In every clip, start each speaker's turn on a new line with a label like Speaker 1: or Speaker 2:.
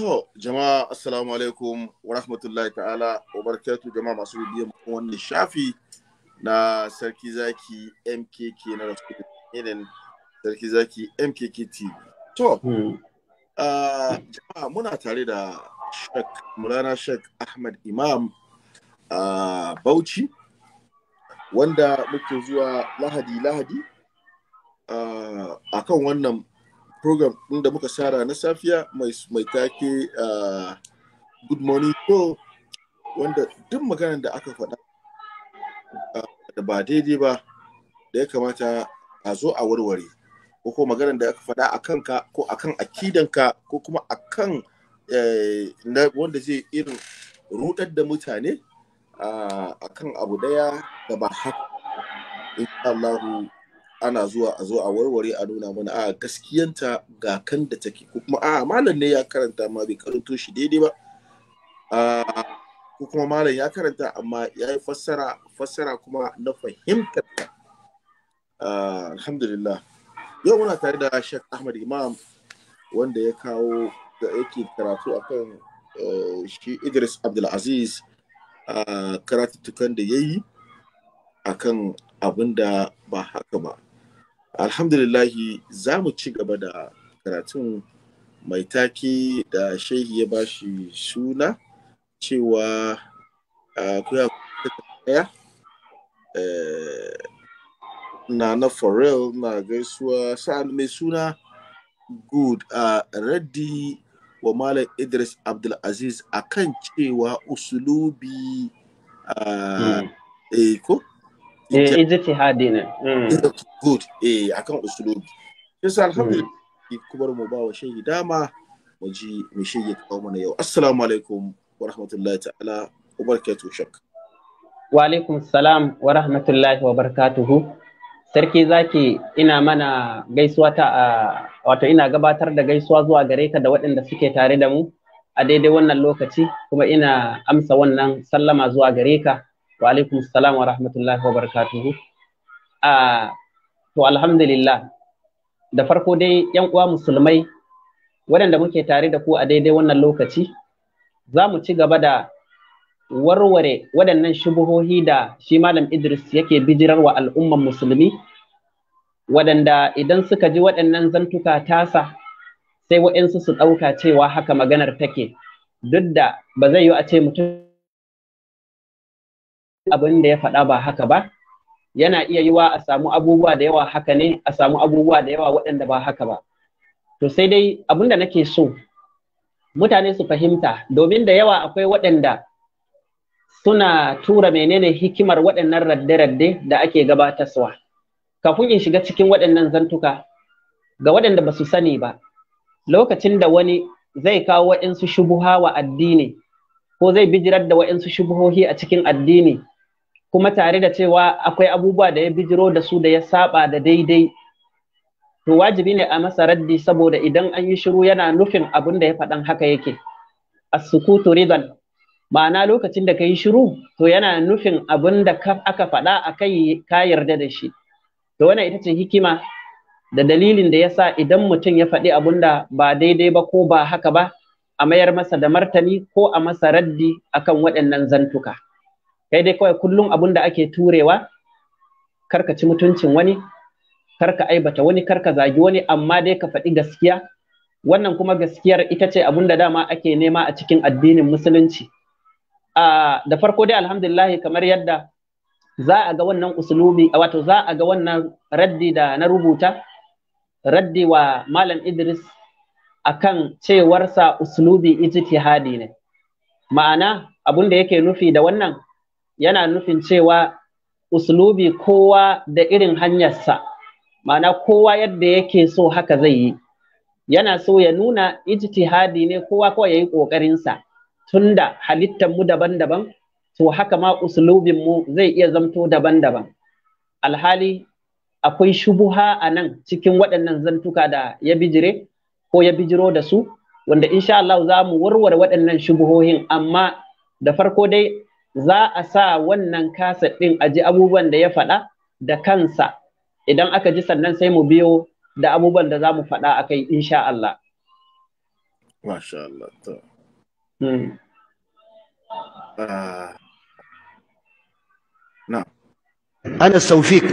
Speaker 1: To, jama'a assalamu alaikum wa rahmatullahi ta'ala wa barakatu jama'a masu bibiyan wannan shafi na sarki zaki MKK na rasulun sarki zaki MKK TV. To, hmm. ah, jama'a muna tare da Shek Mulana Shek Ahmad Imam a ah, Bauchi wanda muke zuwa Lahadi Lahadi a kan wannan program inda da muka sara na safiya mai take good morning show wanda duk magana da aka faɗa da ba daidai ba da ya kamata a zo a warware ko ko magana da aka faɗa a kanka ko a kan akidanka ko kuma a kan wanda zai irin rudar da mutane a kan abu daya da ba haka insha Allah ana zuwa a zo a warware a nuna mana a gaskiyanta ga kan da take ko kuma a malam ne ya karanta ma bai karanto shi daidai ba ah, ko kuma malam ya karanta amma ya yi fassara fassara kuma na fahimtar ah, alhamdulillah yau muna tare da shek Ahmad Imam wanda ya kawo da yake karatu akan eh, shi Idris Abdulaziz ah, karatuttukan da ya yi akan abin da ba haka ba alhamdulillahi za mu ci gaba da karatun mai taki da shehi ya bashi suna cewa kuya kuma eh, na na real na gaisuwa sa'an mai suna good a raddi wa malam idris abdulaziz a kan cewa usulubi a hmm. eh, ko? Eh, ne hmm. good eh akan usulobi yasa alhamdulillah hmm. kubar mu ba wa shehi dama mu ji mu shehi kawo mana yau assalamu alaikum wa rahmatullahi ta'ala wa barakatuhu shak
Speaker 2: wa alaikum salam wa rahmatullahi wa barakatuhu sarki zaki ina mana gaisuwa ta wato ina gabatar da gaisuwa zuwa gare ka da waɗanda suke tare da mu a daidai wannan lokaci kuma ina amsa wannan sallama zuwa gare ka wa alaikum salam wa rahmatullahi wa barakatuhu To alhamdulillah, da farko dai ‘yan uwa musulmai waɗanda muke tare da ku a daidai wannan lokaci, za mu ci gaba da warware waɗannan shubuhohi da shi Malam Idris yake bijirar wa al'umman musulmi, waɗanda idan suka ji waɗannan zantuka tasa sai waɗansu su ɗauka cewa haka maganar take, duk da ba zai yi a ce mutum abin da ya faɗa ba haka ba. yana iya yiwa a samu abubuwa da yawa haka ne a samu abubuwa da yawa waɗanda ba haka ba to sai dai abin da nake so mutane su fahimta domin da yawa akwai waɗanda suna tura menene hikimar waɗannan radde-radde da ake gabatarwa kafin in shiga cikin waɗannan zantuka ga waɗanda ba su sani ba lokacin da wani zai kawo waɗansu shubuha wa addini ko zai bijirar da waɗansu shubuhohi a cikin addini kuma tare da cewa akwai abubuwa da ya bijiro da su da ya saba da daidai to wajibi ne a masa raddi saboda idan an yi shiru yana nufin abin da ya faɗan haka yake as-sukutu ridan ma'ana lokacin da ka yi shiru to yana nufin abin da aka faɗa a kai ka yarda da shi to wannan ita ce hikima da dalilin da ya sa idan mutum ya faɗi abin da ba daidai ba ko ba haka ba a mayar masa da martani ko a masa raddi akan waɗannan zantuka. kai dai kawai kullum abun da ake turewa karka ci mutuncin wani karka aibata wani karka zagi wani amma dai ka faɗi gaskiya wannan kuma gaskiyar ita ce abun da dama ake nema a cikin addinin musulunci da farko dai alhamdulillah kamar yadda za a ga wannan usulubi wato za a ga wannan raddi da na rubuta raddi wa malam idris akan cewarsa uslubi ijtihadi ne ma'ana abun da yake nufi da wannan yana nufin cewa uslubi kowa da irin hanyarsa ma'ana kowa yadda yake so haka zai yi yana so ya nuna ijtihadi ne kowa kawai yayi ƙoƙarinsa, tunda halittar mu daban-daban to haka ma uslubin mu zai iya zamto daban-daban alhali akwai shubuha a nan cikin waɗannan zantuka da ya bijire ko ya bijiro da su wanda insha Allah za mu warware waɗannan shubuhohin amma da farko dai za a sa wannan kaset ɗin a ji abubuwan da ya faɗa da kansa idan aka ji sannan sai mu biyo da abubuwan da za mu faɗa a kai insha Allah.
Speaker 1: Masha Allah. To. Hmm. Ah.
Speaker 3: Ana Saufik.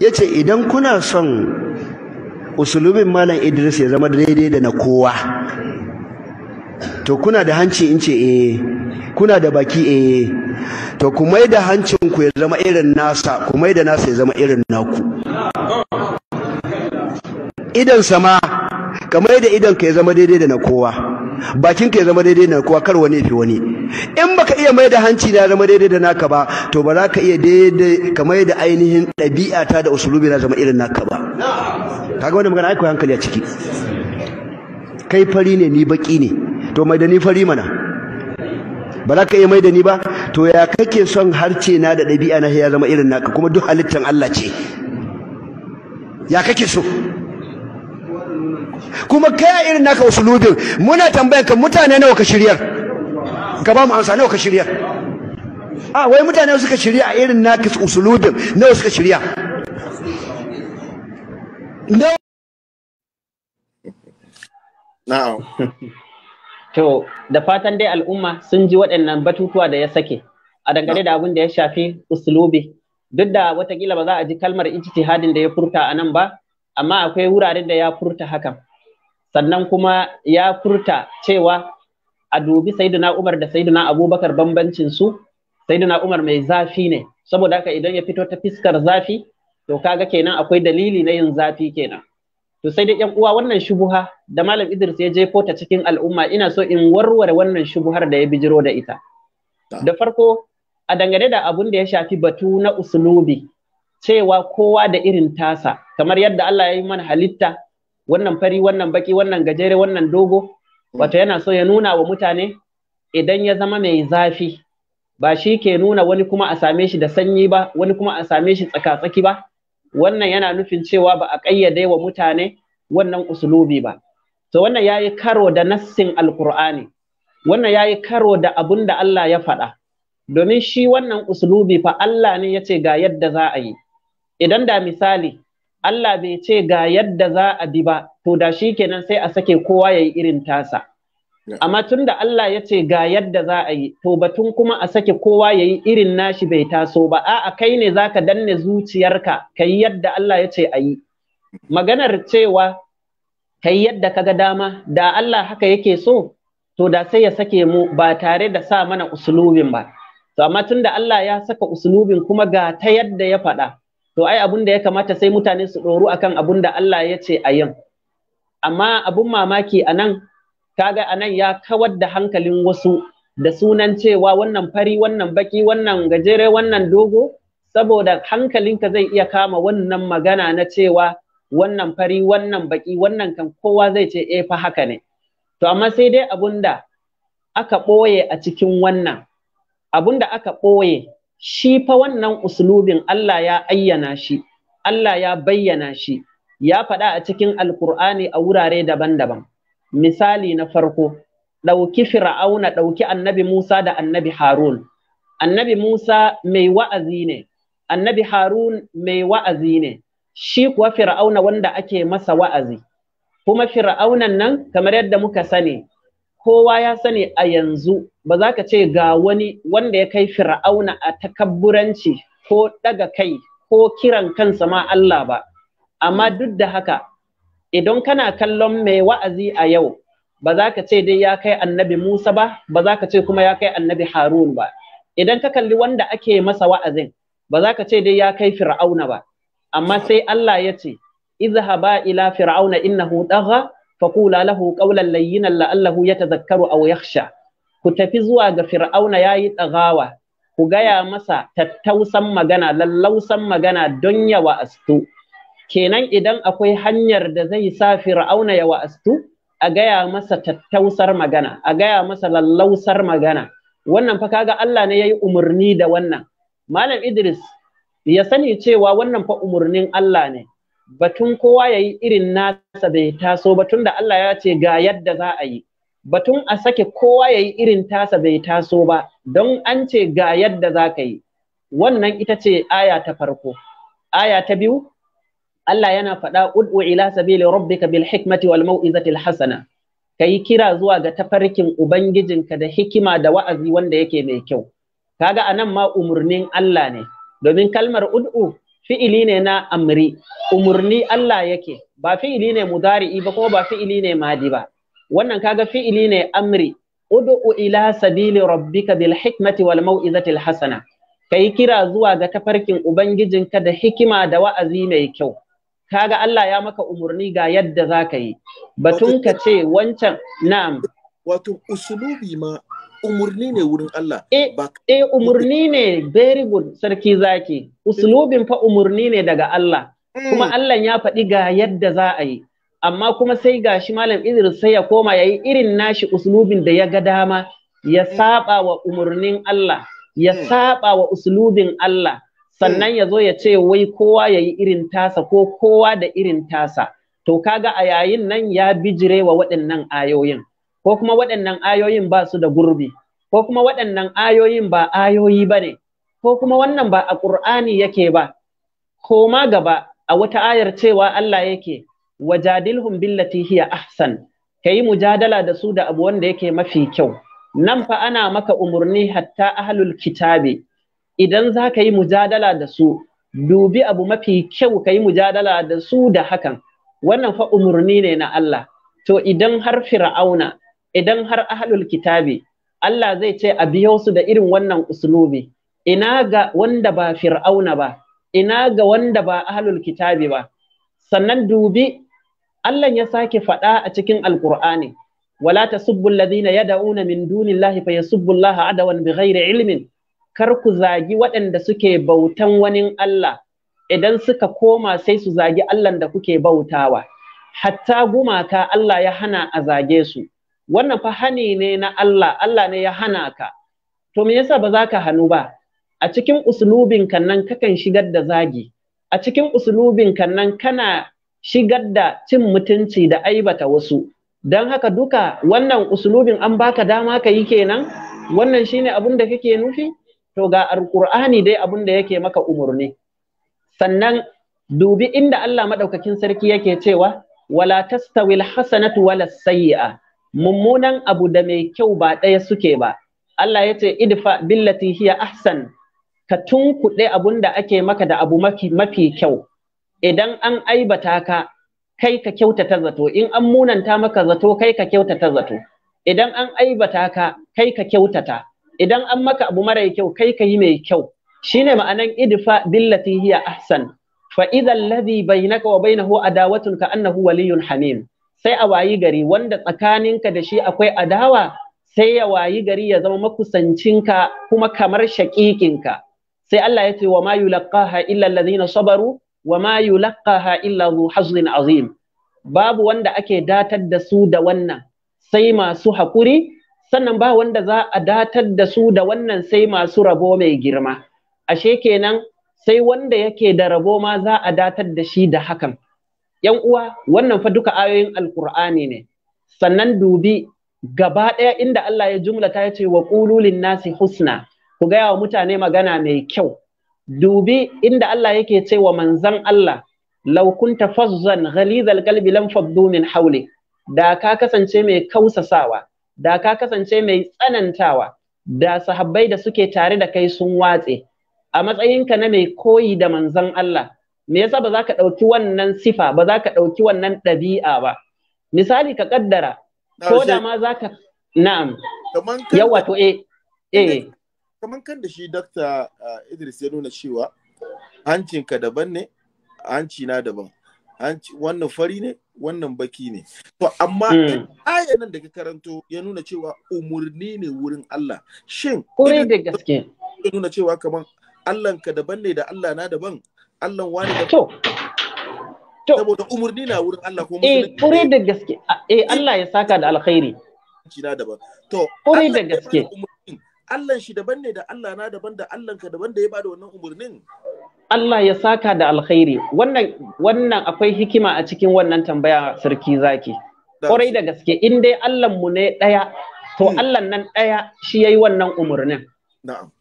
Speaker 3: Ya ce idan kuna son usulubin Malam Idris ya zama daidai da na kowa. to kuna da hanci in ce eh kuna da baki eh to ku mai da hancin ku ya zama irin nasa ku mai da nasa ya zama irin naku idan sama ka mai da idan ka ya zama daidai da na kowa bakin ka ya zama daidai da na kowa kar wani fi wani in baka iya mai da hanci na zama daidai da naka ba to ba za ka iya daidai ka mai da ainihin ɗabi'a ta da usulubi na zama irin naka ba kaga wani magana ai hankali a ciki kai fari ne ni baki ne to mai da ni fari mana ba za ka iya mai da ni ba to ya kake son harce na da ɗabi'a na ya zama irin naka kuma duk halittar Allah ce ya kake so kuma kai irin naka lubin muna tambayar ka mutane nawa ka shiryar ka ba mu amsa nawa ka shiryar a wai mutane suka shirya a irin naka usulubin nawa suka shirya
Speaker 1: Now.
Speaker 2: To, da fatan dai al'umma sun ji waɗannan batutuwa da ya sake, a dangane da abin da ya shafi uslubi, duk da watakila ba za a ji kalmar ijtihadin da ya furta a nan ba, amma akwai wuraren da ya furta hakan. Sannan kuma ya furta cewa a dubi Sayyiduna Umar da Sayyiduna Abubakar bambancin su, Sayyiduna Umar mai zafi ne, saboda haka idan ya fito ta fiskar zafi, to kaga kenan akwai dalili na yin zafi kenan. to sai dai yan uwa wannan shubuha da malam Idris ya jefo ta cikin al'umma ina so in warware wannan shubuhar da ya bijiro da ita da farko a dangane da abun da ya shafi batu na usulubi cewa kowa da irin tasa kamar yadda Allah ya yi mana halitta wannan fari wannan baki wannan gajere wannan dogo wato yana so ya nuna wa mutane idan ya zama mai zafi ba shi ke nuna wani kuma a same shi da sanyi ba wani kuma a same shi tsaka-tsaki ba wannan yana nufin cewa ba a ƙayyade wa mutane wannan usulubi ba to wannan yayi karo da nassin alqur'ani wannan yayi karo da abun da Allah ya faɗa domin shi wannan usulubi fa Allah ne yace ga yadda za a yi idan da misali Allah bai ce ga yadda za a bi ba to da shi kenan sai a sake kowa yayi irin tasa amma tun da Allah ya ce ga yadda za a yi to batun kuma a sake kowa ya yi irin nashi bai taso ba a'a kai ne za ka danne zuciyarka ka yi yadda Allah ya ce a yi maganar cewa ka yi yadda ka ga dama da Allah haka yake so to da sai ya sake mu ba tare da sa mana usulubin ba to amma tun da Allah ya saka usulubin kuma ga ta yadda ya faɗa to ai abun da ya kamata sai mutane su ɗoru akan abun da Allah ya ce a yin amma abun mamaki a nan kaga anan ya kawar da hankalin wasu da sunan cewa wannan fari wannan baki wannan gajere wannan dogo saboda hankalinka zai iya kama wannan magana na cewa wannan fari wannan baki wannan kan kowa zai ce eh fa haka ne to amma sai dai abunda aka ɓoye a cikin wannan abunda aka ɓoye shi fa wannan uslubin Allah ya ayyana shi Allah ya bayyana shi ya faɗa a cikin alkur'ani a wurare daban-daban misali na farko ɗauki fir'auna ɗauki annabi Musa da annabi Harun annabi Musa mai wa'azi ne annabi Harun mai wa'azi ne shi kuwa fir'auna wanda ake masa wa'azi kuma fir'aunan nan kamar yadda muka sani kowa ya sani a yanzu ba za ka ce ga wani wanda ya kai fir'auna a takabburanci ko ɗaga kai ko kiran kansa ma Allah ba amma duk da haka idan kana kallon mai wa'azi a yau ba za ka ce dai ya kai annabi Musa ba ba za ka ce kuma ya kai annabi Harun ba idan ka kalli wanda ake masa wa'azin ba za ka ce dai ya kai Fir'auna ba amma sai Allah ya ce izhaba ila fir'auna innahu dagha faqula lahu qawlan layyinan la'allahu ya yatadhakkaru aw yakhsha ku tafi zuwa ga fir'auna yayi dagawa ku gaya masa tattausan magana lallausan magana don ya wa'astu kenan idan akwai hanyar da zai sa fir'auna ya wa'astu a gaya masa tattausar magana a gaya masa lallausar magana wannan fa kaga Allah ne yayi umarni da wannan malam Idris ya sani cewa wannan fa umarnin Allah ne batun kowa yayi irin nasa bai taso batun tunda Allah ya ce ga yadda za a yi batun a sake kowa yayi irin tasa bai taso ba don an ce ga yadda za ka yi wannan ita ce aya ta farko aya ta biyu Allah yana faɗa ud'u ila sabili rabbika bil hikmati wal mau'izati hasana kai kira zuwa ga tafarkin ubangijinka da hikima da wa'azi wanda yake mai kyau kaga anan ma umurnin Allah ne domin kalmar ud'u fi'ili ne na amri umurni Allah yake ba fi'ili ne mudari'i ba ko ba fi'ili ne madi ba wannan kaga fi'ili ne amri ud'u ila sabili rabbika bil hikmati wal mau'izati hasana kai kira zuwa ga tafarkin ubangijinka da hikima da wa'azi mai kyau kaga Allah ya maka umarni ga yadda za ka yi batun ka ce wancan na'am wato usulubi ma umurni ne wurin Allah eh e, eh, umurni ne very good sarki zaki usulubin fa umarni ne daga Allah kuma hmm. Allah ya faɗi ga yadda za a yi amma kuma sai ga shi malam Idris sai ya koma yayi irin nashi usulubin da ya ga dama ya hmm. saba wa umurnin Allah ya hmm. saba wa usulubin Allah sannan ya zo ya ce wai kowa ya yi irin tasa ko kowa da irin tasa to kaga a yayin nan ya bijire wa waɗannan ayoyin ko kuma waɗannan ayoyin ba su da gurbi ko kuma waɗannan ayoyin ba ayoyi ba ne ko kuma wannan ba a ƙur'ani yake ba ko ma gaba a wata ayar cewa Allah yake wajadilhum billati hiya ahsan kayi mujadala da su da abu wanda yake mafi kyau nan fa ana maka umarni hatta ahlul kitabi idan za ka yi mujadala da su dubi abu mafi kyau ka yi mujadala da su da hakan wannan fa umarni ne na Allah to idan har fir'auna idan har ahlul kitabi Allah zai ce a biyo su da irin wannan uslubi ina ga wanda ba fir'auna ba ina ga wanda ba ahlul kitabi ba sannan dubi Allah ya sake faɗa a cikin alkur'ani wala tasubbu alladhina yad'una min dunillahi fayasubbu allaha adawan bighairi ilmin kar ku zagi waɗanda suke bautan wani Allah idan suka koma sai su zagi Allah da kuke bautawa hatta gumaka Allah ya hana a zage su wannan fa hani ne na Allah Allah ne ya hana ka to me yasa ba za ka hanu ba a cikin uslubin kan nan kakan shigar da zagi a cikin usulubin kan nan kana shigar da cin mutunci da aibata wasu don haka duka wannan uslubin an baka dama ka yi kenan wannan shine abun da kake nufi to ga alqur'ani dai abin da yake maka umarni. sannan dubi inda Allah madaukakin sarki yake cewa wala tastawil hasanatu wala sayyi'a mummunan abu da mai kyau ba ɗaya suke ba Allah ya ce idfa billati hiya ahsan ka tunkuɗe abun da ake maka da abu mafi, mafi kyau idan an aibata ka kai ka kyautata zato in an munanta maka zato kai ka kyautata zato idan an aibata ka kai ka kyautata idan an maka abu mara kyau kai ka yi mai kyau shine ma'anan idfa billati hiya ahsan fa bai alladhi bainaka wa bainahu adawatun ka annahu waliyyun hamim sai a wayi gari wanda tsakaninka da shi akwai adawa sai ya wayi gari ya zama makusancinka kuma kamar shaƙiƙinka sai Allah ya ce wa ma yulaqaha illa alladhina sabaru wa ma yulaqaha illa dhu hazin azim babu wanda ake datar da su da wannan sai masu haƙuri sannan ba wanda za a datar da su da wannan sai masu rabo mai girma ashe kenan sai wanda yake da rabo ma za a datar da shi da hakan yan uwa wannan fa duka ayoyin alkur'ani ne sannan dubi gaba ɗaya inda Allah ya jumlata ya ce wa ƙululin nasi husna ku gaya wa mutane magana mai kyau dubi inda Allah yake ce wa manzan Allah law kunta fazzan ghalizal qalbi lam faddu min hawli da ka kasance mai kausasawa da ka kasance mai tsanantawa da sahabbai da suke tare da kai sun watse a matsayinka na mai koyi da manzon Allah me yasa ba za ka ɗauki wannan sifa ba za ka ɗauki wannan ɗabi'a ba misali ka ƙaddara ko da ma za ka na'am
Speaker 1: yawa to eh eh kaman kan da shi Dr. Ah, Idris ya nuna cewa hancinka daban ne hanci na daban wannan fari ne wannan baki ne to amma hmm. aya nan da ka karanto ya nuna cewa umurni ne wurin Allah shin kore da gaske ya nuna cewa kaman Allah ka daban ne da Allah na daban Allah wani da to to saboda umurni na wurin Allah ko eh kore da gaske eh Allah ya saka da alkhairi na daban to kore da gaske Allah shi daban ne da Allah na daban da Allah ka daban da ya bada wannan umurnin
Speaker 2: Allah ya saka da alkhairi wannan wannan akwai hikima a cikin wannan tambaya sarki zaki kwarai da gaske in dai Allah mu ne ɗaya to hmm. Allah nan ɗaya shi yayi wannan umurnin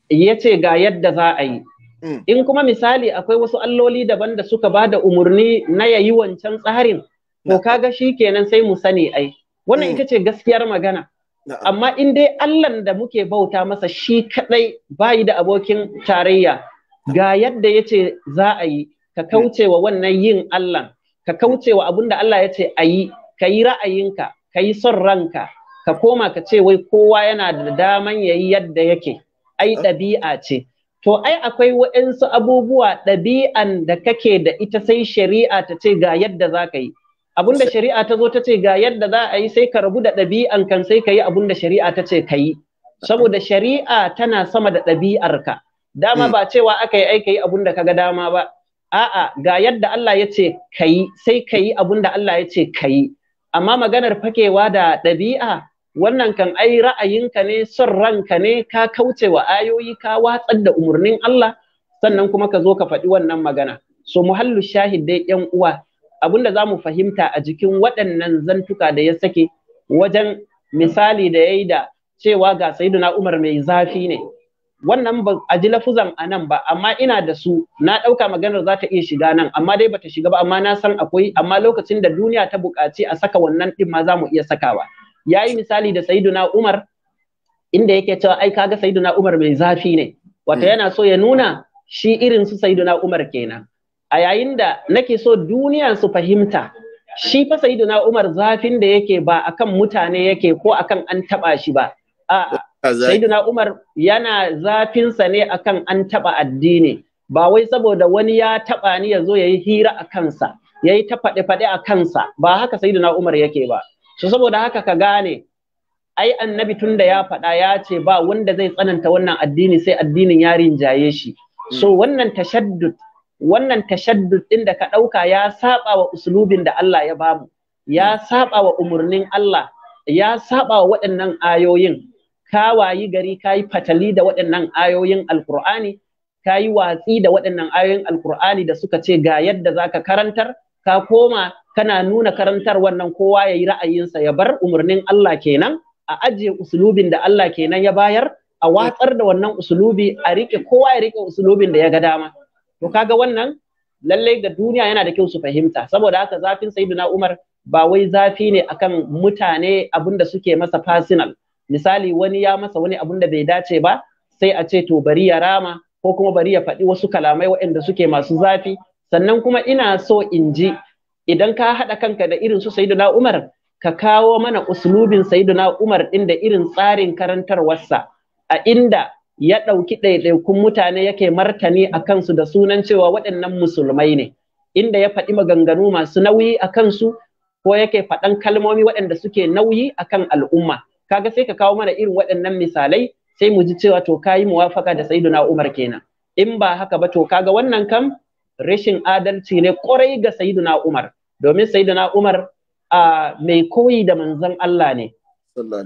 Speaker 2: ya ce ga yadda za a yi hmm. in kuma misali akwai wasu alloli daban da suka ba da umurni na yayi wancan tsarin to kaga shi kenan sai mu sani ai wannan hmm. ita ce gaskiyar magana amma in dai Allah da muke bauta masa shi kadai bayi da abokin tarayya ga yadda ya ce za a yi ka kauce wa wannan yin Allah ka kauce wa abin da Allah yace ce a yi ka yi ra'ayinka ka yi son ranka ka koma ka ce wai kowa yana da daman ya yi yadda yake ai ɗabi'a ce to ai akwai waɗansu abubuwa ɗabi'an da kake da ita sai shari'a ta ce ga yadda za ka yi abin da shari'a ta zo ta ce ga yadda za a yi sai ka rabu da ɗabi'an kan sai ka yi abin da shari'a ta ce ka yi saboda shari'a tana sama da ɗabi'arka dama mm. ba cewa aka yi aika yi abun da kaga dama ba a'a ga yadda Allah ya ce kayi sai kayi abun da Allah ya ce kayi amma maganar fakewa da ɗabi'a wannan kan ai ra'ayinka ne son ranka ne ka kauce wa ayoyi ka watsar da umarnin Allah sannan kuma ka zo ka faɗi wannan magana so muhallu shahid dai yan uwa abun za mu fahimta a jikin waɗannan zantuka da ya sake wajen misali da ya yi da cewa ga sayyiduna Umar mai zafi ne wannan ba a ji lafuzan a nan ba amma ina da su na ɗauka maganar za ta iya shiga nan amma dai bata shiga ba amma na san akwai amma lokacin da duniya ta buƙaci a saka wannan ɗin ma za mu iya sakawa ya yi misali da saiduna umar inda yake cewa ai kaga saiduna umar mai zafi ne wata hmm. yana so ya nuna shi irin su saiduna umar kenan a yayin da nake so duniya su fahimta shi fa na umar zafin da yake ba akan mutane yake ko akan an taɓa shi ba a'a Sayyidina Umar yana zafinsa ne akan an taɓa addini ba wai saboda wani ya taɓa ni ya zo ya yi hira a kansa ya yi ta faɗe-faɗe a kansa ba haka Sayyidina Umar yake ba so saboda haka ka gane ai annabi tun da ya faɗa ya ce ba wanda zai tsananta wannan addini sai addinin ya rinjaye shi so hmm. wannan tashaddud wannan tashaddud ɗin da ka ɗauka ya saba wa usulubin da Allah ya bamu ya saba wa umarnin Allah ya saba wa waɗannan ayoyin ka wayi gari ka yi fatali da waɗannan ayoyin alkur'ani ka yi watsi da waɗannan ayoyin alkur'ani da suka ce ga yadda za ka karantar ka koma kana nuna karantar wannan kowa ya yi ra'ayinsa ya bar umarnin Allah kenan a ajiye usulubin da Allah kenan ya bayar a watsar da wannan usulubi a rike kowa ya rike usulubin da ya ga dama to kaga wannan lallai ga duniya yana da kyau su fahimta saboda haka zafin sayyidina Umar ba wai zafi ne akan mutane abinda suke masa personal misali wani ya masa wani abun da bai dace ba sai a ce to bari ya rama ko kuma bari ya faɗi wasu kalamai waɗanda suke masu zafi sannan kuma ina so in ji idan ka haɗa kanka da irin su sayyiduna Umar ka kawo mana uslubin sayyiduna Umar ɗin da irin tsarin karantarwarsa a inda ya ɗauki ɗaiɗaikun mutane yake martani a kansu da sunan cewa waɗannan musulmai ne inda ya faɗi maganganu masu nauyi a kansu ko yake faɗan kalmomi waɗanda suke nauyi akan al'umma kaga sai ka kawo mana irin waɗannan misalai sai mu ji cewa to mu muwafaka da sayyiduna Umar kenan in ba haka ba to kaga wannan kam rashin adalci ne kwarai ga sayyiduna Umar domin sayyiduna Umar a mai koyi da manzon Allah ne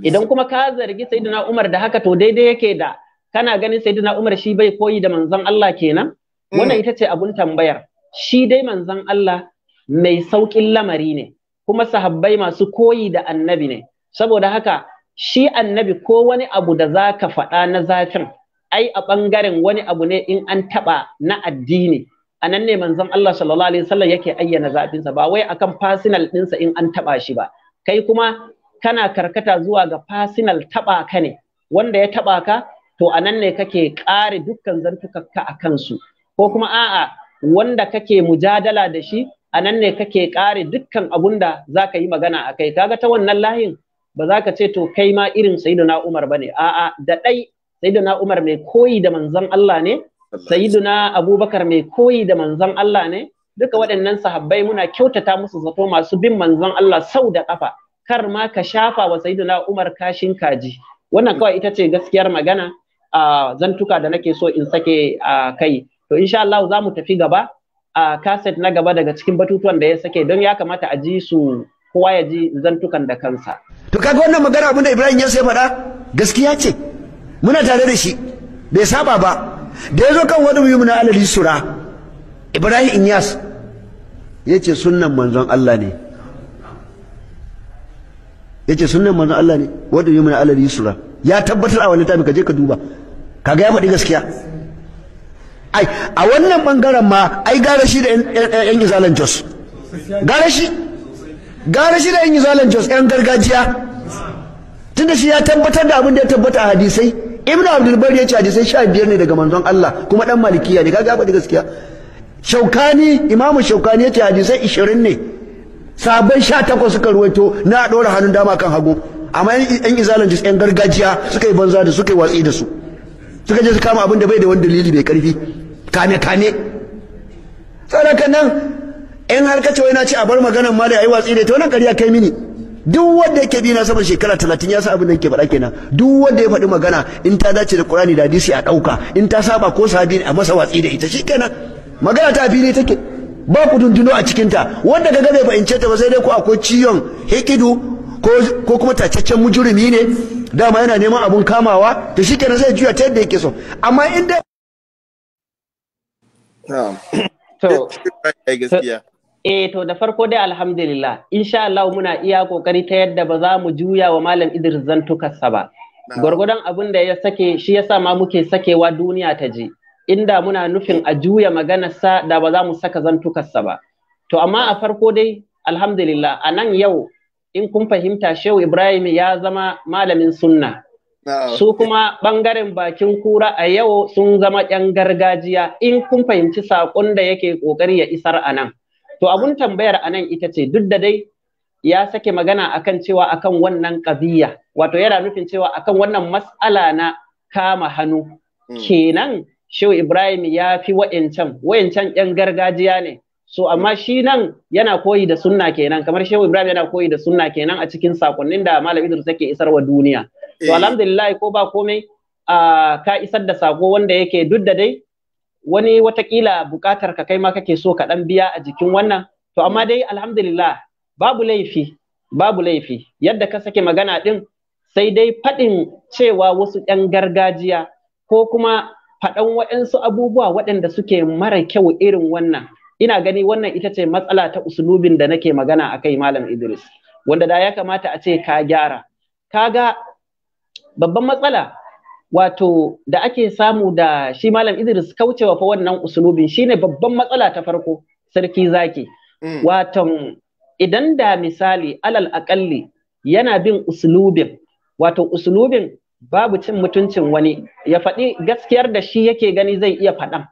Speaker 2: idan kuma ka zargi sayyiduna Umar da haka to daidai yake da kana ganin sayyiduna Umar shi bai koyi da manzon Allah kenan mm. wannan ita ce abun tambayar shi dai manzon Allah mai saukin lamari ne kuma sahabbai masu koyi da annabi ne saboda haka shi annabi ko wani abu da za ka faɗa na zafin ai a ɓangaren wani abu ne in an taɓa na addini a nan ne manzon Allah sallallahu alaihi wasallam yake ayyana zafinsa ba wai akan fasinal ɗinsa in an taɓa shi ba kai kuma kana karkata zuwa ga fasinal taɓa ka ne wanda ya taɓa ka to a nan ne kake ƙare dukkan zantukakka a kansu ko kuma a'a wanda kake mujadala da shi a nan ne kake ƙare dukkan abun da za ka yi magana a kai kaga ta wannan layin ba za ka ce to kai ma irin sayyiduna Umar bane a'a da dai sayyiduna Umar mai koyi da manzon Allah ne sayyiduna Abubakar mai koyi da manzon Allah ne duka waɗannan sahabbai muna kyautata musu zato masu bin manzon Allah sau da kafa kar ma ka shafa wa sayyiduna Umar kashin kaji wannan kawai ita ce gaskiyar magana a zantuka da nake so in sake a kai to insha Allah za mu tafi gaba a kaset na gaba daga cikin batutuwan da ya sake don ya kamata a ji su kowa ya ji zantukan da kansa
Speaker 3: to kaga wannan magana abinda Ibrahim ya sai faɗa gaskiya ce muna tare da shi bai saba ba da ya zo kan wani muhimmin alali sura Ibrahim Inyas ya ce sunnan manzon Allah ne ya ce sunnan manzon Allah ne wanda yi muna alali sura. ya tabbatar a wani tabi ka je ka duba kaga ya faɗi gaskiya ai a wannan bangaren ma ai gara shi da yan izalan jos gara shi gara shi da yan izalan jos yan gargajiya tunda shi ya tabbatar da abin da ya tabbata a hadisai ibnu abdul bari ya ce hadisai sha biyar ne daga manzon Allah kuma dan malikiya ne kaga ba gaskiya shaukani imamu shaukani ya ce hadisai ishirin ne sabon sha takwas suka ruwaito na ɗora hannun dama kan hagu amma yan izalan jos yan gargajiya suka yi banza da suka yi watsi da su suka je su kama abin da bai da wani dalili mai karfi kane kane saboda nan in har kace wai na ce a bar maganar ma da yayi watsi da ta wannan ƙarya kai mini duk wanda yake bi na sama shekara talatin ya sa abin da yake faɗa kenan duk wanda ya faɗi magana in ta dace da Qur'ani da hadisi a ɗauka in ta saba ko sahabi a masa watsi da ita shikenan magana ta fili take ba ku dunduno a cikinta wanda kaga bai fahimce ta ba sai dai ko akwai ciyon hikidu ko kuma tacaccen mujurumi ne dama yana neman abun kamawa to shikenan zai juya ta yadda yake so amma in dai
Speaker 1: to gaskiya
Speaker 2: Eh to da farko dai alhamdulillah insha Allah muna iya kokari ta yadda ba za mu juya wa malam Idris zantukarsa ba. Gwargwadon abin da ya sake shi yasa ma muke sakewa duniya ta je, Inda muna nufin a juya maganarsa da ba za mu saka zantukarsa ba. To amma a farko dai alhamdulillah a nan yau in kun fahimta Shehu Ibrahim ya zama malamin sunna. Su kuma ɓangaren bakin kura a yau sun zama ‘yan gargajiya in kun fahimci saƙon da yake ƙoƙari ya isar a nan. to abun tambayar anan ita ce duk da dai ya sake magana akan cewa akan wannan qadiyya wato yana nufin cewa akan wannan mas'ala na kama hannu hmm. kenan Shehu Ibrahim ya fi wa'incan wa'incan yan gargajiya ne so amma hmm. shi nan yana koyi da sunna kenan kamar Shehu Ibrahim yana koyi da sunna kenan a cikin sakonnin da Malam Idris yake wa duniya to eh. alhamdulillah ko ba komai ka isar da sako wanda yake duk da dai wani watakila buƙatar ka kai ma kake so ka dan biya a jikin wannan to amma dai alhamdulillah babu laifi babu laifi yadda ka sake magana din, sai dai faɗin cewa wasu ‘yan gargajiya ko kuma faɗan waɗansu abubuwa waɗanda suke mara kyau irin wannan ina gani wannan ita ce matsala ta usulubin da nake magana a kai malam idris wanda da ya kamata a ce ka gyara ka ga babban matsala wato da ake samu da shi malam Idris kaucewa fa wannan usulubin shine babban matsala ta farko sarki zaki mm. waton idan da misali alal akalli yana bin usulubin wato usulubin babu cin mutuncin wani ya faɗi gaskiyar da shi yake gani zai iya faɗan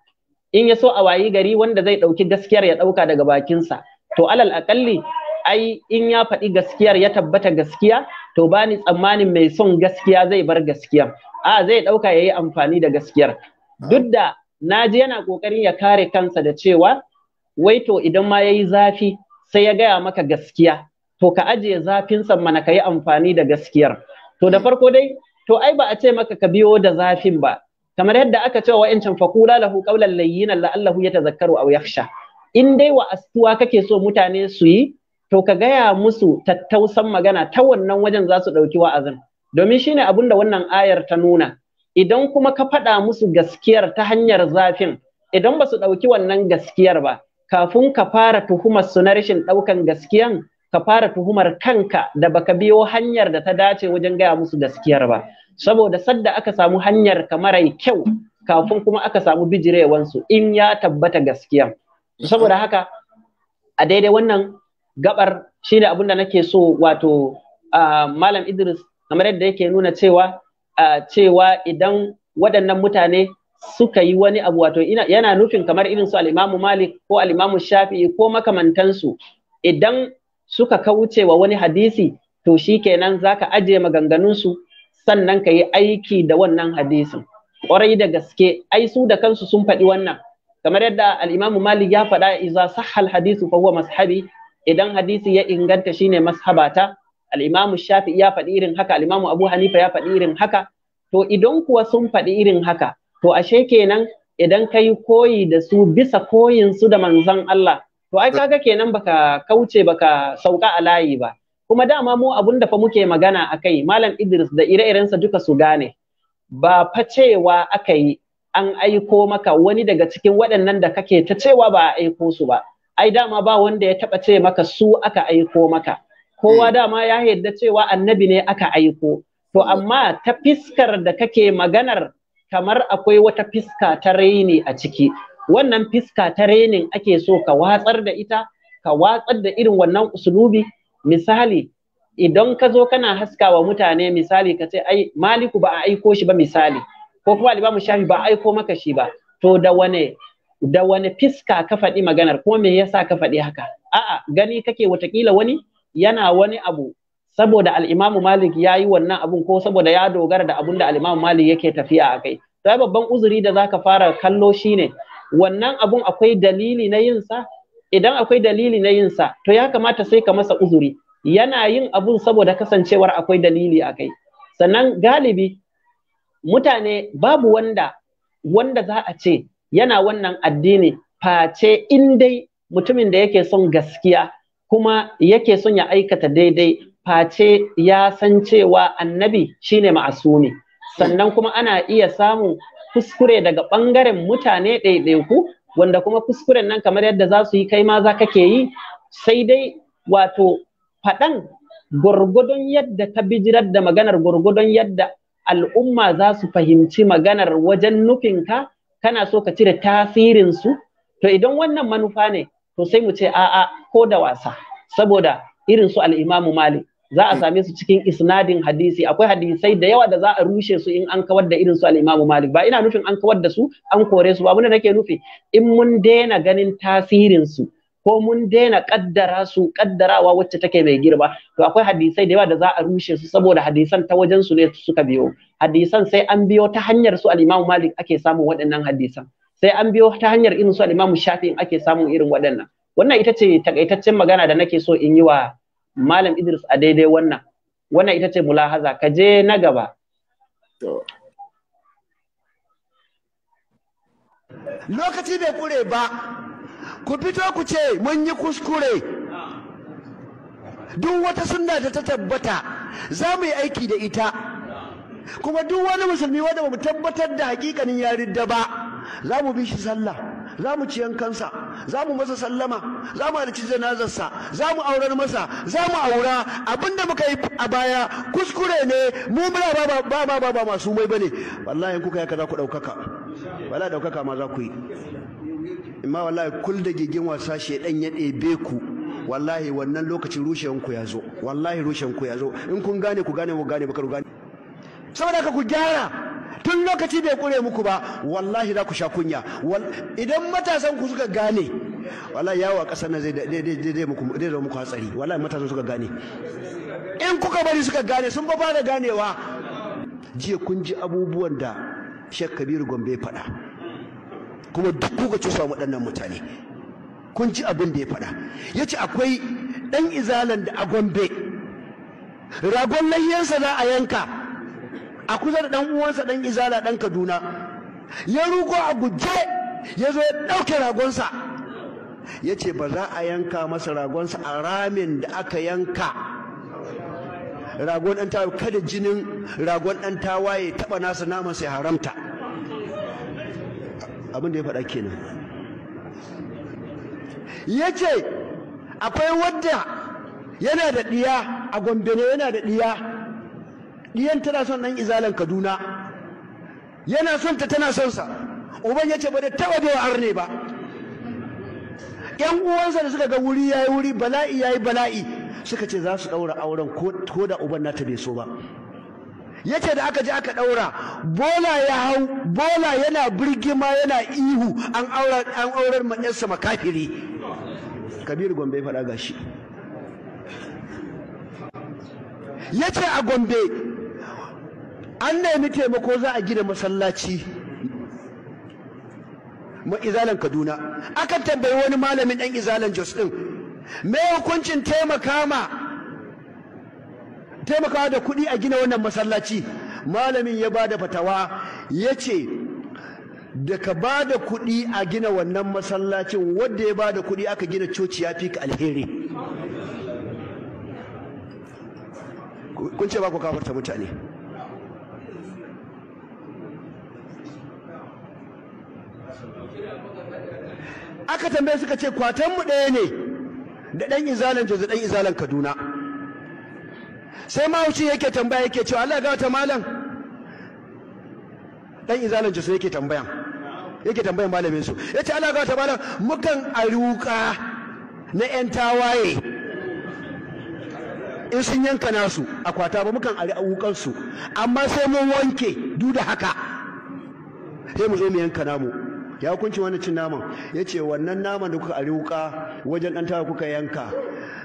Speaker 2: in ya so a wayi gari wanda zai ɗauki gaskiyar ya ɗauka daga bakinsa to alal akalli. ai in ya faɗi gaskiyar ya tabbata gaskiya to bani ni tsammanin mai son gaskiya zai bar gaskiyar a zai ɗauka ya yi amfani da gaskiyar duk da na ji yana ƙoƙarin ya kare kansa da cewa wai to idan ma ya yi zafi sai ya gaya maka gaskiya to ka ajiye zafinsa mana ka yi amfani da gaskiyar to da farko dai to ai ba a ce maka ka biyo da zafin ba kamar yadda aka ce wa incan fakula lahu qawlan layyinan la'allahu yatazakkaru aw yakhsha in dai wa astuwa kake so mutane su yi to ka gaya musu tattausan magana ta wannan wajen za su ɗauki wa'azin domin shine abin da wannan ayar ta nuna idan kuma ka faɗa musu gaskiyar ta hanyar zafin idan ba su ɗauki wannan gaskiyar ba kafin ka fara tuhumar su na rashin ɗaukan gaskiyan ka fara tuhumar kanka da baka biyo hanyar da ta dace wajen gaya musu gaskiyar ba saboda sadda aka samu hanyar ka marai kyau kafin kuma aka samu bijirewansu in ya tabbata gaskiyan. saboda haka a daidai wannan gabar shine abin da nake so wato malam Idris kamar yadda yake nuna cewa cewa idan waɗannan mutane suka yi wani abu wato yana nufin kamar irin su Alimamu Malik ko Alimamu Shafi'i ko makamantansu idan suka kauce wa wani hadisi to shi za ka ajiye maganganunsu sannan ka yi aiki da wannan hadisin ƙwarai da gaske ai su da kansu sun faɗi wannan kamar yadda Alimamu Malik ya faɗa iza sahal hadisu fa huwa mashabi idan hadisi ya inganta shine mashabata al-imamu shafi'i ya faɗi irin haka al-imamu abu hanifa ya faɗi irin haka to idan kuwa sun faɗi irin haka to ashe kenan idan kai koyi da su bisa koyin su da manzon Allah to ai kaga kenan baka kauce baka sauka a layi ba kuma dama mu abun da fa muke magana akai malam Idris da ire-irensa duka su gane ba fa cewa aka an aiko maka wani daga cikin waɗannan da kake ta cewa ba a aiko su ba ai dama ba wanda ya taba ce maka su aka aiko maka kowa hmm. dama ya yarda cewa annabi ne aka aiko to amma ta fiskar da kake maganar kamar akwai wata fiska ta raini a ciki wannan fiska ta rainin ake so ka watsar da ita ka watsar da irin wannan usulubi misali idan ka zo kana haskawa mutane misali ka ce ai maliku ba a aiko shi ba misali ko kuma ba mu shafi ba aiko maka shi ba to da wane da wani fiska ka faɗi maganar ko me yasa ka faɗi haka a'a gani kake watakila wani yana wani abu saboda al-Imam Malik ya yi wannan abun ko saboda ya dogara da abun da al Malik yake tafiya a kai sai babban uzuri da zaka fara kallo shine wannan abun akwai dalili na yin sa idan akwai dalili na yin sa to ya kamata sai ka masa uzuri yana yin abun saboda kasancewar akwai dalili a kai sannan galibi mutane babu wanda wanda za a ce yana wannan addini face in dai mutumin da yake son gaskiya kuma yake son ya aikata daidai face ya san cewa annabi shine ma'asumi sannan kuma ana iya samun kuskure daga ɓangaren mutane ɗaiɗaiku wanda kuma kuskuren nan kamar yadda za su yi kai ma za kake yi sai dai wato faɗan gwargwadon yadda ka bijirar da maganar gwargwadon yadda al'umma za su fahimci maganar wajen nufinka kana so ka cire tasirin su to idan wannan manufa ne to sai mu ce a'a ko da wasa saboda irin su al-Imam Malik za a mm. same su cikin isnadin hadisi akwai hadisai da yawa da za a rushe su in an kawar da irin su al-Imam Malik ba ina nufin an kawar da su an kore su ba abin da nake nufi in mun daina ganin tasirin su ko mun daina kaddara su kaddarawa wacce take mai girma to akwai hadisai da yawa da za a rushe su saboda hadisan ta wajen su ne suka biyo hadisan sai an biyo ta hanyar su al-Imam Malik ake samun waɗannan hadisan sai an biyo ta hanyar irin su al-Imam Shafi'i ake samun irin waɗannan wannan ita ce takaitaccen magana da nake so in yi wa Malam Idris a daidai wannan wannan ita ce mulahaza ka je na gaba
Speaker 3: lokaci bai kure ba ku fito ku ce mun yi kuskure duk wata sunna da ta tabbata za mu yi aiki da ita kuma duk wani musulmi wanda mu tabbatar da hakikanin yaridda ba za mu bi shi sallah za mu ci yankansa za mu masa sallama za mu halici janazarsa za mu aurar masa za mu aura abinda muka yi a baya kuskure ne mu muna ba ba ba ba ba masu mai bane wallahi kuka ya kaza ku daukaka wala daukaka ma za ku yi Imma wallahi kul da gigin wasa shedan ya ɗebe ku wallahi wannan lokacin rushewan ku ya zo wallahi rushewan ku ya zo in kun gane ku gane ku gane ba ku gane saboda ka ku gyara tun lokaci bai kure muku ba wallahi za ku sha kunya idan matasan ku suka gane wallahi yawo a ƙasar nan zai zai muku zai zama muku hatsari wallahi matasan suka gane in kuka bari suka gane sun ba fara ganewa jiya kun ji abubuwan da Sheikh Kabiru Gombe faɗa kuma duk kuka cusa waɗannan mutane kun ji abin da ya faɗa ya ce akwai ɗan izalan da a ragon lahiyarsa za a yanka a kusa da ɗan uwansa ɗan izala ɗan kaduna ya ruko a guje ya zo ya ɗauke ragonsa ya ce ba za a yanka masa ragonsa a ramin da aka yanka ragon ɗan tawaye kada jinin ragon ɗan tawaye taɓa nasa naman sai haramta abin ya faɗa kenan yace akwai wadda yana da ɗiya a Gombe ne yana da ɗiya ɗiyan tana son ɗan izalan Kaduna yana son ta tana son sa uban yace ba da taba bai arne ba ƴan uwansa da suka ga wuri yayi wuri bala'i yayi bala'i suka ce za su ɗaura auren ko da uban nata bai so ba yace da aka je aka daura bola ya hau bola yana birgima yana ihu an aurar an aurar ma makafiri kabir gombe ya faɗa gashi yace a gombe an nemi taimako za a gina masallaci ma izalan kaduna akan tambayi wani malamin ɗan izalan jos ɗin me hukuncin taimaka ma taimakawa da kuɗi a gina wannan masallaci malamin ya ba da fatawa ya ce da ka ba da kuɗi a gina wannan masallacin wadda ya ba da kuɗi aka gina coci ya fi ka alheri ba ku kafarta mutane aka tambaye suka ce kwatanmu ɗaya ne da ɗan izalan jos ɗan izalan kaduna sai mahauci yake tambaya yake cewa Allah ga wata malam dan izalanci su yake tambayan yake tambayan malamin su yace Allah ga wata malam mukan aruka na yan tawaye in sun yanka nasu akwata ba mukan ari su amma sai mun wanke duk da haka sai mu zo mu yanka namu ya hukunci wani cin naman ya ce wannan naman da kuka ari wuka wajen ɗan tara kuka yanka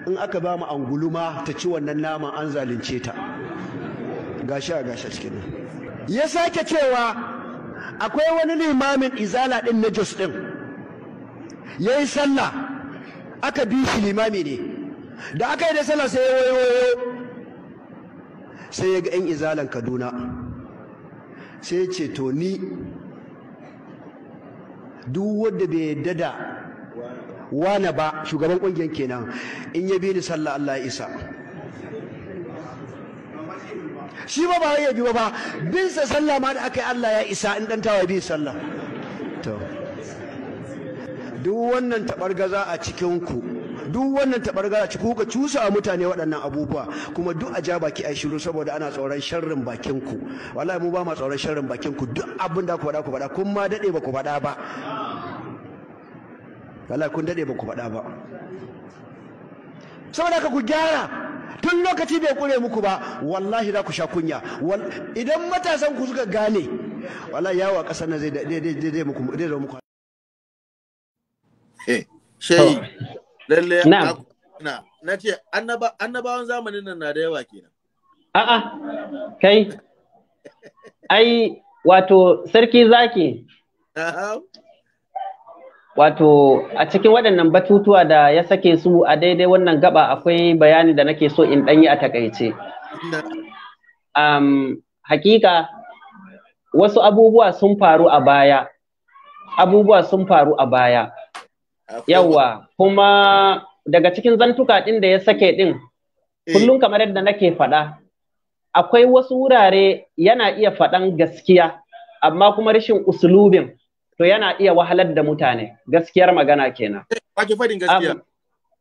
Speaker 3: in aka ba mu anguluma ta ci wannan naman an zalunce ta gashi a gashi a cikin nan ya sake cewa akwai wani limamin izala ɗin na jos ɗin ya yi sallah aka bi shi limami ne da aka yi da sallah sai ya wayo sai ya ga 'yan izalan kaduna sai ya ce to ni duk wanda bai yadda da wane ba shugaban kungiyar kenan in ya bi ni sallah Allah isa shi ba ba ya bi ba bin sa sallah ma da aka yi Allah ya isa in dan tawa bi sallah to duk wannan tabargaza a cikin ku duk wannan tabargara ci kuka cusa a mutane waɗannan abubuwa kuma duk a ja baki a shiru saboda ana tsoron sharrin bakin ku wallahi mu ba ma tsoron sharrin bakin ku duk abin da ku faɗa ku faɗa kun ma daɗe ba ku faɗa ba wallahi kun daɗe ba ku faɗa ba saboda ka ku gyara tun lokaci bai kure muku ba wallahi za ku sha kunya idan matasan ku suka gane wallahi yawa ƙasar na zai zai muku zai zo muku
Speaker 4: eh, shey Lalle
Speaker 1: na na ce annabawan zamanin nan na da yawa kenan. A'a
Speaker 2: kai ai wato sarki zaki. Wato a cikin waɗannan batutuwa da ya sake su a daidai wannan gaba akwai bayani da nake so in ɗanyi a takaice. Um, hakika wasu abubuwa sun faru a baya. Abubuwa sun faru a baya. Yawwa, kuma daga cikin zantuka ɗin da ya sake ɗin, eh. kullum kamar yadda nake faɗa, akwai wasu wurare yana iya faɗan gaskiya, amma kuma rashin usulubin, to yana iya wahalar da mutane, gaskiyar magana kenan. Eh,
Speaker 1: Ake faɗin gaskiya.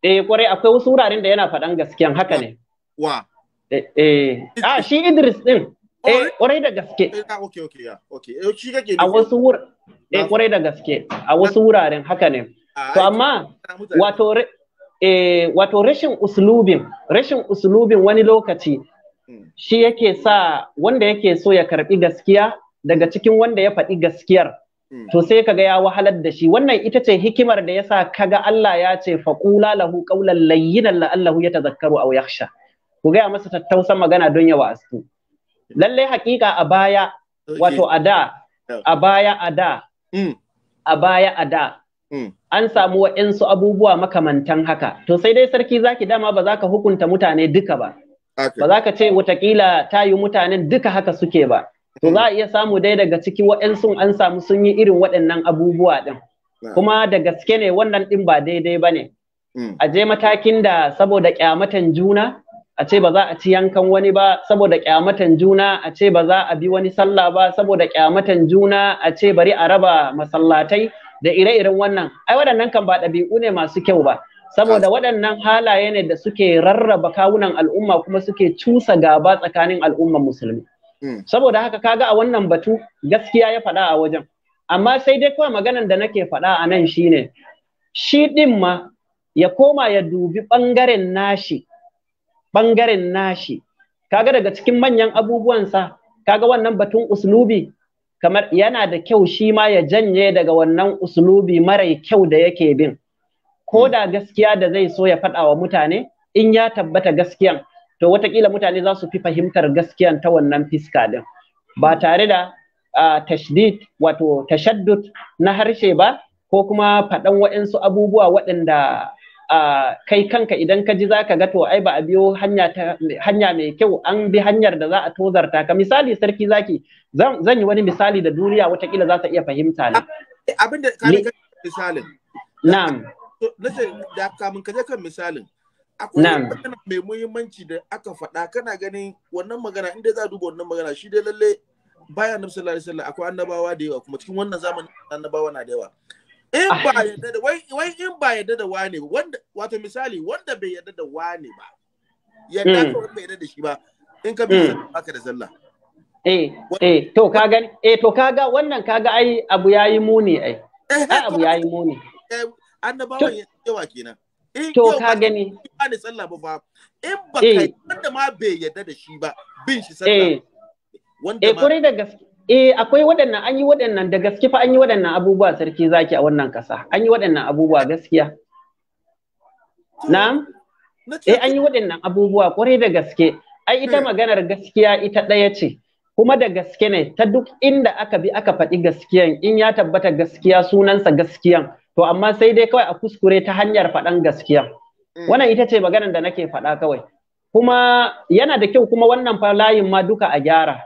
Speaker 2: Eh, kwarai akwai wasu wuraren da yana faɗan gaskiyan haka ne. Wa. Eh, eh. ah, shi Idris ɗin. Eh, kwarai da gaske. A wasu wuraren, eh, kwarai da gaske, a wasu wuraren haka ne. To amma wato eh, wato rashin uslubin rashin uslubin wani lokaci hmm. shi yake sa wanda yake so ya karbi gaskiya daga cikin wanda ya faɗi gaskiyar hmm. to sai kaga ya wahalar da shi wannan ita ce hikimar da yasa kaga Allah ya ce faqula lahu qawlan layyinan la'allahu yatadhakkaru aw yakhsha ku gaya masa tattausan magana don ya wa'astu lalle hakika a baya wato a da a baya a da hmm. a baya a da an samu waɗansu abubuwa makamantan haka to sai dai sarki zaki dama ba za ka hukunta mutane duka ba ba za ka ce watakila ta yi mutanen duka haka suke ba to za a iya samu dai daga ciki waɗansu an samu sun yi irin waɗannan abubuwa ɗin kuma da gaske ne wannan ɗin ba daidai ba ne hmm. a je matakin da saboda kyamatan juna a ce ba za a ci yankan wani ba saboda kyamatan juna a ce ba za a bi wani sallah ba saboda kyamatan juna a ce bari a raba masallatai da ire-iren wannan ai waɗannan kan ba ɗabi'u ne masu kyau ba saboda waɗannan halaye ne da suke rarraba kawunan al'umma kuma suke cusa gaba tsakanin al'umman musulmi hmm. saboda haka kaga a wannan batu gaskiya ya faɗa a wajen amma sai dai kawai maganan da nake faɗa a nan shine shi ɗin ma ya koma ya dubi ɓangaren nashi ɓangaren nashi kaga daga cikin manyan abubuwansa kaga wannan batun uslubi kamar yana da kyau shi ma ya janye daga wannan uslubi marai kyau da yake bin ko da gaskiya da zai so ya faɗa wa mutane in ya tabbata gaskiyan to watakila mutane za su fi fahimtar gaskiyan ta wannan fiska din ba tare da tashdid wato tashaddud na harshe ba ko kuma faɗan waɗansu abubuwa waɗanda kai kanka idan ka ji zaka ga to ai ba a biyo hanya ta hanya mai kyau an bi hanyar da za a tozarta ka misali sarki zaki zan zan yi wani misali da duniya watakila za ta iya fahimta ne
Speaker 1: abin da ka ga misalin na'am na ce da kamun ka je kan misalin akwai magana mai muhimmanci da aka faɗa kana ganin wannan magana inda za a duba wannan magana shi dai lalle baya nabi sallallahu alaihi wasallam akwai annabawa da yawa kuma cikin wannan zamanin annabawa na da yawa in ba yarda da wai wai in ba yarda da wane ba wanda wato misali wanda bai yarda da wane ba yarda mm. ka wanda bai yarda da shi ba in ka bi mm. baka da sallah
Speaker 2: eh eh to ka gani eh to kaga wannan kaga ai abu yayi muni ai eh, abu abu yayi muni
Speaker 1: eh, annabawan yawa kenan to ka gani ba ni sallah ba ba in ba kai eh. wanda ma bai yarda da shi ba bin shi sallah wanda eh kore
Speaker 2: da gaske eh akwai waɗannan an yi waɗannan da gaske fa an yi waɗannan abubuwa sarki zaki a wannan ƙasa an yi waɗannan abubuwa gaskiya na'am eh an yi waɗannan abubuwa kwarai da gaske ai ita hmm. maganar gaskiya ita ɗaya ce kuma da gaske ne ta duk inda aka bi aka faɗi gaskiyan in ya tabbata gaskiya sunansa gaskiyan to amma sai dai kawai a kuskure ta hanyar faɗan gaskiyan hmm. wannan ita ce maganar da nake faɗa kawai kuma yana da kyau kuma wannan fa layin ma duka a gyara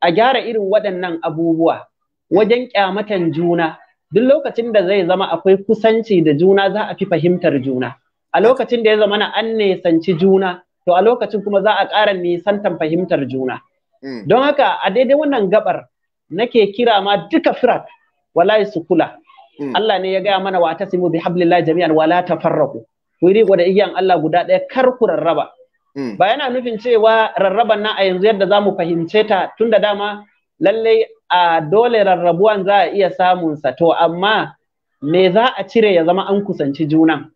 Speaker 2: a gyara irin waɗannan abubuwa wajen kyamatan juna duk lokacin da zai zama akwai kusanci da juna za a fi fahimtar juna a lokacin da ya zama na an nisanci juna to a lokacin kuma za a ƙara nisantan fahimtar juna mm. don haka a daidai wannan gabar nake kira ma duka firat wallahi su kula mm. Allah ne ya gaya mana wa tasimu bi hablillahi jami'an wala tafarraqu ku riƙo da igiyan Allah guda ɗaya kar ku rarraba Hmm. ba yana nufin cewa rarraban na a yanzu yadda za mu fahimce ta tun da dama lallai a dole rarrabuwan za a iya samun sa to amma me za a cire ya zama an kusanci juna?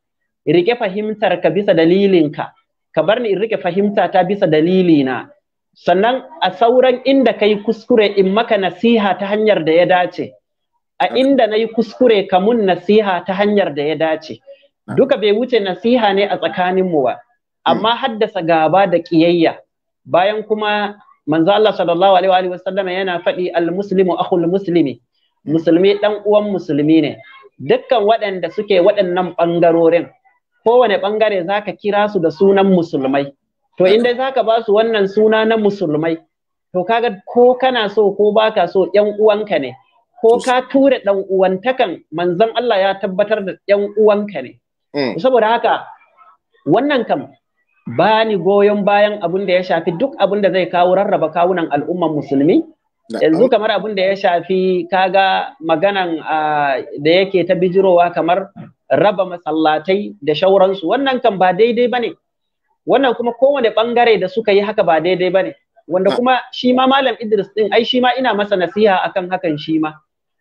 Speaker 2: rike fahimtar ka bisa dalilinka ka bar ni in rike fahimta ta bisa dalili na. sannan a sauran inda kai kuskure in maka nasiha ta hanyar da ya dace a inda na yi kuskure ka mun nasiha ta hanyar da ya dace duka bai wuce nasiha ne a tsakanin mu ba amma haddasa gaba da kiyayya bayan kuma manzo Allah sallallahu alaihi wa sallam yana faɗi al-muslimu akhul muslimi musulmi dan uwan musulmi ne dukkan waɗanda suke waɗannan bangarorin kowane ɓangare zaka kira su da sunan musulmai to in dai zaka ba su wannan suna na musulmai to kaga ko kana so ko baka so yan uwanka ne ko ka tura dan uwantakan manzon Allah ya tabbatar da yan uwanka ne mm. saboda haka wannan kam Bani goyon bayan abin da ya shafi duk abin da zai kawo rarraba kawunan al'umman musulmi yanzu kamar abin da ya shafi kaga maganan da yake ta bijirowa kamar raba masallatai da shauransu wannan kan ba daidai ba ne wannan kuma kowane bangare da suka yi haka ba daidai ba ne wanda kuma shi ma malam idris din ai shi ma ina masa nasiha akan hakan shi ma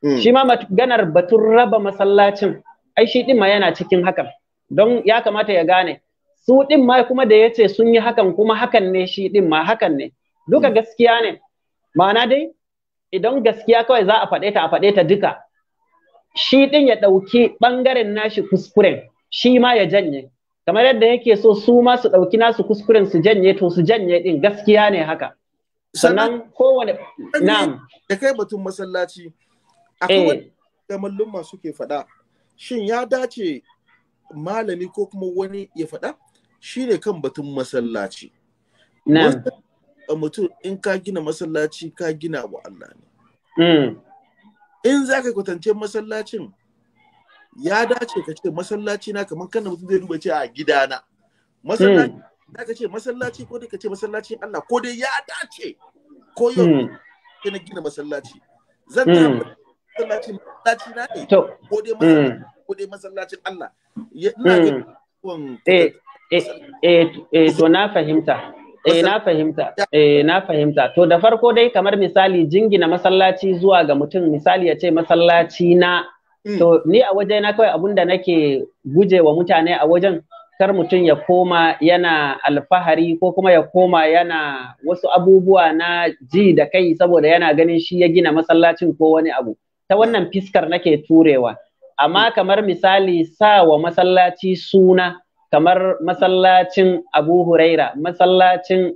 Speaker 2: hmm. shi ma maganar batun raba masallacin ai shi din ma yana cikin hakan don ya kamata ya gane su din ma kuma da yace sun yi hakan kuma hakan ne shi din ma hakan ne duka mm. gaskiya ne ma'ana dai idan gaskiya kawai za a faɗe ta a faɗe ta duka shi din ya ɗauki ɓangaren nashi kuskuren shi ma ya janye kamar yadda yake so su ma su ɗauki nasu kuskuren su janye to su janye din gaskiya ne haka sannan
Speaker 1: kowane na'am da kai batun masallaci akwai eh. da mallumma suke faɗa shin ya dace malami ko kuma wani ya faɗa shi ne kan batun masallaci. A mutum in ka gina masallaci ka gina wa Allah ne. Hmm. In za ka kwatance masallacin ya dace ka ce masallaci na kamar kan mutum zai duba ce a gidana. Masallaci hmm. za ka ce masallaci ko dai ka ce masallacin Allah ko dai ya dace ko yau hmm. na gina masallaci. Zan ta masallacin masallaci na ne ko dai masallacin Allah. Ina ga
Speaker 2: Eh, eh, eh to na fahimta eh na fahimta eh na fahimta to da farko dai kamar misali jingina masallaci zuwa ga mutum misali ya ce masallaci na hmm. to ni a waje na kawai abunda da nake guje wa mutane a wajen kar mutum ya koma yana alfahari ko kuma ya koma yana wasu abubuwa na ji da kai saboda yana ganin shi ya gina masallacin ko wani abu ta wannan fiskar nake turewa amma kamar misali sa wa masallaci suna kamar masallacin Abu Huraira, masallacin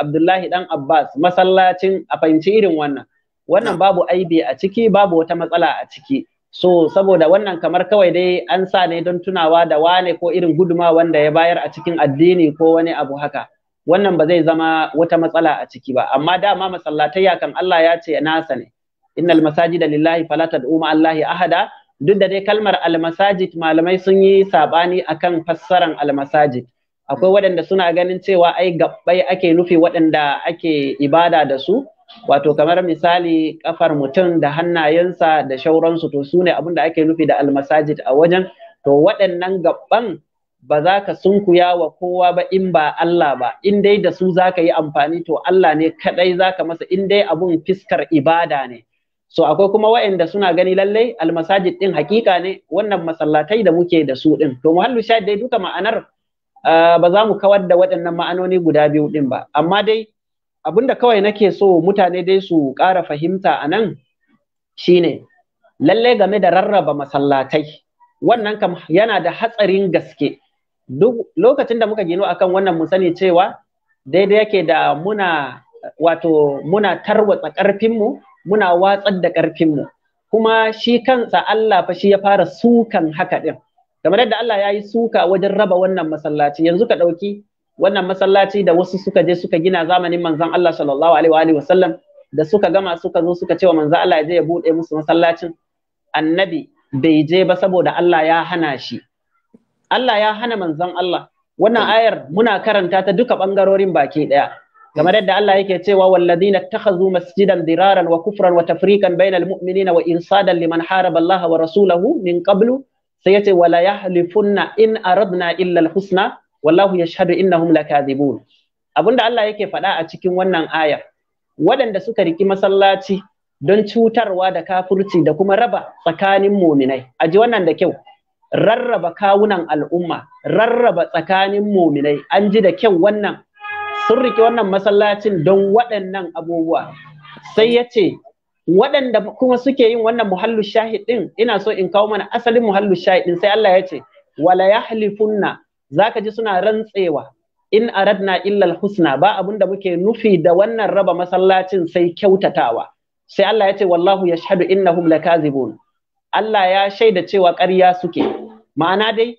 Speaker 2: Abdullahi dan Abbas, masallacin a fahimci irin wannan. Wannan babu aibi a ciki, babu wata matsala a ciki. So saboda wannan kamar kawai dai an sa ne don tunawa da wane ko irin guduma wanda ya bayar a cikin addini ko wani abu haka. Wannan ba zai zama wata matsala a ciki ba, amma dama masallatai kan Allah ya ce nasa ne. Innal masajida lillahi fala tad'u ma Allahi ahada duk da dai kalmar almasajid malamai sun yi sabani akan fassaran almasajid akwai waɗanda suna ganin cewa ai gabbai ake nufi waɗanda ake ibada da su wato kamar misali kafar mutum da hannayensa da shauransu to su ne da ake nufi da almasajid a wajen to waɗannan gabban ba za ka sunkuya wa kowa ba in ba Allah ba in dai da su za ka yi amfani to Allah ne kadai za ka masa in dai abun fiskar ibada ne so akwai kuma wa'anda suna gani lallai almasajid din hakika ne wannan masallatai da muke da su din to muhallu shahid dai duka ma'anar ba za mu kawar da waɗannan ma'anoni guda biyu din ba amma dai abinda kawai nake so mutane dai su ƙara fahimta a nan shine lallai game da rarraba masallatai wannan kam yana da hatsarin gaske duk lokacin da muka gino akan wannan mu sani cewa daidai yake da muna wato muna tarwatsa ƙarfinmu muna watsar da ƙarfinmu kuma shi kansa Allah fa shi ya fara sukan haka ɗin. kamar yadda Allah ya yi suka wajen raba wannan masallaci yanzu ka ɗauki wannan masallaci da wasu suka je suka gina zamanin manzon Allah sallallahu alaihi wa sallam da suka gama suka zo suka ce wa manzon Allah ya je ya buɗe musu masallacin annabi bai je ba saboda Allah ya hana shi Allah ya hana manzon Allah wannan ayar muna karanta ta duka bangarorin baki ɗaya kamar yadda Allah yake cewa walladina takhazu masjidan diraran wa kufran wa tafrikan bainal mu'minina wa insadan liman haraba Allah wa rasulahu min qablu sai yace wala yahlifunna in aradna illa alhusna wallahu yashhadu innahum lakathibun abinda Allah yake faɗa a cikin wannan aya waɗanda suka riki masallaci don cutarwa da kafurci da kuma raba tsakanin muminai a ji wannan da kyau rarraba kawunan al'umma rarraba tsakanin muminai an ji da kyau wannan sun rike wannan masallacin don waɗannan abubuwa sai ya ce waɗanda kuma suke yin wannan muhallu shahid ɗin ina so in kawo mana asalin muhallu shahid sai Allah ya ce wala yahlifunna zaka ji suna rantsewa in aradna illa husna, ba abun da muke nufi da wannan raba masallacin sai kyautatawa sai Allah ya ce wallahu yashhadu innahum lakazibun Allah ya shaida cewa ƙarya suke ma'ana dai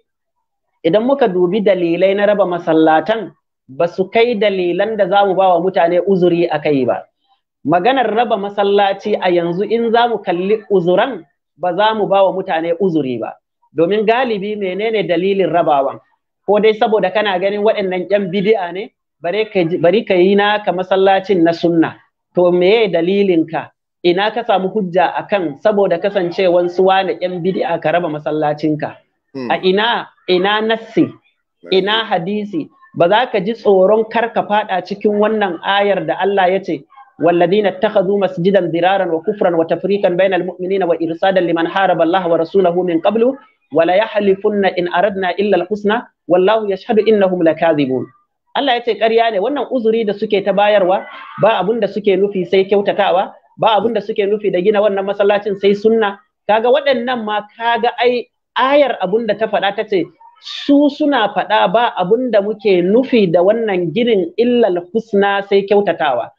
Speaker 2: idan muka dubi dalilai na raba masallatan ba su kai dalilan da za mu ba wa mutane uzuri a kai ba maganar raba masallaci a yanzu in za mu kalli uzuran ba za mu ba wa mutane uzuri ba domin galibi menene dalilin rabawan ko dai saboda kana ganin waɗannan ƴan bidi'a ne bari ka yi naka masallacin na sunna to meye dalilinka ina ka samu hujja a kan saboda kasancewan su wane ƴan bidi'a ka raba masallacinka hmm. a ina ina nassi hmm. ina hadisi ba za ka ji tsoron kar ka fada cikin wannan ayar da Allah ya ce والذين اتخذوا مسجدا ضرارا وكفرا وتفريقا بين المؤمنين وارصادا لمن حارب الله ورسوله من قبل ولا يحلفن ان اردنا الا الحسنى والله يشهد انهم لكاذبون Allah ya ce ƙarya ne wannan uzuri da suke ta bayarwa ba abun da suke nufi sai kyautatawa ba abun da suke nufi da gina wannan masallacin sai sunna kaga waɗannan ma kaga ai ayar abun da ta faɗa ta ce su suna faɗa ba abun da muke nufi da wannan ginin illal husna sai kyautatawa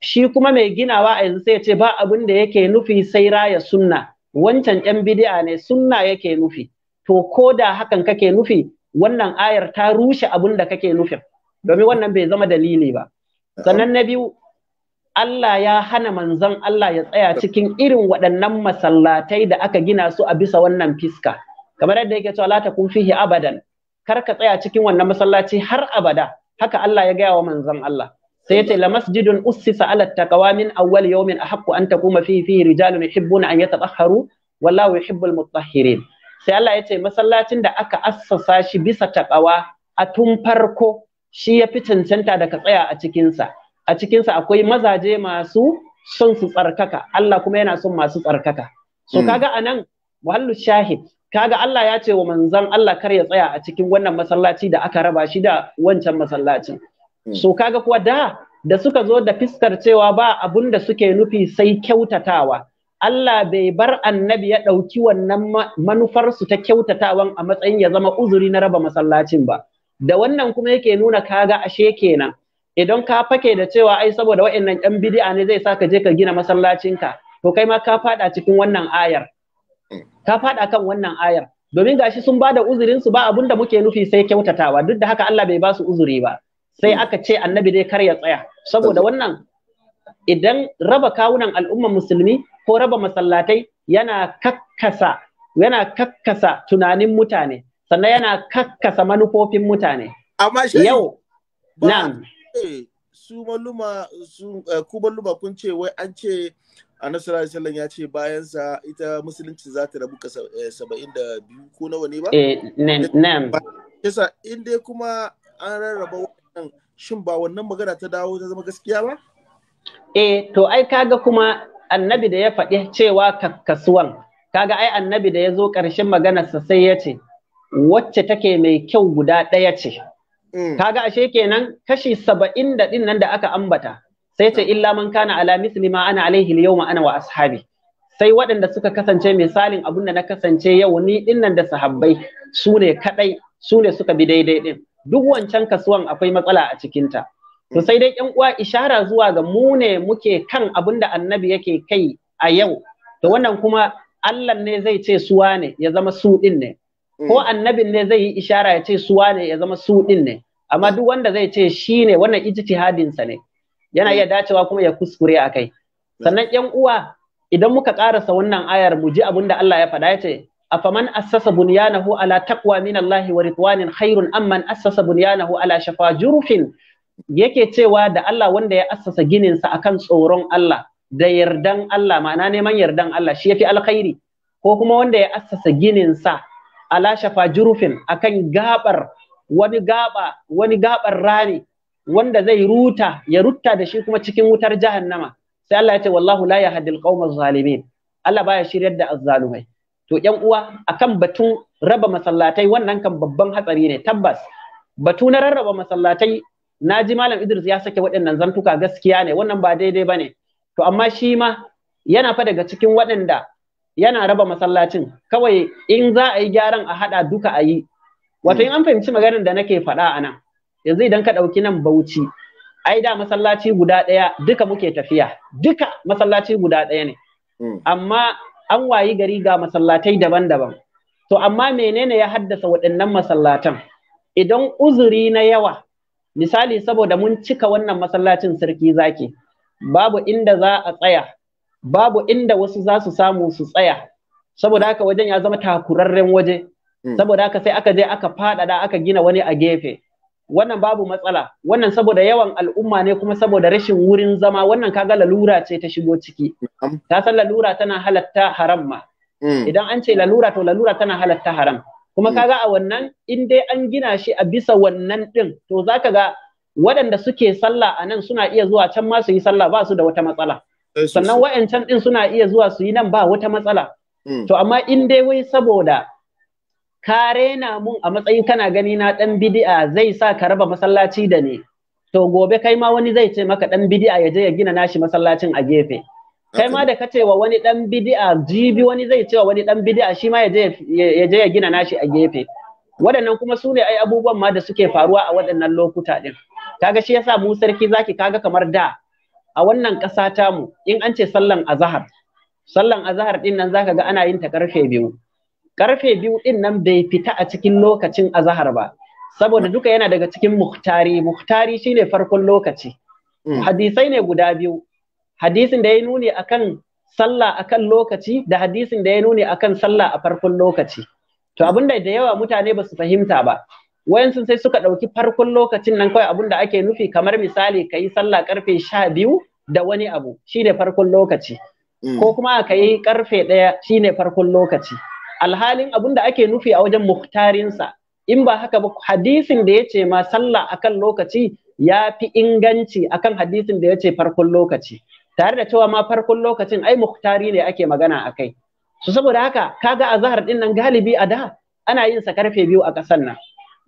Speaker 2: shi kuma mai ginawa a yanzu sai ce ba abun da yake nufi sai raya sunna wancan yan bidi'a ne sunna yake nufi to ko da hakan kake nufi wannan ayar ta rushe abun da kake nufin domin wannan bai zama dalili ba sannan na biyu Allah ya hana manzon Allah ya tsaya cikin irin waɗannan masallatai da aka gina su a bisa wannan fiska. kamar yadda yake cewa la kun fihi abadan kar ka tsaya cikin wannan masallaci har abada haka Allah ya gaya wa manzon Allah sai yace la masjidun ussisa ala taqwa min awwal yawmin ahqqu an takuma fihi fihi rijalun yuhibbuna an yatatahharu wallahu yuhibbul mutahhirin sai Allah yace masallacin da aka assasa shi bisa taqwa a tun farko shi ya fi cancanta da ka tsaya a cikinsa a cikinsa akwai mazaje masu son su tsarkaka Allah kuma yana son masu tsarkaka so hmm. kaga anan muhallu shahid kaga Allah ya ce wa Manzon Allah kar ya tsaya a cikin wannan masallaci da aka raba shi da wancan masallacin hmm. so kaga kuwa da da suka zo da fiskar cewa ba abun da suke nufi sai kyautatawa Allah bai bar annabi ya ɗauki wannan manufarsu ta kyautatawan a matsayin ya zama uzuri na raba masallacin ba da wannan kuma yake nuna kaga ashe kenan idan ka fake da cewa ai saboda wa'annan yan bid'a ne zai sa ka je ka gina masallacinka to kai ma ka fada cikin wannan ayar Ka faɗa kan wannan ayar domin gashi sun bada uzurin su ba abun da muke nufi sai kyautatawa duk da haka Allah bai ba su uzuri ba sai hmm. aka ce annabi dai kar ya tsaya saboda wannan idan raba kawunan al'umma musulmi ko raba masallatai yana kakkasa yana kakkasa tunanin mutane sannan yana kakkasa manufofin mutane amma shi yau nan
Speaker 1: su maluma su eh, kun ce wai an ce annabi sallallahu alaihi ya ce bayan sa ita musulunci za ta rabu ka eh, biyu ko nawa ne ba eh nan yasa in dai kuma an rarraba wannan shin ba wannan magana ta dawo ta zama gaskiya ba
Speaker 2: eh to ai kaga kuma annabi da ya faɗi cewa kasuwan kaga ai annabi da ya zo ƙarshen maganarsa sai ya ce wacce take mai kyau guda ɗaya ce mm. kaga ashe kenan kashi saba'in da ɗin nan da aka ambata sai ce illa man kana ala misli ma ana alaihi yawma ana wa ashabi sai waɗanda suka kasance misalin abun da na kasance yau ni dinnan da sahabbai su ne kadai su ne suka bi daidai din duk wancan kasuwan akwai matsala a cikinta to sai dai yan uwa ishara zuwa ga mu ne muke kan abun da annabi yake kai a yau to wannan kuma Allah ne zai ce suwa ne ya zama su din ne mm. ko annabin ne zai yi ishara ya ce suwa ne ya zama su din ne amma duk wanda zai ce shi ne wannan ijtihadinsa ne yana iya dacewa kuma ya kuskure a kai sannan yan uwa idan muka ƙarasa wannan ayar mu ji abin da Allah ya faɗa ya ce afaman assasa bunyanahu ala taqwa min Allah wa ridwanin khairun amman assasa bunyanahu ala shafa jurufin yake cewa da Allah wanda ya assasa sa akan tsoron Allah da yardan Allah ma'ana neman yardan Allah shi yafi alkhairi ko kuma wanda ya assasa sa ala shafa jurufin akan gabar wani gaba wani gabar rani wanda zai ruta ya ruta da shi kuma cikin wutar jahannama sai Allah ya ce wallahu la yahdil qaumal zalimin Allah baya shiryar da azzalumai to ƴan uwa akan batun raba masallatai wannan kan babban hatsari ne tabbas batu na rarraba masallatai na ji malam Idris ya sake waɗannan zantuka gaskiya ne wannan ba daidai bane to amma shi ma yana fa daga cikin waɗanda yana raba masallacin kawai in za a yi gyaran a haɗa duka a yi wato in an fahimci maganar da nake faɗa a nan yanzu idan ka ɗauki nan bauchi ai da masallaci guda ɗaya duka muke tafiya duka masallaci guda ɗaya ne hmm. amma an wayi gari ga masallatai daban-daban to amma menene ya haddasa waɗannan masallatan idan uzuri na yawa misali saboda mun cika wannan masallacin sarki zaki babu inda za a tsaya babu inda wasu za su samu su tsaya saboda haka wajen ya zama takurarren waje hmm. saboda haka sai aka je aka faɗaɗa aka gina wani a gefe wannan babu matsala wannan saboda yawan al'umma ne kuma saboda rashin wurin zama wannan kaga lalura ce ta shigo ciki ta san lalura tana halatta haram ma mm. idan an ce lalura to lalura tana halatta haram kuma kaga mm. a wannan in dai an gina shi a bisa wannan din to zaka ga waɗanda suke sallah a nan suna iya zuwa can ma su yi sallah ba su da wata matsala sannan wa'ancan din suna iya zuwa su yi nan ba wata matsala mm. to amma in dai wai saboda ka rena mun a matsayin kana gani na dan bid'a zai sa ka raba masallaci da ni to gobe kai ma wani zai ce maka dan bid'a ya je ya gina nashi masallacin a gefe kai ma da ka ce wa wani dan bid'a jibi wani zai ce wa wani dan bid'a shi ma ya je ya gina nashi a gefe waɗannan kuma sune ne ai abubuwan ma da suke faruwa a waɗannan lokuta din kaga shi yasa mu sarki zaki kaga kamar da a wannan ƙasa mu, in an ce sallan azahar sallan azahar din nan zaka ga ana yin ta karfe biyu karfe biyu din nan bai fita a cikin lokacin azahar ba saboda duka yana daga cikin muhtari muhtari shine farkon lokaci mm. hadisai ne guda biyu hadisin da ya nuni akan sallah akan lokaci da hadisin da ya nuni akan sallah a farkon lokaci to abinda da yawa mutane ba su fahimta ba wayansu sai suka ɗauki farkon lokacin nan kawai abin da ake nufi kamar misali ka yi sallah karfe sha biyu da wani abu shine farkon lokaci mm. ko kuma ka yi karfe ɗaya shine farkon lokaci alhalin abin da ake nufi a wajen muhtarinsa in ba haka ba hadisin da ya ce ma sallah akan lokaci ya fi inganci akan hadisin da ya ce farkon lokaci tare da cewa ma farkon lokacin ai muhtari ne ake magana a kai su saboda haka kaga azahar din nan galibi a da ana yin sa karfe biyu a ƙasar nan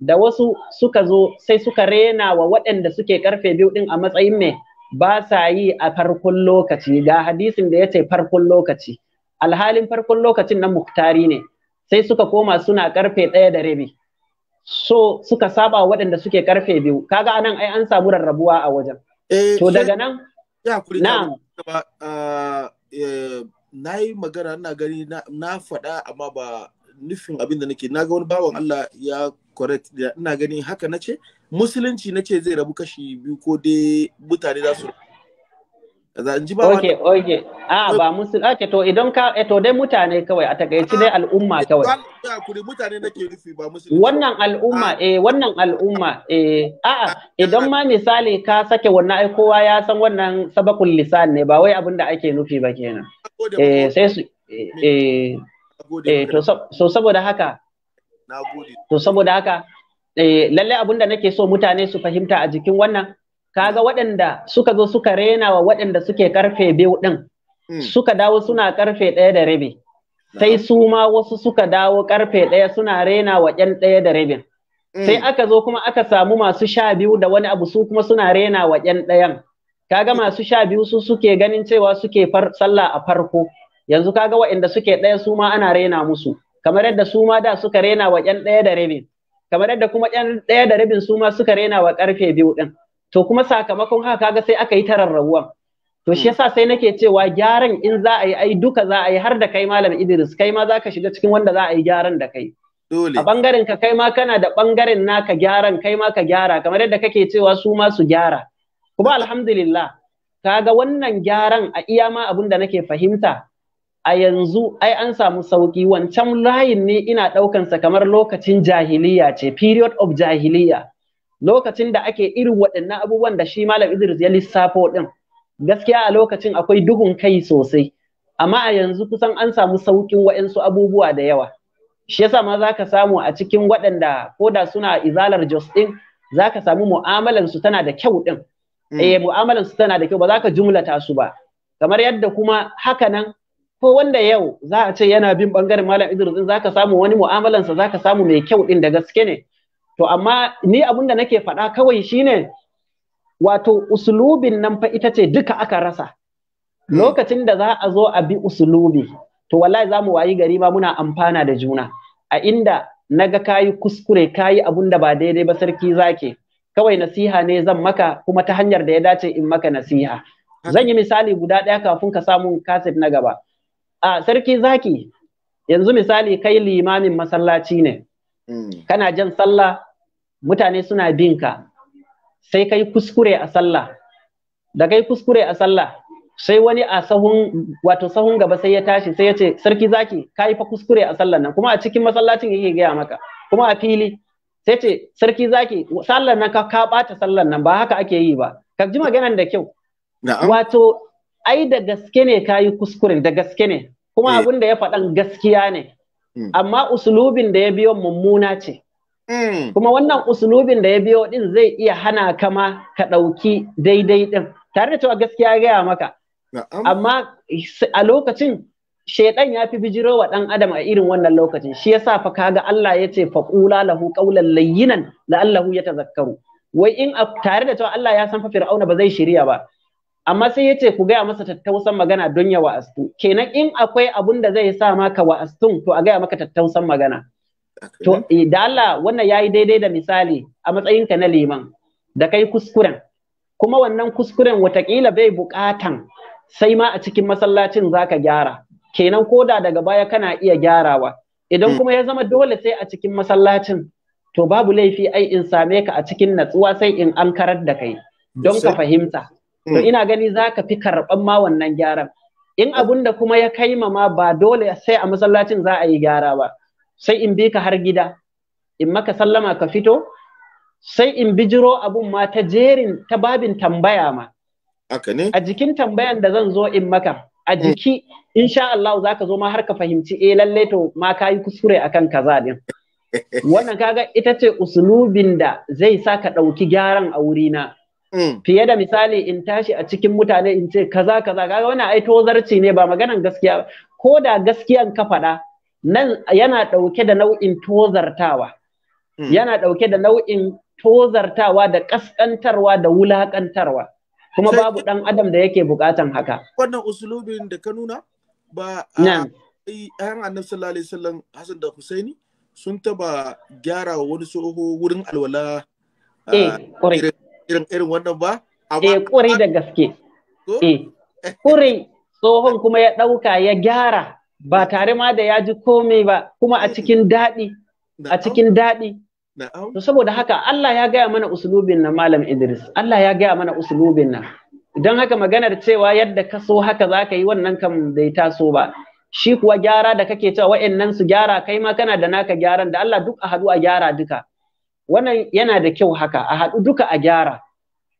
Speaker 2: da wasu suka zo sai suka rena wa waɗanda suke karfe biyu din a matsayin mai ba sa yi a farkon lokaci ga hadisin da ya ce farkon lokaci alhalin farkon lokacin na muktari ne sai suka koma suna karfe ɗaya da rabi so suka saba waɗanda suke karfe biyu kaga anan ai an samu rarrabuwa a wajen eh, to daga nan na'am
Speaker 1: ah, eh, na yi magana na gani na faɗa amma ba nufin abin da nake na ga wani bawan Allah ya correct ina gani haka na ce musulunci na ce zai rabu kashi biyu ko dai mutane za su ji ba okay
Speaker 2: okay ah, ba musul ake to idan ka eh, to dai mutane kawai a takaici dai al'umma eh, kawai
Speaker 1: kuri mutane nake nufi
Speaker 2: ba musul wannan al'umma ah. eh wannan al'umma eh a'a ah, idan ma misali ka sake wannan ai kowa ya san wannan sabakul lisan ne ba wai abin da ake nufi ba kenan eh sai su eh eh to so saboda haka to saboda haka eh lalle abin da nake so mutane su fahimta a jikin wannan kaga waɗanda suka zo suka rena wa waɗanda suke karfe biyu ɗin hmm. suka dawo suna karfe ɗaya da rabi sai su ma wasu suka dawo karfe ɗaya suna rena wa ƴan ɗaya da rabin hmm. sai aka zo kuma aka samu masu sha biyu da wani abu su kuma suna rena wa ƴan ɗayan kaga masu sha biyu su suke ganin cewa suke far sallah a farko yanzu kaga waɗanda suke ɗaya su ma ana rena musu kamar yadda su ma da suka rena wa ƴan ɗaya da rabin kamar yadda kuma ƴan ɗaya da rabin su ma suka rena wa karfe biyu ɗin to kuma sakamakon haka kaga sai aka yi tararrawa to shi hmm. yasa sai nake cewa gyaran in za a yi ai duka za a yi har da kai malam Idris kai ma zaka shiga cikin wanda za a yi gyaran da kai Dole. a bangaren ka kai ma kana da bangaren naka gyaran kai ma ka gyara kamar yadda kake cewa su ma su gyara kuma alhamdulillah kaga wannan gyaran a iya ma abin da nake fahimta a yanzu ai an samu sauki wancan layin ne ina ɗaukansa kamar lokacin jahiliya ce period of jahiliya lokacin da ake irin waɗannan abubuwan da shi malam Idris ya lissafo ɗin, gaskiya a lokacin akwai duhun kai sosai amma a yanzu kusan an samu saukin waɗansu abubuwa da yawa shi yasa ma zaka samu a cikin waɗanda ko da suna izalar jos din zaka samu mu'amalar su tana da kyau din mm. eh mu'amalar su tana da kyau ba za ka jumlata su ba kamar yadda kuma haka nan ko wanda yau za a ce yana bin bangaren malam Idris din zaka samu wani mu'amalansa zaka samu mai kyau ɗin da gaske ne to amma ni abin da nake faɗa kawai shine wato usulubin nan fa ita ce duka aka rasa hmm. lokacin da za a zo a bi usulubi to wallahi za mu wayi gari ma muna amfana da juna a inda naga kayi kuskure kayi abun da ba daidai ba sarki zake kawai nasiha ne zan maka kuma ta hanyar da ya dace in maka nasiha zan yi misali guda ɗaya kafin ka samu kaset na gaba a sarki zaki yanzu misali kai limamin masallaci ne hmm. kana jan sallah mutane suna bin ka sai kai kuskure a sallah da kai kuskure a sallah sai wani a sahun wato sahun gaba sai ya tashi sai ya ce sarki zaki kai fa kuskure a sallan nan kuma a cikin masallacin yake gaya maka kuma a fili sai ce sarki zaki sallan nan ka ka bata sallan nan ba haka ake yi ba ka ji maganan da kyau wato ai da gaske ne kayi kuskure da gaske ne kuma eh. abin da ya faɗan gaskiya ne hmm. amma usulubin da ya biyo mummuna ce Mm. Kuma wannan usulubin da ya biyo din zai iya hana kama ka ɗauki daidai din. Tare da cewa gaskiya gaya maka. Amma a lokacin shaidan ya fi bijiro wa ɗan adam a irin wannan lokacin shi yasa fa kaga Allah ya ce faqula lahu qawlan layyinan la'allahu yatazakkaru wai in tare da cewa Allah ya san fa fir'auna ba zai shirya ba amma sai ya ce ku gaya masa tattausan magana don ya wa'astu kenan in akwai abun da zai sa maka wa'astun to a gaya maka tattausan magana To, eh, da Allah wannan ya yi daidai da misali a matsayinka na liman, da kai kuskuren, kuma wannan kuskuren watakila bai buƙatan sai ma a cikin masallacin zaka gyara, kenan koda daga baya kana iya gyarawa. Idan hmm. kuma ya zama dole sai a cikin masallacin, to babu laifi ai in same ka a cikin natsuwa sai in ankarar da kai, hmm. don ka fahimta. To hmm. ina gani za fi karɓan ma wannan gyaran. In abun da kuma ya kai ma ba dole sai a masallacin za a yi gyara ba. sai in bi ka har gida in maka sallama ka fito sai in bijiro abun ma ta jerin ta babin tambaya ma haka ne a jikin tambayan da zan zo in maka a mm. jiki insha Allah ka zo ma har ka fahimci eh lalle to ma kayi kuskure akan kaza din wannan kaga ita ce usulubin da zai sa ka ɗauki gyaran a wurina mm. fiye da misali in tashi a cikin mutane in ce kaza kaza kaga wannan ai tozarci ne ba maganan gaskiya ko da gaskiyan ka faɗa nan yana ɗauke da nau'in tozartawa hmm. yana ɗauke da nau'in tozartawa da ƙasƙantarwa da wulaƙantarwa kuma babu ɗan adam da yake buƙatan haka
Speaker 1: wannan usulubin da ka nuna ba a ayan annabi sallallahu alaihi wasallam Hassan da Husaini sun taba gyara wani tsoho wurin alwala eh, irin irin wannan ba eh ƙuri da gaske
Speaker 5: eh
Speaker 2: ƙuri tsohon kuma ya ɗauka ya gyara ba tare ma da ya ji komai ba kuma a cikin daɗi a cikin daɗi to saboda haka Allah ya gaya mana usulubin na malam Idris Allah ya gaya mana usulubin na idan haka maganar cewa yadda ka so haka za ka yi wannan kam bai taso ba shi kuwa gyara da kake cewa wa'annan su gyara kai ma kana da naka gyaran da Allah duk a haɗu a gyara duka wannan yana da kyau haka a haɗu duka a gyara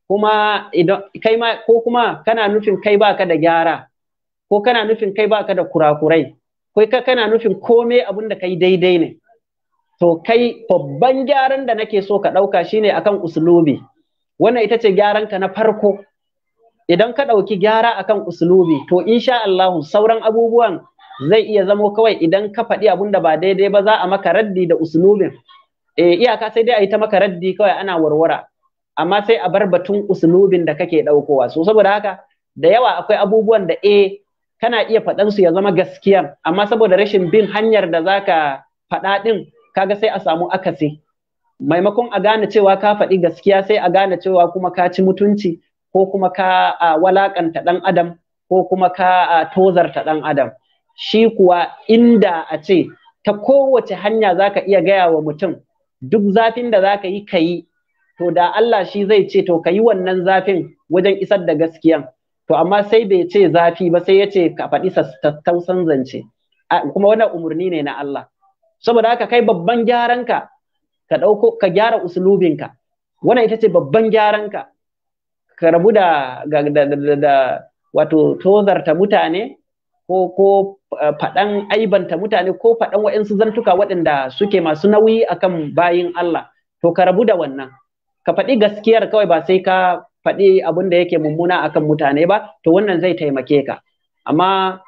Speaker 2: kuma idan kai ma ko kuma kana nufin kai baka da gyara ko kana nufin kai baka da kurakurai ko ka kana nufin komai abin da kai daidai ne to kai babban gyaran da nake so ka ɗauka shine akan uslubi wannan ita ce gyaran ka na farko idan ka ɗauki gyara akan uslubi to insha Allah sauran abubuwan zai iya zamo kawai idan ka faɗi abin da ba daidai ba za a maka raddi da uslubin eh iyaka sai dai a yi ta maka raddi kawai ana warwara amma sai a bar batun uslubin da kake ɗaukowa so saboda haka da yawa akwai abubuwan da eh kana iya faɗan su ya zama gaskiya amma saboda rashin bin hanyar da zaka faɗa din kaga sai a samu akasi maimakon a gane cewa ka faɗi gaskiya sai a gane cewa kuma ka ci mutunci ko kuma ka walakanta ɗan adam ko kuma ka tozarta ɗan adam shi kuwa inda a ce ta kowace hanya zaka iya gaya wa mutum duk zafin da zaka yi ka yi to da Allah shi zai ce to ka yi wannan zafin wajen isar da gaskiyan to amma sai bai ce zafi ba sai ya ce ka faɗi tattausan zance kuma wannan umarni ne na Allah saboda haka kai babban gyaranka ka ɗauko ka gyara usulubinka wannan ita ce babban gyaran ka rabu da, da, wato tozarta mutane ko ko eh, faɗan aibanta mutane ko faɗan waɗansu zantuka waɗanda suke masu nauyi akan bayin Allah to ka rabu da wannan ka faɗi gaskiyar kawai ba sai ka faɗi abin da yake mummuna akan mutane ba to wannan zai taimake ka amma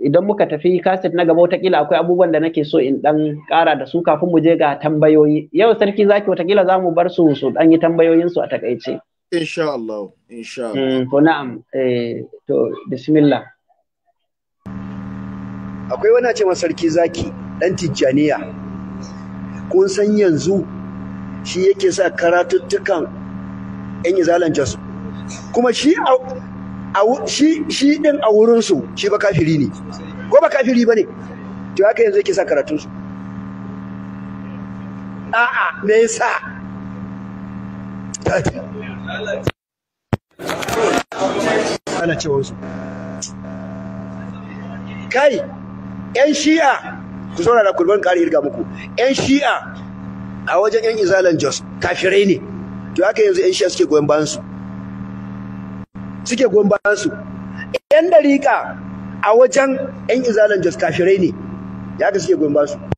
Speaker 2: idan muka tafi kaset na gaba watakila akwai abubuwan da nake so in dan ƙara da su kafin mu je ga tambayoyi yau sarki zaki watakila za mu bar su su dan yi tambayoyin su a takaice
Speaker 3: insha Allah insha Allah
Speaker 2: mm, to na'am eh
Speaker 5: to bismillah akwai
Speaker 3: wani ce sarki zaki dan tijjaniya kun san yanzu shi yake sa karatuttukan yan zalance su kuma shi shi shi din a wurin su shi ba kafiri ne ko ba kafiri bane to haka yanzu yake sa karatun su a'a me yasa ana su kai yan shi'a ku saurara kurban kare irga muku yan shi'a a wajen yan izalan jos kafirai ne to haka yanzu yan shi'a suke goyon bayan su suke goyon bayan su yan dariƙa a wajen yan izalan jos kafirai ne ya haka suke goyon bayan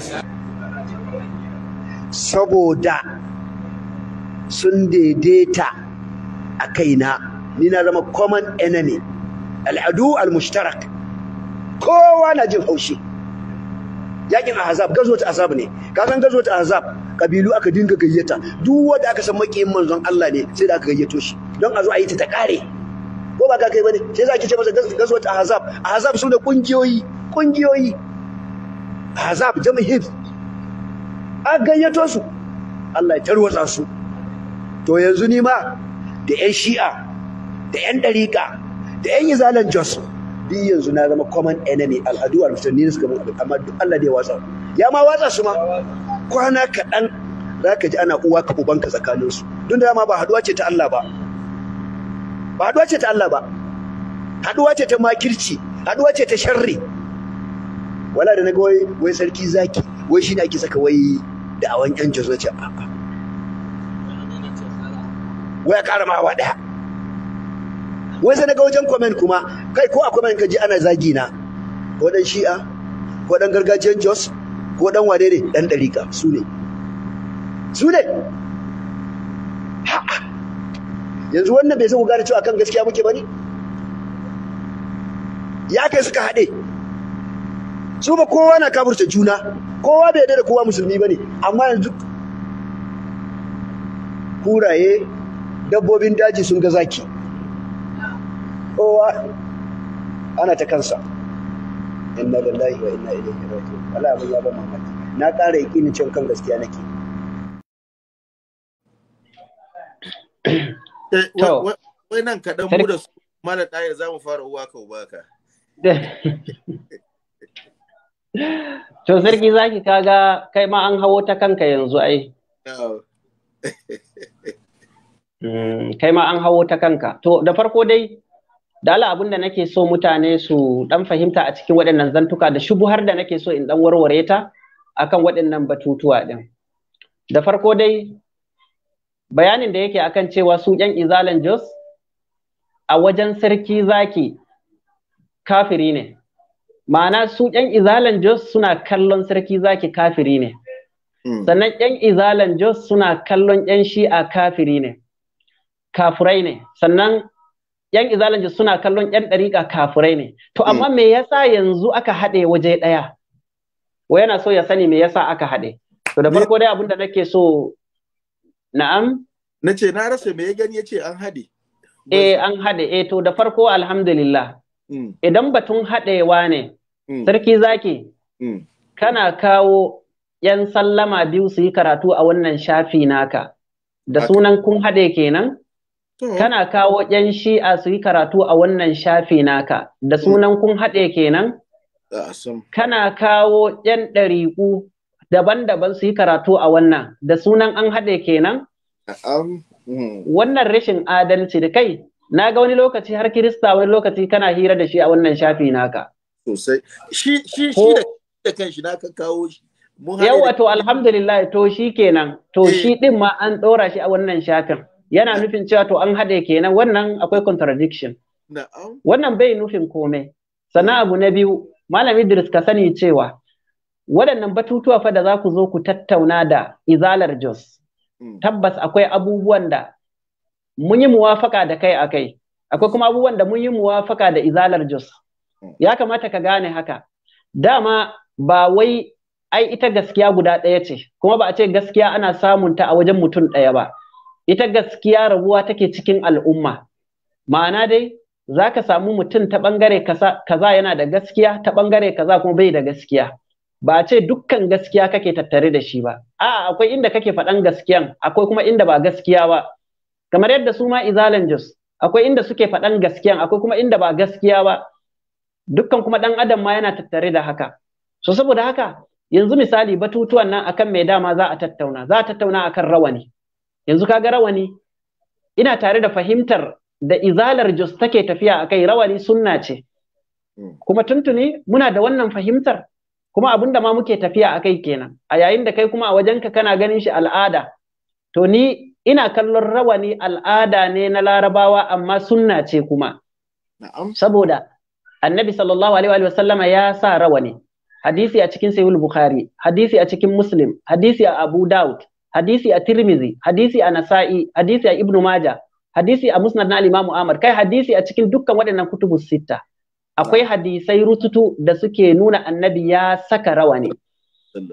Speaker 3: su saboda sun daidaita a kaina ni na zama common enemy al'adu al-mushtarak kowa na jin haushi yakin ahzab gazo ta ne ka san gazo ta kabilu aka dinga gayyata duk wanda aka san makiyin manzon Allah ne sai da aka gayyato shi don a zo a yi ta ta kare ko ba ka kai bane sai za ki ce masa gazo ta azab ahzab da kungiyoyi kungiyoyi azab jami'in a gayyato su Allah ya tarwatsa su to yanzu ni ma da 'yan shi'a da 'yan dariqa da 'yan izalan jos duk yanzu na zama common enemy al'adu a rubutu ne suka mun amma duk Allah da ya watsa ya ma watsa su ma kwana kaɗan za ka ji ana uwa ka ubanka tsakaninsu don dama ba haɗuwa ce ta Allah ba ba haɗuwa ce ta Allah ba Haɗuwa ce ta makirci Haɗuwa ce ta sharri wala da naga wai wai sarki zaki wai shine ake saka wai da awan yan jazo ce a'a wai ƙara ma awa ɗaya wai sai na ga wajen comment kuma kai ko a comment ka ji ana zagi na ko dan shi'a ko dan gargajiyan jos ko dan wane ne dan dariƙa su ne su ne yanzu wannan bai san ku gane cewa kan gaskiya muke bane ya kai suka haɗe su ba kowa na kafurta juna kowa bai da kowa musulmi bane amma yanzu kuraye dabbobin daji sun ga zaki kowa ana ta kansa inna lillahi wa inna ilaihi raji'un Allah abin ya ba mamaki na ƙara yakinin cewa kan gaskiya nake
Speaker 1: eh, wai nan kaɗan mu da su mala ɗaya za mu fara uwa ka uba ka
Speaker 2: to sarki zaki kaga kai ma an hawo ta kanka yanzu ai mm, kai ma an hawo ta kanka to da farko dai Da abin da nake so mutane su dan fahimta a cikin waɗannan zantuka da har da nake so in dan warware ta akan waɗannan batutuwa din da farko dai bayanin da yake akan cewa su yan izalan jos a wajen sarki zaki kafiri ne ma'ana su yan izalan jos suna kallon sarki zaki kafiri ne hmm. sannan yan izalan jos suna kallon yan shi'a kafiri ne kafurai ne sannan yan izalanci suna kallon yan ɗariƙa kafurai ne to hmm. amma me yasa yanzu aka
Speaker 1: haɗe waje ɗaya
Speaker 2: wa yana so ya sani me yasa aka haɗe to da farko dai abinda nake so na'am
Speaker 1: na ce na rasa me ya gani ya ce an haɗe
Speaker 2: eh an haɗe eh to da farko alhamdulillah hmm. idan batun haɗewa ne hmm. sarki zaki kana kawo yan sallama biyu su yi karatu a wannan shafi naka da sunan kun haɗe kenan Kana kawo ƴan shi'a su yi karatu a wannan shafi naka, da sunan kun haɗe kenan? Kana kawo ƴan ɗariƙu daban-daban su yi karatu a wannan, da sunan an haɗe kenan? Hmm. Wannan rashin adalci da kai, na ga wani lokaci har Kirista wani lokaci kana hira da shi a wannan shafi naka. Yawa to alhamdulillah to shi kenan, to eh. shi ɗin ma an ɗora shi a wannan shafin. yana nufin cewa to an haɗe kenan wannan akwai contradiction wannan bai nufin komai sannan abu na biyu Malami Idris ka sani cewa waɗannan batutuwa fa da za ku zo ku tattauna da izalar Jos hmm. tabbas akwai abubuwan da mun yi muwafaka da kai akai akwai kuma abubuwan da mun yi muwafaka da izalar Jos hmm. ya kamata ka gane haka dama ba wai ai ita gaskiya guda ɗaya ce kuma ba a ce gaskiya ana samun ta a wajen mutum ɗaya ba ita gaskiya rabuwa take cikin al'umma ma'ana dai za ka samu mutum ta ɓangare kaza yana da gaskiya ta ɓangare kaza kuma bai da gaskiya ba a ce dukkan gaskiya kake tattare da shi ba a akwai inda kake faɗan gaskiyan akwai kuma inda ba gaskiya ba kamar yadda su ma izalan jos akwai inda suke faɗan gaskiyan akwai kuma inda ba gaskiya ba dukkan kuma ɗan adam ma yana tattare da haka so saboda haka yanzu misali batutuwan nan akan mai dama za a tattauna za a tattauna akan rawani yanzu ka ga rawani ina tare da fahimtar da izalar jos take tafiya a kai rawani sunna ce hmm. kuma tuntuni muna da wannan fahimtar kuma abin da ma muke tafiya a kai kenan a yayin da kai kuma a wajenka kana ganin shi al'ada to ni ina kallon rawani al'ada ne na larabawa amma sunna ce kuma saboda annabi sallallahu alaihi wa sallama ya sa rawani hadisi a cikin sahih bukhari hadisi a cikin muslim hadisi a abu daud hadisi a Tirmizi hadisi a Nasa'i hadisi a Ibn Majah hadisi a Musnad na Imam Ahmad kai hadisi a cikin dukkan waɗannan kutubu sitta. akwai hadisai rututu da suke nuna annabi ya saka rawani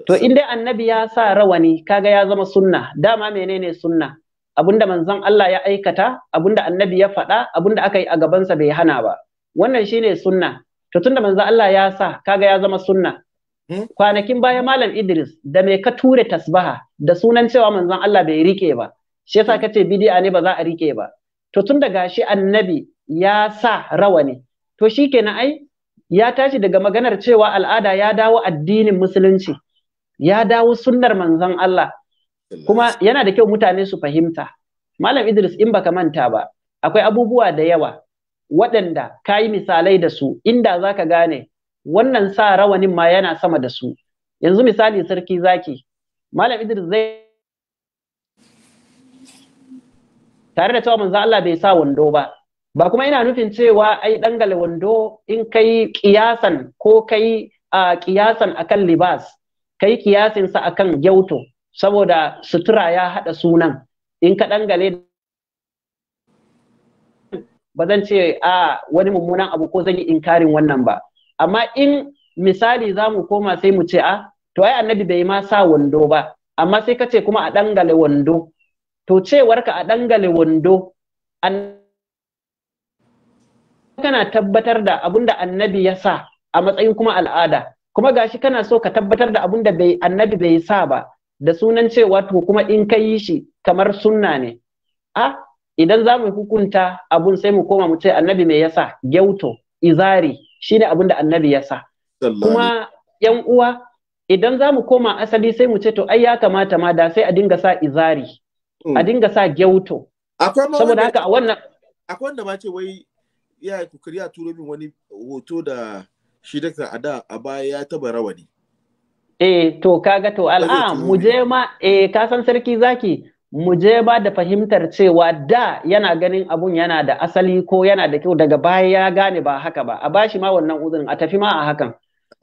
Speaker 2: to in dai annabi ya sa rawani kaga ya zama sunna dama menene sunna Abunda manzon Allah ya aikata abunda annabi ya faɗa abunda aka yi a gabansa bai hana ba wannan shine sunna to tunda manzon Allah ya sa kaga ya zama sunna hmm? kwanakin baya malam Idris da me ka ture tasbaha da sunan cewa manzon Allah bai rike ba shi yasa kace bid'a ne ba za a rike ba to tun da gashi annabi ya sa rawani to shikenan ai ya tashi daga maganar cewa al'ada ya dawo addinin musulunci ya dawo sunnar manzon Allah kuma yana da kyau mutane su fahimta malam Idris in baka manta ba akwai abubuwa da yawa waɗanda ka yi misalai da su inda za ka gane wannan sa rawanin ma yana sama da su yanzu misali sarki zaki malam idris zai tare da cewa manzo Allah bai sa wando ba ba kuma ina nufin cewa ai dangal wando in kai kiyasan ko kai a kiyasan akan libas kai kiyasin sa akan gyauto saboda sutura ya hada sunan in ka dangale ba zan ce a wani mummunan abu ko zan yi inkarin wannan ba amma in misali za mu koma sai mu ce a to ai annabi bai ma sa wando ba amma sai ka ce kuma a dangale wando to cewarka a dangale wando kana tabbatar da abin da annabi ya sa a matsayin kuma al'ada kuma gashi kana so ka tabbatar da abin da bai annabi bai sa ba da sunan cewa to kuma in ka yi shi kamar sunna ne a idan zamu hukunta abun sai mu koma mu ce annabi mai yasa gyauto izari shine abin da annabi ya sa kuma yan uwa idan za mu koma asali sai mu ce to ai ya kamata ma da sai a dinga sa izari a mm. dinga sa gyauto saboda haka a
Speaker 1: wannan akwai wanda ma ce wai ya kukuri a turo min wani hoto da shi daga a da a baya ya taba rawani
Speaker 2: eh to kaga to al'a mu je ma eh ka san sarki zaki mu je ba da fahimtar cewa da yana ganin abun yana da asali ko yana da kyau daga baya ya gane ba haka ba a bashi ma wannan uzurin a tafi ma a hakan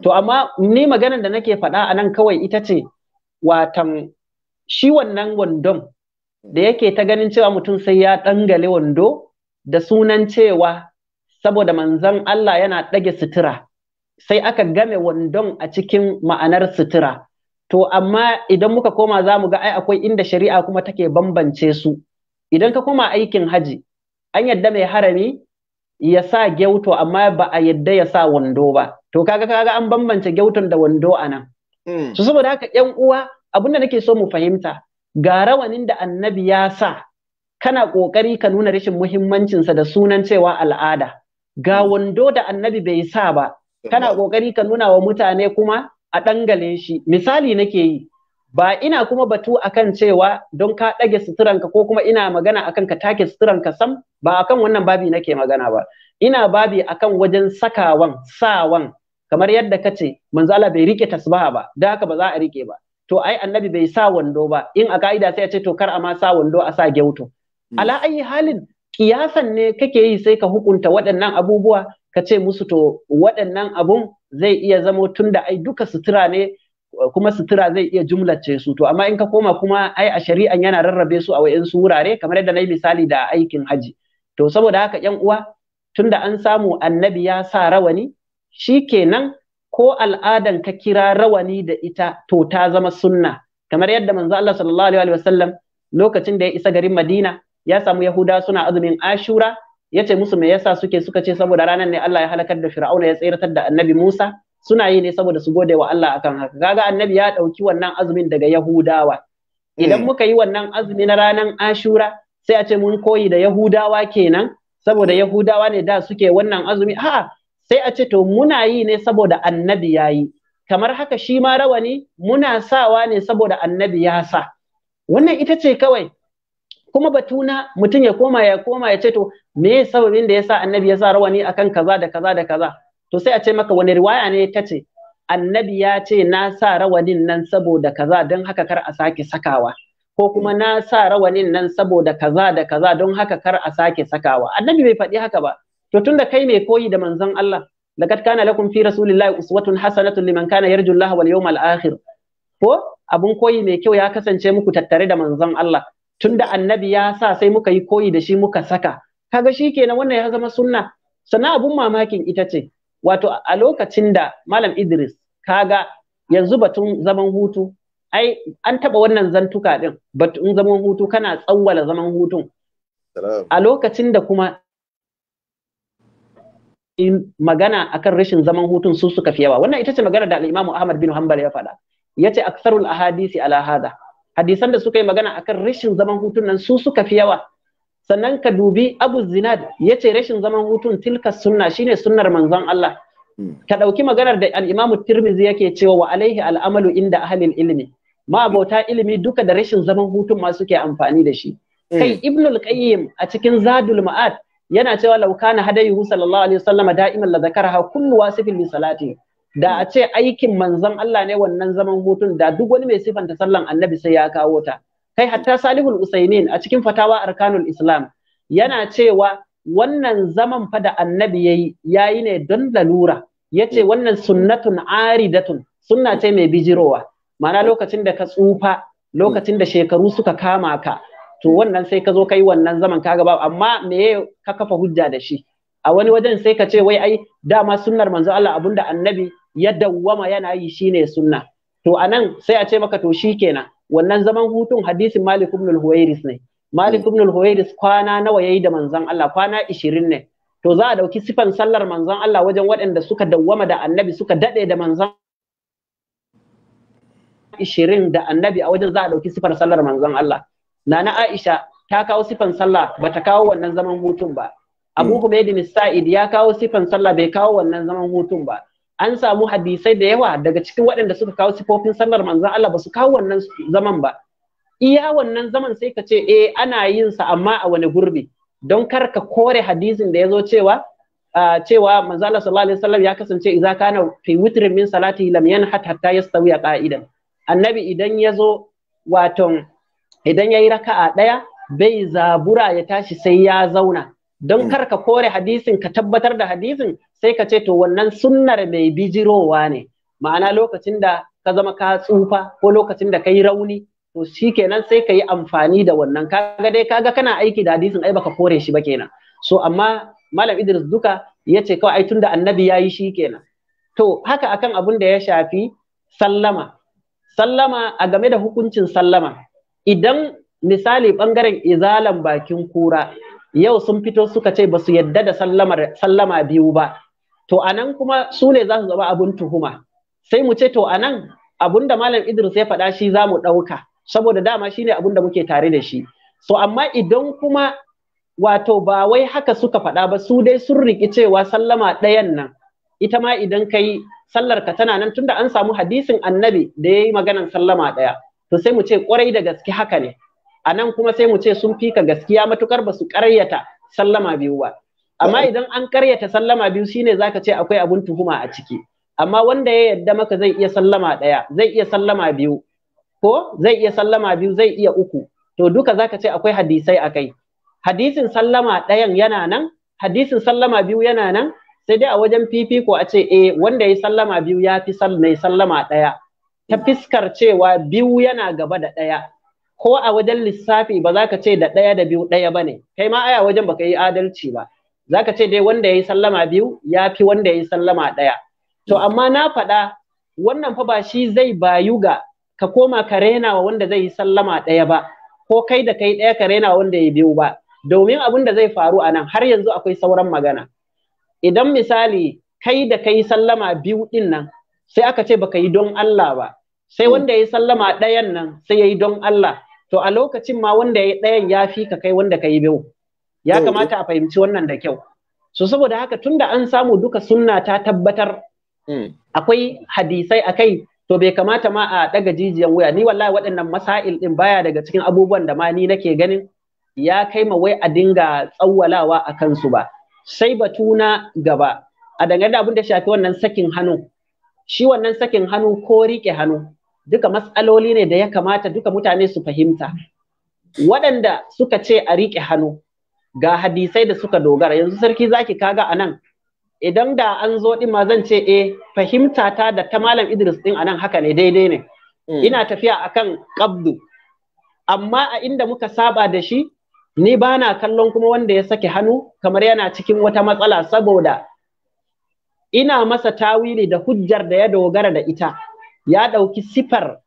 Speaker 2: To amma ni maganar da nake faɗa a nan kawai ita ce watan shi wannan wandon da yake ta ganin cewa mutum sai ya ɗangale wando da sunan cewa saboda manzon Allah yana ɗage sutura sai aka game wandon a cikin ma'anar sutura. To amma idan muka koma za mu ga ai akwai inda shari'a kuma take bambance su. Idan ka koma aikin haji, an yadda mai harami ya sa gyauto amma ba a yadda ya sa wando ba. to kaga kaga an bambance gyautan da wando a nan hmm. so saboda haka yan uwa abinda nake so mu fahimta ga rawanin da annabi ya sa kana kokari ka nuna rashin muhimmancinsa da sunan cewa al'ada ga hmm. wando da annabi bai sa ba kana kokari ka nuna wa mutane kuma a ɗangale shi misali nake yi ba ina kuma batu akan cewa don ka ɗage suturanka ko kuma ina magana akan ka take suturanka sam ba akan wannan babi nake magana ba ina babi akan wajen sakawan sawan kamar yadda ka ce manzo Allah bai rike tasbaha ba da haka ba za a rike ba to ai annabi bai sa wando ba in a ka'ida sai ya ce to kar a ma sa wando a sa gyauto hmm. ala ayi halin kiyasan ne kake yi sai ka hukunta waɗannan abubuwa ka ce musu to waɗannan abun zai iya zamo tunda ai duka sutura ne kuma sutura zai iya jumlace su to amma in ka koma kuma ai a shari'an yana rarrabe su a wayansu wurare kamar yadda na yi misali da aikin haji to saboda haka yan uwa tunda an samu annabi ya sa rawani shi kenan ko al'adan ka kira rawani da ita to ta zama sunna kamar yadda manzo Allah sallallahu alaihi wasallam lokacin da ya isa garin Madina ya samu Yahuda suna azumin Ashura ya ce musu me yasa suke suka ce saboda ranar ne Allah ya halakar da Fir'auna ya tsiratar da Annabi Musa suna yi ne saboda su gode wa Allah akan haka kaga Annabi ya dauki wannan azumin daga Yahudawa idan mm. muka yi wannan azumi na ranar Ashura sai a ce mun koyi da Yahudawa kenan saboda Yahudawa ne da suke wannan azumi a'a sai a ce to muna yi ne saboda annabi ya yi kamar haka shi ma rawani muna sawa ne saboda annabi ya sa wannan ita ce kawai kuma batuna mutum ya koma ya koma ya ce to me sababin da ya sa annabi ya sa rawani akan kaza da kaza da kaza to sai a ce maka wani riwaya ne ta ce annabi ya ce na sa rawanin nan saboda kaza don haka kar a sake sakawa ko kuma na sa rawanin nan saboda kaza da kaza don haka kar a sake sakawa annabi bai faɗi haka ba to tunda kai mai koyi da manzon Allah laqad kana lakum fi rasulillahi uswatun hasanatun liman kana yarju Allah wal yawmal akhir ko abun koyi mai kyau ya kasance muku tattare da manzon Allah tunda annabi ya sa sai muka yi koyi da shi muka saka kaga shikenan wannan ya zama sunna sannan abun mamakin ita ce wato a lokacin da malam Idris kaga yanzu batun zaman hutu ai an taba wannan zantuka din batun zaman hutu kana tsawwala zaman hutun a lokacin da kuma magana akan rashin zaman hutun su suka fi yawa wannan ita ce magana da al-Imam Ahmad bin Hanbal ya faɗa yace aktsarul ahadisi ala hada hadisan da suka yi magana akan rashin zaman hutun nan su suka fi yawa sannan ka dubi Abu Zinad yace rashin zaman hutun tilka sunna shine sunnar manzon Allah hmm. ka dauki maganar da al-Imam Tirmidhi yake cewa wa alaihi al-amalu inda ahalin ilmi ma abota ilimi duka da rashin zaman hutun ma suke amfani da shi hmm. kai Ibnul qayyim a cikin Zadul Ma'ad yana cewa law kana hadayuhu sallallahu alaihi wasallam da'iman la zakaraha kullu wasifin li salati da a ce aikin manzon Allah ne wannan zaman hutun da duk wani mai sifanta sallan annabi sai ya kawo ta kai hatta salihul usaimin a cikin fatawa arkanul islam yana cewa wannan zaman fa da annabi yayi yayi ne don lalura yace wannan sunnatun aridatun sunna ce mai bijirowa ma'ana lokacin da ka tsufa lokacin da shekaru suka kama ka to wannan sai ka zo ka yi wannan zaman ka gaba amma me ka kafa hujja da shi a wani wajen sai ka ce wai ai dama sunnar manzo Allah abinda annabi ya dawwama yana yi shine sunna to anan sai a ce maka to shi shikenan wannan zaman hutun hadisin Malik ibn al-Huwairis ne Malik ibn al-Huwairis kwana nawa yayi da manzon Allah kwana 20 ne to za a dauki sifan sallar manzon Allah wajen waɗanda suka dawwama da annabi suka dade da manzon ishirin da annabi a wajen za a ɗauki sifar sallar manzon Allah nana Aisha ta kawo sifan sallah bata kawo wannan zaman hutun ba Abu hmm. Humaydin Sa'id ya kawo sifan sallah bai kawo wannan zaman hutun ba an samu hadisai da yawa daga cikin waɗanda suka kawo sifofin sallar manzon Allah ba su kawo wannan zaman ba iya wannan zaman sai ka ce eh ana yin sa amma a wani gurbi don kar ka kore hadisin da ya zo cewa cewa manzo Allah sallallahu alaihi wasallam ya kasance idza kana fi witrin min salati lam yanhat hatta yastawi qa'idan annabi idan ya zo waton idan ya yi raka'a ɗaya bai zabura ya tashi sai ya zauna don kar ka kore hadisin ka tabbatar da hadisin sai ka ce to wannan sunnar mai bijirowa ne ma'ana lokacin da ka zama ka tsufa ko lokacin da ka yi rauni to shi kenan sai ka yi amfani da wannan kaga dai kaga kana aiki da hadisin ai baka kore shi ba kenan so amma malam Idris duka ya ce kawai ai tunda annabi ya yi shi kenan to haka akan abun da ya shafi sallama sallama a game da hukuncin sallama idan misali ɓangaren izalan bakin kura yau sun fito suka ce ba su yadda da sallama biyu ba to anan kuma su ne za su zama abun tuhuma sai mu ce to anan abun da malam idris ya faɗa shi za mu ɗauka saboda dama shi ne abun da muke tare da shi so amma idan kuma wato ba wai haka suka faɗa ba su dai sun riƙi cewa sallama ɗayan nan ita ma idan kai sallar ka tana nan tunda an samu hadisin annabi da ya yi maganan sallama ɗaya to sai mu ce kwarai da gaske haka ne a nan kuma sai mu ce sun fika gaskiya matukar ba su karyata sallama biyu ba amma idan an karyata sallama biyu shine zaka ce akwai abun tuhuma a ciki amma wanda ya yadda maka zai iya sallama ɗaya zai iya sallama biyu ko zai iya sallama biyu zai iya uku to duka zaka ce akwai hadisai kai. hadisin sallama ɗayan yana nan hadisin sallama biyu yana nan sai dai a wajen fifiko a ce eh wanda ya sallama biyu ya fi sallama ɗaya ta fiskar cewa biyu yana gaba da ɗaya ko a wajen lissafi ba za ka ce da ɗaya da biyu ɗaya ba ne kai ma aya wajen baka yi adalci ba za ka ce dai wanda ya yi sallama biyu ya fi wanda ya yi sallama ɗaya to amma na faɗa wannan fa ba shi zai bayu ga ka koma ka rena wa wanda zai yi sallama ɗaya ba ko kai da kai ɗaya ka rena wa wanda ya yi biyu ba domin abin da zai faru a nan har yanzu akwai sauran magana idan misali kai da kai sallama biyu ɗin nan sai aka ce baka yi don Allah ba sai hmm. wanda ya sallama ɗayan nan sai yayi don Allah to a lokacin ma wanda ya yi ɗayan ya fi ka kai wanda ka yi biyu ya kamata a fahimci wannan da kyau so saboda haka tunda an samu duka sunna ta tabbatar hmm. akwai hadisai a kai, to bai kamata ma a daga jijiyan wuya ni wallahi waɗannan masail din baya daga cikin abubuwan da ma ni nake ganin ya kai ma wai a dinga tsawwalawa a kansu ba sai batu na gaba a dangane da abin da shafi wannan sakin hannu shi wannan sakin hannu ko riƙe hannu duka matsaloli ne da ya kamata duka mutane su fahimta waɗanda suka ce a riƙe hannu ga hadisai da suka dogara yanzu sarki zaki kaga a nan idan da an zo ɗin ma zan ce eh fahimta ta da ta malam Idris ɗin anan haka ne daidai ne mm. ina tafiya akan qabdu amma a inda muka saba da shi ni bana kallon kuma wanda ya sake hannu kamar yana cikin wata matsala saboda ina masa tawili da hujjar da ya dogara da ita ya ɗauki sifar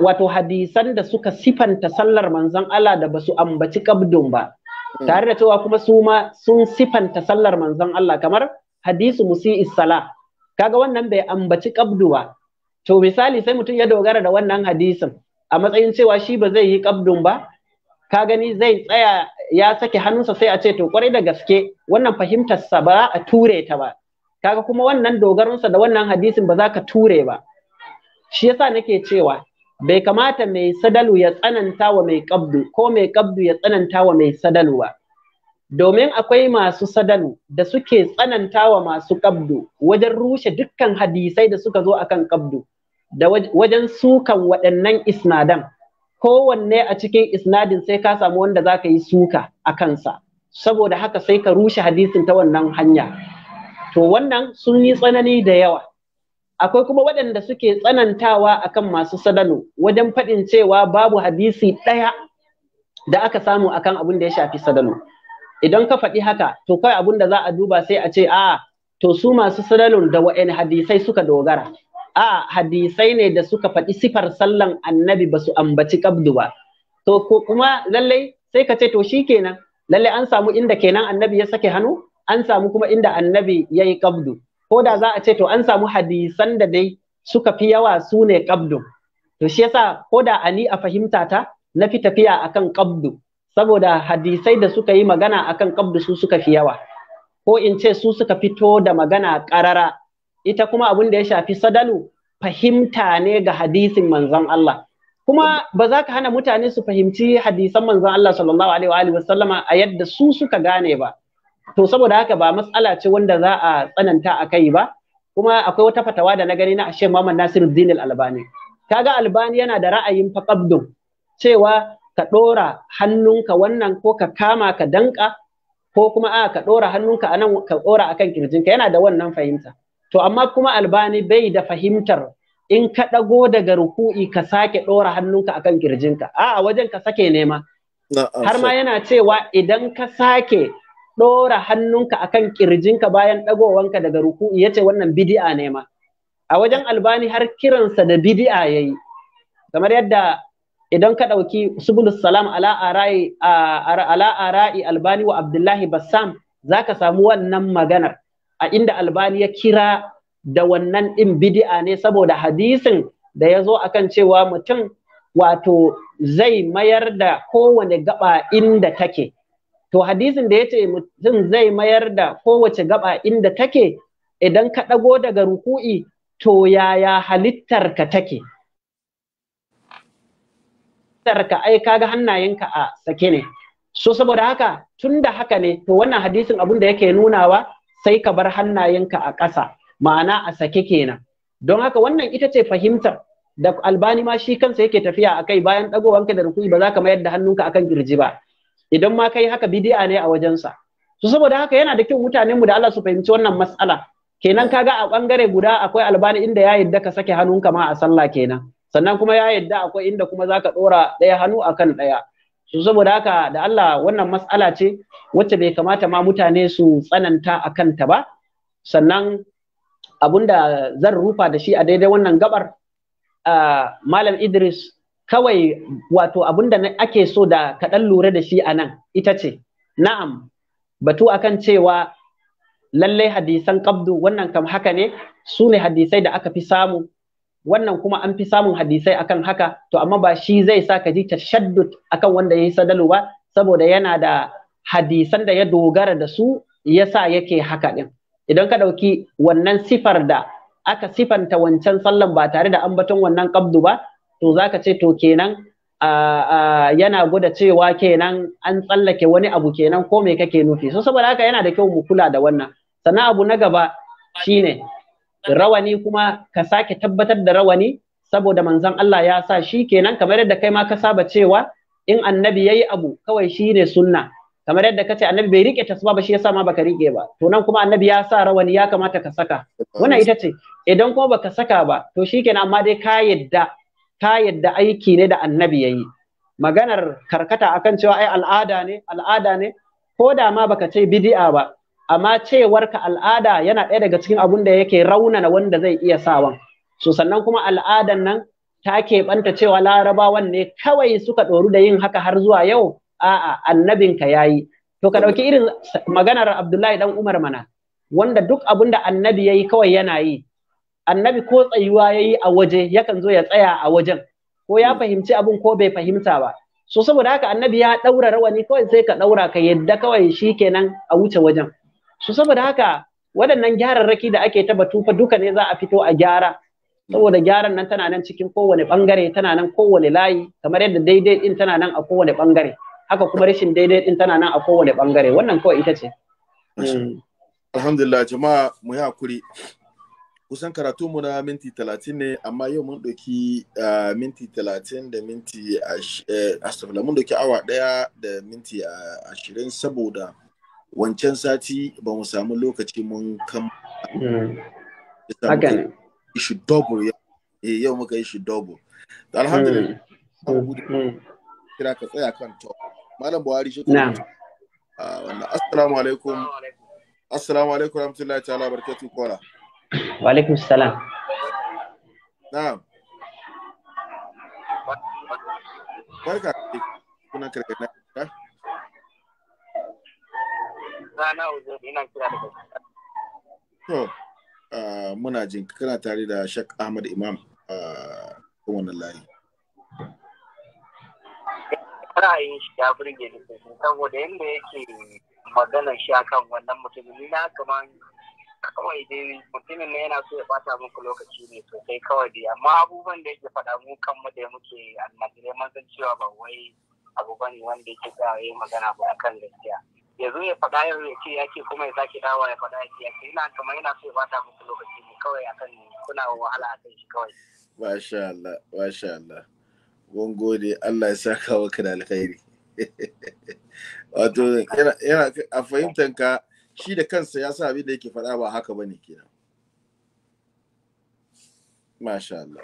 Speaker 2: wato hadisan da suka sifanta sallar manzon Allah da basu ambaci kabdun ba hmm. tare da cewa kuma su ma sun sifanta sallar manzon Allah kamar hadisu musi isala, kaga wannan bai ambaci kabdu ba to misali sai mutum ya dogara da wannan hadisin a matsayin cewa shi ba zai yi kabdun ba ka gani zai tsaya ya sake hannunsa sai a ce to kwarai da gaske wannan fahimtarsa ba a ture ta ba kaga kuma wannan dogaronsa da wannan hadisin ba za ka ture ba shi yasa nake cewa bai kamata mai sadalu ya tsananta wa mai kabdu ko mai kabdu ya tsananta wa mai sadalu ba domin akwai masu sadalu da suke tsananta wa masu kabdu wajen rushe dukkan hadisai da suka zo akan kabdu da wajen sukan waɗannan isnadan kowanne a cikin isnadin sai ka samu wanda za ka yi suka a kansa saboda haka sai ka rushe hadisin ta wannan hanya to wannan sun yi tsanani da yawa akwai kuma waɗanda suke tsanantawa akan masu sadano wajen faɗin cewa babu hadisi ɗaya da aka samu akan abin da ya shafi sadano idan ka faɗi haka to kai abin da za a duba sai a ce a to su masu sadano da wa'in hadisai suka dogara a hadisai ne da suka faɗi sifar sallan annabi ba su ambaci kabdu ba to ko kuma lallai sai ka ce to kenan. lallai an samu inda kenan annabi ya sake hannu an samu kuma inda annabi ya yi kabdu ko da za a ce to an samu hadisan da dai suka fi yawa su ne ƙabdu, to shi yasa ko da ani a fahimta ta na fi tafiya akan ƙabdu? saboda hadisai da suka yi magana akan ƙabdu su suka fi yawa ko in ce su suka fito da magana ƙarara ita kuma abin da ya shafi sadalu fahimta ne ga hadisin manzon Allah kuma ba za ka hana mutane su fahimci hadisan manzon Allah sallallahu alaihi wa sallama a yadda su suka gane ba to saboda haka ba matsala ce wanda za a tsananta a kai ba kuma akwai wata fatawa da na gani na ashe mamman Nasiruddin Al-Albani kaga Albani yana da ra'ayin faqabdun cewa ka dora hannunka wannan ko ka kama ka danka ko kuma a ka ɗora hannunka anan ka dora akan kirjinka yana da wannan fahimta to amma kuma Albani bai da fahimtar in ka ɗago daga ruku'i ka sake ɗora hannunka akan kirjinka a wajen ka sake nema har ma yana cewa idan ka sake ɗora hannunka akan kirjinka bayan ɗagowanka daga ruku'i yace wannan bid'a ne ma a wajen albani har kiransa da bid'a yayi kamar yadda idan ka ɗauki subul salam ala ara'i ala ara'i albani wa abdullahi bassam zaka samu wannan maganar a inda albani ya kira da wannan ɗin bid'a ne saboda hadisin da ya zo akan cewa mutum wato zai mayar da kowane gaba inda take to hadisin da yace mutum zai mayar da kowace gaba inda take idan ka ɗago daga ruku'i to yaya ka take halittarka ai kaga hannayenka a sake ne so saboda haka tunda haka ne to wannan hadisin abun da yake nunawa sai ka bar hannayenka a ƙasa ma'ana a sake kenan don haka wannan ita ce fahimtar da albani ma shi kansa yake tafiya akai bayan ɗagowanka da ruku'i ba za ka mayar da hannunka akan kirji ba idan ma kai haka bid'a ne a wajensa su saboda haka yana da kyau mutanenmu da Allah su fahimci wannan mas'ala kenan kaga a bangare guda akwai albani inda ya yadda ka sake hannunka ma a sallah kenan sannan kuma ya yadda akwai inda kuma zaka dora ɗaya hannu akan ɗaya su saboda haka da Allah wannan mas'ala ce wacce bai kamata ma mutane su tsananta akan ta ba sannan abunda zan rufa da shi a daidai wannan gabar ah, malam Idris kawai wato abin da ake so da kaɗan lura da shi anan, ita ce na'am batu akan cewa lallai hadisan kabdu wannan kam haka ne su ne hadisai da aka fi samu wannan kuma an fi samun hadisai akan haka to amma ba shi zai sa ka ji tashaddud akan wanda ya yi sadalu ba saboda yana da hadisan da ya dogara da su yasa yake haka din idan ka ɗauki wannan sifar da aka sifanta wancan sallan ba tare da ambaton wannan kabdu ba to zaka ce to kenan yana gwada cewa kenan an tsallake wani abu kenan ko me kake nufi so saboda haka yana da kyau mu kula da wannan sannan abu na gaba shine rawani kuma ka sake tabbatar da rawani saboda manzon Allah ya sa shi kenan kamar yadda kai ma ka saba cewa in annabi yayi abu kawai shine sunna kamar yadda kace annabi bai rike tasba ba shi yasa ma baka rike ba to nan kuma annabi ya sa rawani ya kamata ka saka wannan ita ce idan kuma baka saka ba to shikenan amma dai ka yadda ta yadda aiki ne da annabi ya yi. maganar karkata akan cewa ai al'ada ne al'ada ne ko da ma baka ce bidi'a ba amma cewarka al'ada yana ɗaya daga cikin abun da yake raunana wanda zai iya sawan so sannan kuma al'adan nan ta keɓanta cewa larabawan ne kawai suka ɗoru da yin haka har zuwa yau a'a annabinka yi. to ka ɗauki irin maganar abdullahi dan umar mana wanda duk abun da annabi yi kawai yana yi annabi ko tsayuwa ya yi a waje yakan zo ya tsaya a wajen ko ya hmm. fahimci abin ko bai fahimta ba so saboda haka annabi ya daura rawani kawai sai ka daura ka yadda kawai shi kenan a wuce wajen so saboda haka waɗannan gyararraki da ake ta tufa duka ne za a fito a gyara saboda gyaran nan tana nan cikin kowane bangare tana nan kowane layi kamar yadda daidai din tana nan a kowane bangare haka kuma rashin daidai din tana nan a kowane bangare wannan kawai ita ce
Speaker 1: alhamdulillah jama'a mu yi hakuri kusan karatu mu na minti talatin ne amma yau mun ɗauki ah, minti talatin da minti eh, astagfirullah mun ɗauki awa ɗaya da minti ah, ashirin saboda wancan sati ba mu samu lokaci mun kan hmm. haka shi double eh, yau muka yi shi double alhamdulillah hmm. hmm. kira ka tsaya kan to malam buhari shi kuma ah, wannan assalamu alaikum assalamu alaikum rahmatullahi ta'ala barakatuh kola
Speaker 2: wa alaikum salam
Speaker 1: na'am barka kuna karkata
Speaker 4: rana ina kira
Speaker 1: daga muna jin kana tare da Sheikh Ahmad Imam a wannan layi ra'ayin shi ya
Speaker 5: burge ni saboda yadda yake magana shi akan wannan mutum. Ni na kaman kawai dai mutumin ne yana so ya bata muku lokaci ne sosai kawai dai amma abubuwan da yake faɗa mu kanmu da muke ne mun san cewa ba wai abu bane wanda yake tsawa ya magana ba akan gaskiya ya zo ya faɗa yau ya ce yake kuma ya sake dawa ya faɗa yake yake ina kama yana so ya bata muku lokaci ne kawai akan kuna wahala akan shi kawai.
Speaker 1: Masha Allah, Masha Allah. Mun gode Allah ya saka maka da alkhairi. Wato yana a fahimtanka shi da kansa ya sa abin da yake faɗa ba haka bane kenan masha Allah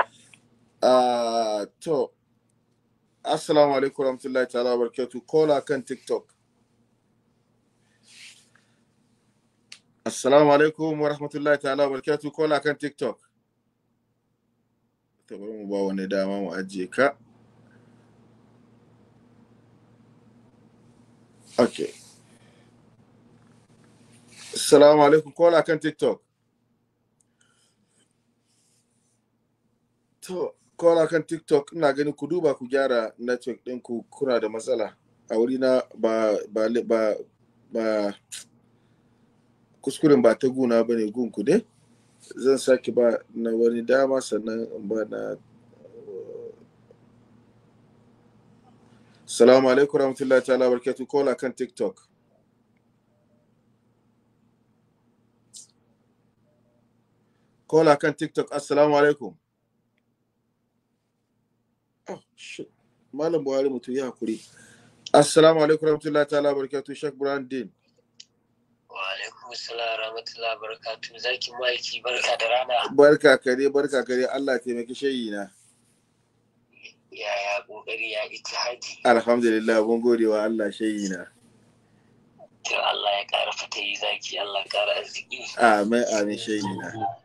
Speaker 1: ah, to assalamu alaikum warahmatullahi ta'ala barkatu kola kan tiktok assalamu alaikum warahmatullahi ta'ala barkatu kola kan tiktok ta bari mu ba wani dama mu ajiye ka okay Assalamu alaikum kola kan TikTok. To, kola kan TikTok ina gani ku duba ku gyara network ku kuna da matsala. A wuri na ba ba ba ba kuskuren ba ta guna ba ne gunku dai. Zan sake ba na wani dama sannan ba na Salamu alaikum rahmatullahi ta'ala barkatu kola kan TikTok. Kola kan TikTok, Assalamu alaikum. Oh, Malam Buhari mutum ya hakuri. Assalamu alaikum rahmatullahi ta'ala barakatuh Sheikh Burhanuddin.
Speaker 5: Wa alaikum assalam
Speaker 4: rahmatullahi barakatuh zaki maiki barka da rana.
Speaker 1: Barka kare barka kare Allah taimaki shayi na.
Speaker 4: Yaya kokari ya ita haji.
Speaker 1: Alhamdulillah mun gode wa Allah shayi na.
Speaker 4: To Allah ya ƙara kara fatayi zaki Allah ƙara arziki.
Speaker 1: Amin amin shayi na.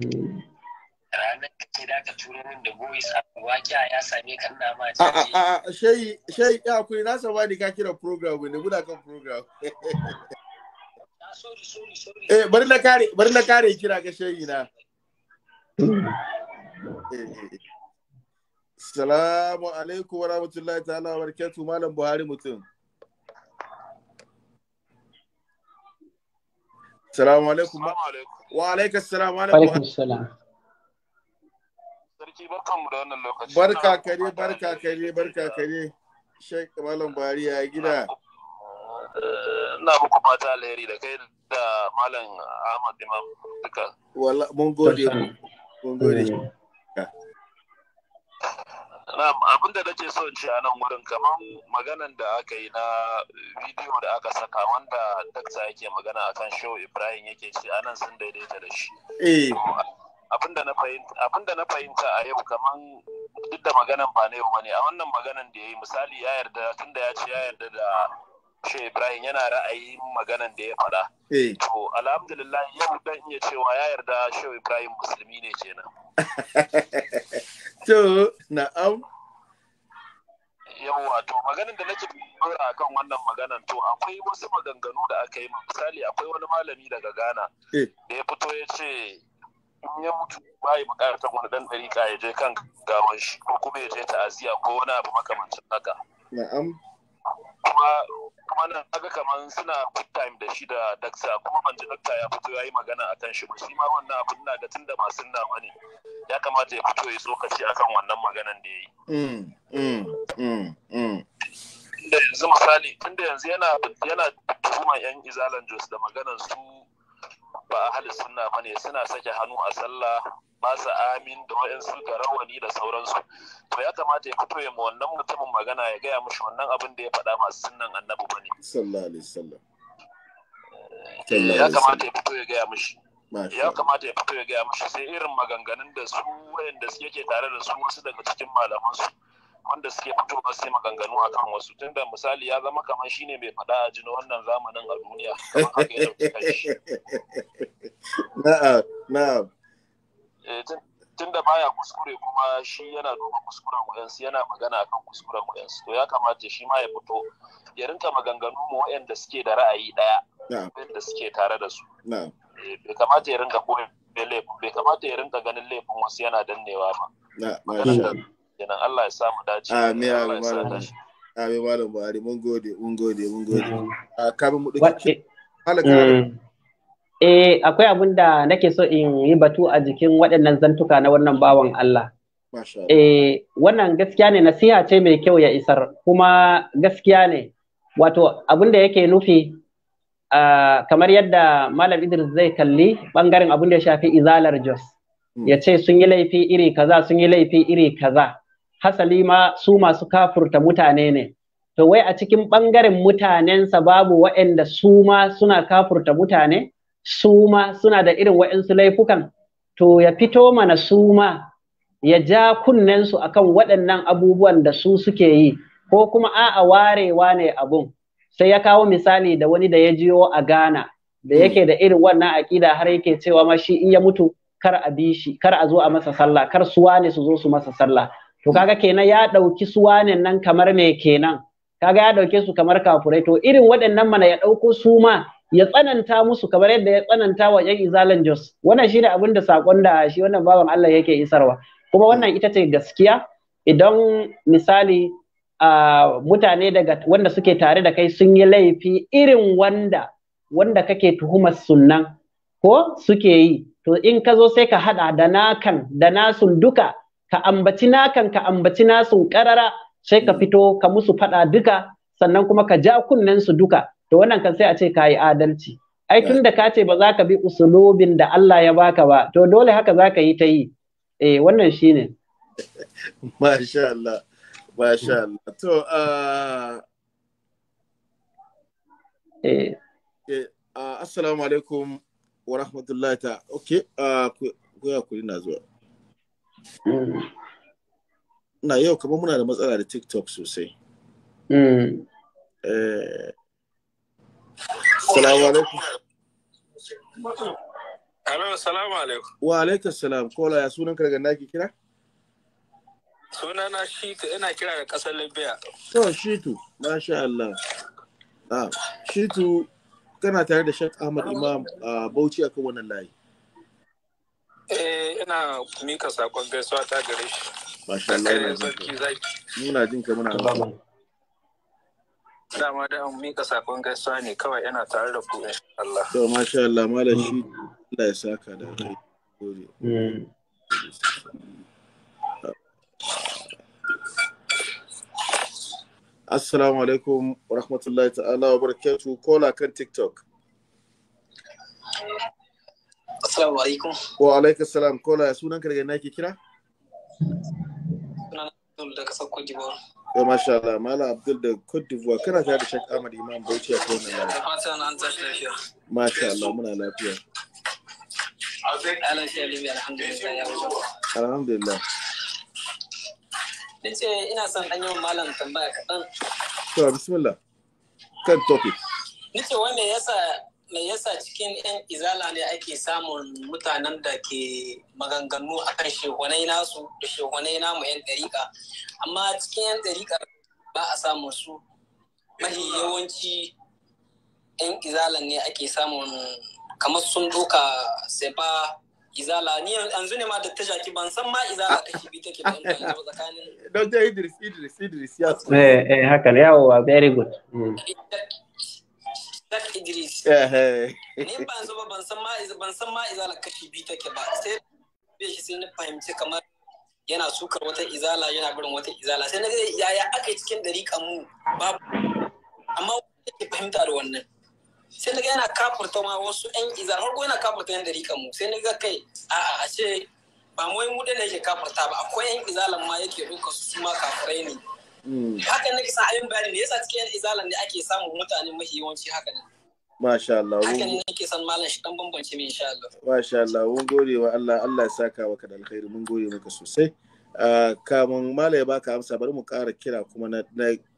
Speaker 1: ranar kake da ka turo min
Speaker 5: da goyi wakiya ya same ka ina ma ce
Speaker 1: a shayi shayi ya kuri na saba ne ka kira program ne guda kan program ah, eh bari na kare bari na kare kira ka shayi na eh, eh, eh. Salamu alaikum wa rahmatullahi ta'ala wa barakatuh Malam Buhari mutum. Salamu alaikum. Salamu alaikum. Wa alaikar salam. Wa alaikar salam. Sheikh Malam Bari ya gida.
Speaker 4: Eh, ina muku bata alheri da kai da Malam Ahmad
Speaker 1: Imam
Speaker 4: abin da nake son ce a nan wurin kamar maganan da aka yi na bidiyo da aka saka wanda dakta yake magana akan show ibrahim yake ce a nan sun daidaita da shi eh. abin da na fahimta a yau kamar duk da maganan ba na yau ba ne, a wannan maganan da ya yi misali ya yarda da ya ce ya yarda da shi Ibrahim yana ra'ayi maganan da ya faɗa. Eh. To alhamdulillah yau dan iya cewa ya yarda shi Ibrahim musulmi ne kenan.
Speaker 1: To, na'am. to maganin da nake dora a kan
Speaker 4: wannan maganan to akwai wasu maganganu da aka yi misali akwai wani malami daga Ghana eh. da ya fito ya ce in ya mutu ba ya bukatar wani dan dariƙa ya je kan gawan shi ko kuma ya je ta'aziya, ko wani abu makamancin haka. Na'am. Kuma kuma na kaga kaman suna good time da shi da daksa kuma ban ji dakta ya fito ya yi magana a kan shi ba shi ma wannan abin na ga tunda masu nama ne ya kamata ya fito ya tsokaci a kan wannan maganan da ya yi. Mm, mm, mm, da yanzu misali tunda yanzu yana yana tuhuman yan izalan Jos da maganan su ba ahli sunna ne suna sake hannu a sallah ba su amin da wa'insu ga rawani da sauransu to ya kamata ya fito ya wannan mutumin magana ya gaya mushi wannan abin da ya faɗa masu sunan annabi
Speaker 1: ba sallallahu alaihi wasallam
Speaker 4: eh, ya kamata ya fito ya gaya mushi ya kamata ya fito ya gaya mushi sai irin maganganun da su wa'anda yake tare da su wasu daga cikin malamansu wanda suke fitowa sai maganganu a kan wasu tunda misali ya zama kamar shine mai faɗa a jini wannan zamanin a duniya eh, tunda baya kuskure kuma shi yana duba kuskuren wayansu yana magana akan kuskuren wayansu to ya kamata shi ma ya fito ya rinka maganganu mu wayanda suke da ra'ayi daya wayanda suke tare da su eh, bai kamata ya rinka laifin bai kamata ya rinka ganin laifin wasu yana dannewa ba kenan Allah ya samu dace
Speaker 1: amin dace amin malam Buhari mun gode mun gode mun gode mm. a ah, kafin mu dauki eh, mm. halaka
Speaker 2: eh akwai abin da nake so in yi batu a jikin waɗannan zantuka na wannan bawan Allah eh wannan gaskiya ne nasiha ce mai kyau ya isar kuma gaskiya ne wato abin da yake nufi uh, kamar yadda malam Idris zai kalli bangaren abin da ya shafi izalar Jos mm. ya ce sun yi laifi iri kaza sun yi laifi iri kaza hasali ma su masu kafurta mutane ne to wai a cikin ɓangaren mutanensa babu waɗanda su ma suna kafurta mutane su ma suna da irin waɗansu laifukan to ya fito mana su ma ya ja kunnensu kan waɗannan abubuwan da su suke yi ko kuma a'a warewa ne abun sai ya kawo misali da wani da ya jiyo a Ghana da hmm. yake da irin wannan aƙida har yake cewa ma shi in ya mutu kar a bi shi kar a zo a masa sallah kar su wane su zo su masa sallah to kaga kenan ya ɗauki su nan kamar me kenan kaga ya ɗauke su kamar kafurai to irin waɗannan mana ya ɗauko su ma ya tsananta musu kamar yadda ya tsananta wa yan izalan jos wannan shine abin da sakon da shi wannan baban Allah yake isarwa kuma wannan ita ce gaskiya idan misali a mutane daga wanda suke tare da kai sun yi laifi irin wanda wanda kake tuhumar sunnan ko suke yi to in ka zo sai ka hada da nakan da nasun duka ka ambaci nakan ka ambaci nasun karara sai ka mm. fito ka musu faɗa duka sannan kuma ka ja kunnen su duka to wannan kan sai a ce ka yi adalci ai tun da ka ce ba za ka bi usulobin da Allah ya baka ba to dole haka za ka yi ta yi eh wannan
Speaker 1: shine masha Allah masha mm. Allah to uh... eh, eh ah, assalamu alaikum wa rahmatullahi ta okay uh, ku ya zuwa na yau kamar muna da matsala da tiktok sosai eh, salamu alaikum
Speaker 4: salamu alaikum.
Speaker 1: Wa alaikum salam. Kola ya sunan kargan naki kira?
Speaker 4: Sunana Shitu, ina kira da ƙasar Libya.
Speaker 1: To, Shitu, masha Allah. Ah, Shitu, kana tare da Shek Ahmad Imam a ah, Bauchi akan wannan layi.
Speaker 4: Eh ina mika saƙon gaisuwa ta gare shi.
Speaker 1: Masha Muna jin ka muna ba.
Speaker 5: Dama da an mika sakon gaisuwa ne kawai ina tare da ku insha Allah.
Speaker 1: To masha Allah malam shi Allah ya saka da kai. Gode. Hmm. Assalamu alaikum wa rahmatullahi ta'ala wa barakatuh kola kan TikTok. Assalamu Wa alaikum salam. Kola sunan ka daga ina ke kira? Sunan Ya eh, masha Allah, Mala Abdul da Cote d'Ivoire kana tare da Sheikh Ahmad Imam Bauchi a kan nan.
Speaker 5: Fatan an tashi lafiya. Masha Allah,
Speaker 1: muna lafiya. Alhamdulillah.
Speaker 5: dace ina son ɗan malam tambaya kaɗan.
Speaker 1: To, bismillah. Kan topic.
Speaker 5: Nace wai yasa me yasa cikin 'yan izala ne ake samun mutanen da ke maganganu a kan shehunai nasu da shehunai namu 'yan ɗariƙa amma cikin 'yan ɗariƙa ba a samun su mahi yawanci 'yan izala ne ake samun kamar sun doka sai ba izala ni yanzu ne ma da ta jaki ban san ma izala kashi bi take ban tsakanin
Speaker 1: Dr. Idris Idris Idris ya so eh eh haka yawo very good
Speaker 6: mm. Zak Idris. Eh, eh. Ni ban zo ba ban san
Speaker 5: ma ban san ma izala kashi biyu take ba sai bai shi sai na fahimci kamar yana sukar wata izala yana barin wata izala sai na ga yaya aka yi cikin dariƙa mu babu amma wanda ke fahimta da wannan sai na ga yana kafurta ma wasu ƴan izala har yana kafurta yan dariƙa mu sai na ga kai a'a a ce ba mu wai mu da yake kafurta ba akwai ƴan izalan ma yake ɗauka su ma kafurai ne Mm. hakan nake sa ayin bayani ne yasa cikin izalan da ake samun mutane mafi yawanci haka ne
Speaker 1: Masha Allah. Hakan nake
Speaker 5: son malam shi dan bambance mai insha Allah.
Speaker 1: Masha Allah, mun gode wa Allah, Allah ya saka maka da alkhairi, mun gode maka sosai. Ah, kamun malam ya baka amsa bari mu ƙara kira kuma na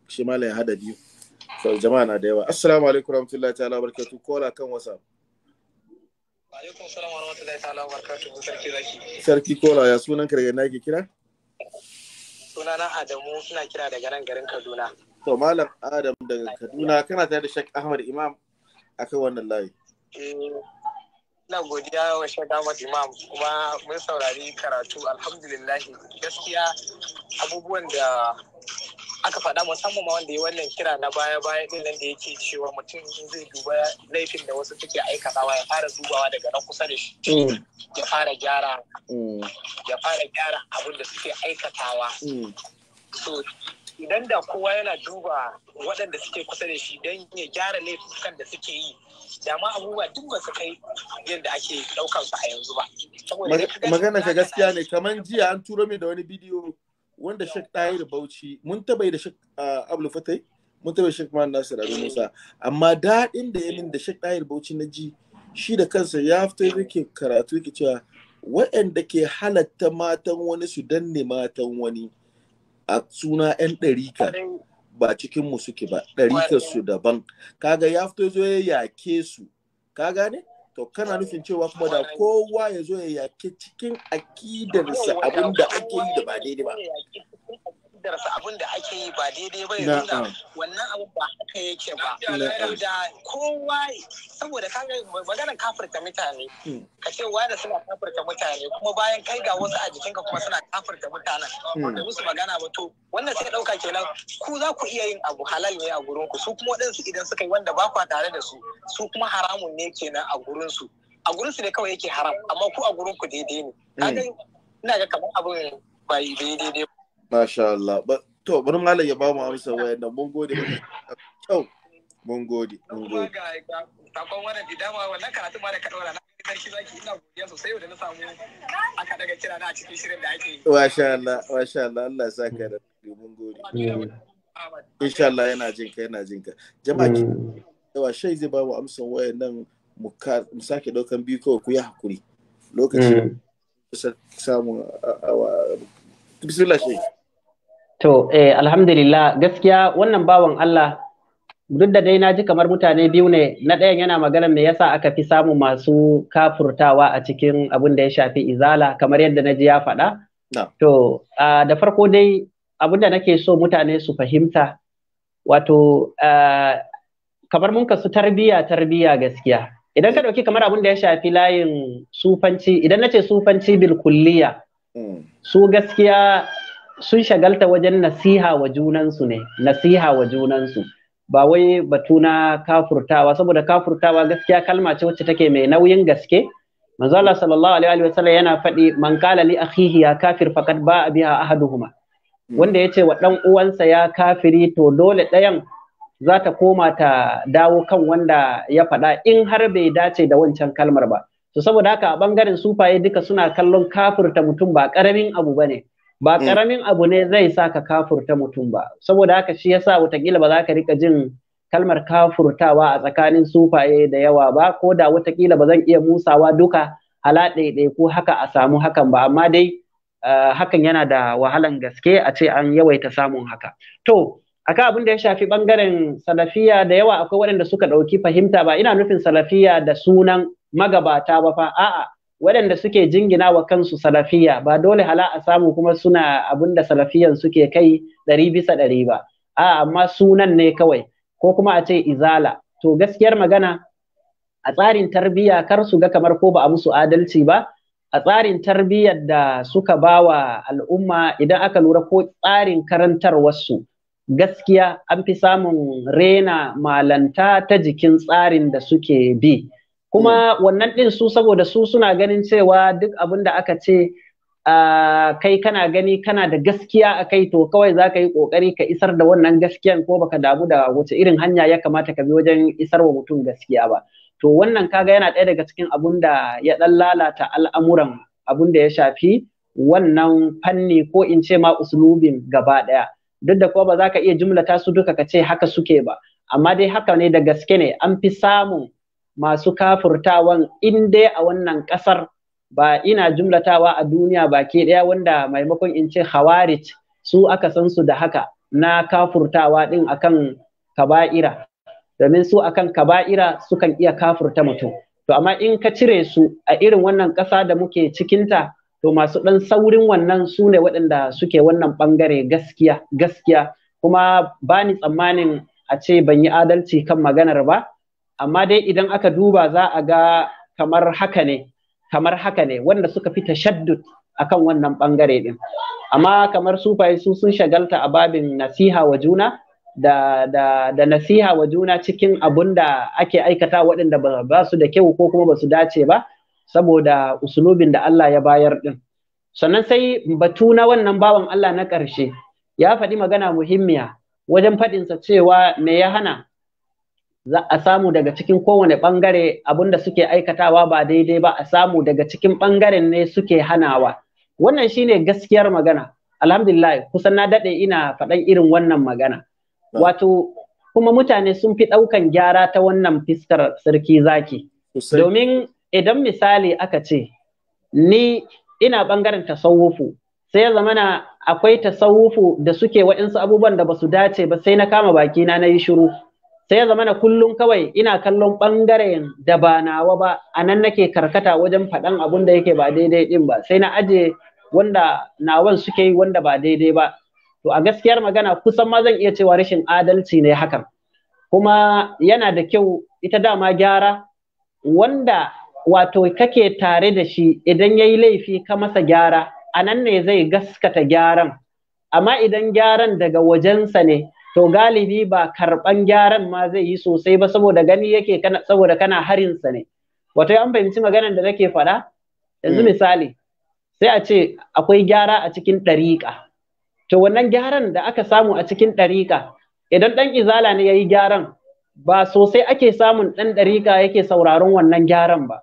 Speaker 1: shi malam ya hada biyu. So jama'a na da yawa. Assalamu alaikum warahmatullahi ta'ala barkatu kola kan WhatsApp.
Speaker 5: Alaikum salam warahmatullahi ta'ala barkatu sarki zaki.
Speaker 1: Sarki kola ya sunan ka daga kira?
Speaker 5: sunana Adamu suna kira daga nan garin Kaduna.
Speaker 1: To Malam Adam daga Kaduna kana tare da Sheikh Ahmad Imam akan wannan layi.
Speaker 5: Eh, ina godiya wa Sheikh Ahmad Imam kuma mun saurari karatu alhamdulillah gaskiya abubuwan da aka faɗa musamman ma wanda ya wannan kira na baya baya ɗin nan da yake cewa mutum zai duba laifin da wasu suke aikatawa ya fara dubawa daga na kusa da shi mm. ya fara gyara mm. ya fara gyara abin da suke aikatawa mm. so idan da kowa yana duba waɗanda suke kusa da shi don ya gyara kan da suke yi dama abubuwa duk ba su kai yadda ake ɗaukar su a yanzu ba
Speaker 1: magana ka gaskiya ne kamar jiya an turo min da wani bidiyo wanda shek ɗaya da bauchi mun taɓa da shek abul fatai mun taɓa shek man nasir musa amma daɗin da yamin da shek ɗaya da bauchi na ji shi da kansa ya fito yake karatu yake cewa waɗanda ke halatta matan wani su danne matan wani a suna 'yan ɗarika ba cikin mu suke ba ɗarikar su daban kaga ya fito zo ya yake su ka gane to kana nufin cewa kuma da kowa ya zo ya yake cikin akidarsa abun da
Speaker 3: ake yi da ba daidai ba
Speaker 5: darasa abin da ake yi ba daidai ba ya wannan abu ba haka yake ba da kowa saboda kaga maganar kafirta mutane hmm. ka ce wani suna kafirta mutane kuma bayan kai ga wasu a jikinka kuma suna kafirta mutanen da hmm. musu magana ba to wannan sai dauka kenan ku za ku iya yin abu halal ne a gurin ku su kuma waɗansu idan suka yi wanda ba kwa tare da su su kuma haramun ne kenan a gurin su a gurin su ne kawai yake haram amma ku a gurin ku daidai ne hmm. ina ga kamar abin bai daidai
Speaker 1: Masha Allah. To, bari malam ya ba mu amsa wayan nan mun gode. Kyau. Mun gode. Mun gode.
Speaker 5: Sakon wannan didama wannan karatu ma da ka daura na sarki zaki ina godiya sosai da na samu aka daga kira na cikin shirin da ake yi.
Speaker 1: Masha Allah, masha Allah, Allah ya ka da mun gode. Insha Allah yana jin ka, yana jin ka. Jama'a ki mm. yawa shai zai ba mu amsa wayan nan mu sake daukan biyu kawai ku yi hakuri. Lokaci mm. kusa samun bismillah shai.
Speaker 2: To, eh, alhamdulillah gaskiya wannan bawan Allah duk da dai na ji kamar mutane biyu ne na ɗayan yana magana me yasa aka fi samun masu kafurtawa a cikin abin da ya shafi izala kamar yadda na ji ya faɗa. To, da farko dai abin da nake so mutane su fahimta wato uh, kamar mun kasu tarbiya tarbiya gaskiya. Idan ka ɗauki kamar abin da ya shafi layin sufanci, idan na ce sufanci bil kulliya, mm. su gaskiya sun shagalta wajen nasiha wa junansu ne nasiha wa junansu ba wai batu na kafurtawa saboda kafurtawa gaskiya kalma ce wacce take mai nauyin gaske manzo sallallahu alaihi wa sallam yana faɗi man qala li akhihi ya kafir faqad biya biha ahaduhuma hmm. wanda ya ce wa ɗan uwansa ya kafiri to dole ɗayan za ta koma ta dawo kan wanda ya faɗa in har bai dace da wancan kalmar ba to saboda haka a bangaren sufaye duka suna kallon kafirta mutum ba karamin abu bane ba karamin mm. abu ne zai sa ka kafurta mutum ba saboda haka shi yasa watakila ba za ka rika jin kalmar kafurtawa a tsakanin sufaye da yawa ba ko da watakila ba zan iya musawa duka hala ɗaiɗai ko haka a samu hakan ba amma dai eh, hakan yana da wahalan gaske a ce an yawaita samun haka to akan abin da ya shafi bangaren salafiya da yawa akwai waɗanda suka ɗauki fahimta ba ina nufin salafiya da sunan magabata ba fa a'a waɗanda suke jingina wa kansu salafiya ba dole hala a samu kuma suna abin da salafiyan suke kai ɗari bisa ɗari ba a amma sunan ne kawai ko kuma a ce izala to gaskiyar magana a tsarin tarbiyya kar su ga kamar ko ba a musu adalci ba a tsarin tarbiyyar da suka ba wa al'umma idan aka lura ko tsarin karantarwarsu gaskiya an fi samun rena malanta ta jikin tsarin da suke bi. kuma hmm. wannan ɗin su saboda su suna ganin cewa duk abin da aka ce ah, kai kana gani kana da gaskiya a kai to kawai za ka yi ƙoƙari ka isar da wannan gaskiyan ko baka damu da wace irin hanya ya kamata ka bi wajen isar wa mutum gaskiya ba to wannan kaga yana ɗaya daga cikin abun da ya ɗan lalata al'amuran abun da ya shafi wannan fanni ko in ce ma uslubin gaba ɗaya duk da kuma ba za ka iya jumlata su duka ka ce haka suke ba amma dai haka ne da gaske ne an fi samun masu kafurtawan in dai a wannan ƙasar ba ina jumlatawa a duniya baki ɗaya wanda maimakon in ce Hawarit su aka san su da haka na kafurtawa ɗin akan kaba'ira domin su akan kaba'ira sukan iya kafurta mutum to amma in ka cire su a irin wannan ƙasa da muke cikinta to masu ɗan saurin wannan su ne waɗanda suke wannan ɓangare gaskiya gaskiya kuma bani tsammanin a ce ban yi adalci kan maganar ba amma dai idan aka duba za a ga kamar haka ne kamar haka ne wanda suka fi tashaddud akan wannan bangare din amma kamar sufaye su sun shagalta a babin nasiha wa juna da, da, da nasiha wa juna cikin abun da ake aikata waɗanda ba, ba su da kyau ko kuma ba su dace ba saboda usulubin da Allah ya bayar din sannan sai batu na wannan bawan Allah na ƙarshe ya faɗi magana muhimmiya wajen faɗinsa cewa me ya hana za a samu daga cikin kowane ɓangare da suke aikatawa ba daidai ba a samu daga cikin ɓangaren ne suke hanawa wannan shine gaskiyar magana alhamdulillah kusan na daɗe ina faɗan irin wannan magana wato kuma mutane sun fi ɗaukan gyara ta wannan fiskar sarki zaki domin idan misali aka ce ni ina ɓangaren tasawufu sai ya zamana akwai tasawufu da suke wa'insu abubuwan da basu dace ba sai na kama bakina na yi shiru sai ya zamana kullum kawai ina kallon ɓangaren da ba nawa ba a nan nake karkata wajen faɗan abun da yake ba daidai din ba sai na aje wanda nawan suke yi wanda ba daidai ba to a gaskiyar magana kusan ma zan iya cewa rashin adalci ne hakan kuma yana da kyau ita dama gyara wanda wato kake tare da shi idan ya yi laifi ka masa gyara a nan ne zai gaskata gyaran amma idan gyaran daga wajensa ne to galibi ba karban gyaran ma zai yi sosai ba saboda gani yake kana saboda kana harin sa ne wato an fahimci maganar da nake faɗa yanzu mm. misali sai a ce akwai gyara a cikin ɗariƙa to wannan gyaran da aka samu a cikin ɗariƙa idan ɗan izala ne ya yi gyaran ba sosai ake samun ɗan ɗariƙa yake sauraron wannan gyaran ba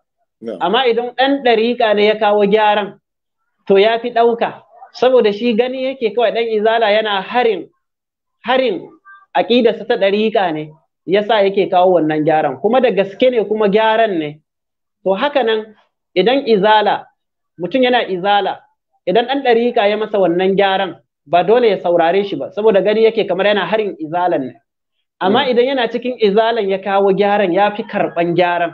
Speaker 2: amma idan ɗan ɗariƙa ne ya kawo gyaran to ya fi ɗauka saboda shi gani yake kawai ɗan izala yana harin harin aƙidarsa ta ɗariƙa ne yasa yake kawo wannan gyaran kuma da gaske ne kuma gyaran ne to haka nan idan izala mutum yana izala idan ɗan ɗariƙa ya masa wannan gyaran ba dole ya saurare shi ba saboda gani yake kamar yana harin izalan ne amma mm. idan yana cikin izalan ya kawo gyaran ya fi karɓan gyaran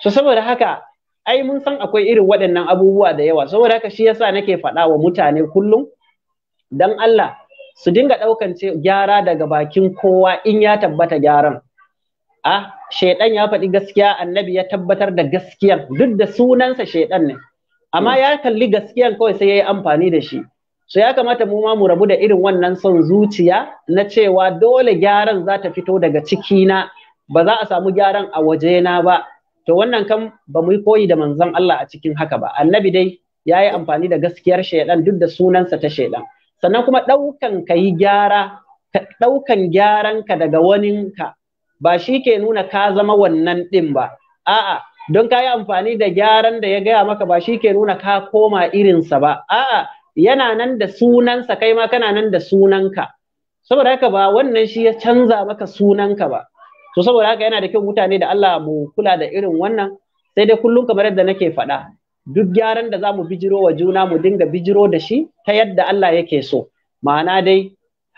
Speaker 2: so saboda haka ai mun san akwai irin waɗannan abubuwa da yawa saboda haka shi yasa nake faɗa wa mutane kullum dan Allah su dinga ɗaukan gyara daga bakin kowa in ya tabbata gyaran a ah, shaidan ya faɗi gaskiya annabi ya tabbatar da gaskiyan duk da sunansa shaidan ne amma hmm. ya kalli gaskiyan kawai sai ya yi amfani da shi so ya kamata mu ma mu rabu da irin wannan son zuciya na cewa dole gyaran za ta fito daga cikina ba za a samu gyaran a wajena ba to wannan kam ba mu yi koyi da manzon Allah a cikin haka ba annabi dai ya yi amfani da gaskiyar shaidan duk da sunansa ta shaidan sannan kuma ɗaukan ka yi gyara ɗaukan gyaranka daga waninka ba shi ke nuna ka zama wannan ɗin ba a'a don ka yi amfani da gyaran da ya gaya maka ba shi ke nuna ka koma irinsa ba a'a yana nan da sunansa kai ma kana nan da sunanka saboda haka ba wannan shi ya canza maka sunanka ba to saboda haka yana da kyau mutane da Allah mu kula da irin wannan sai dai kullum kamar yadda nake faɗa duk gyaran da za mu bijiro wa juna mu dinga bijiro da shi ta yadda Allah yake so ma'ana dai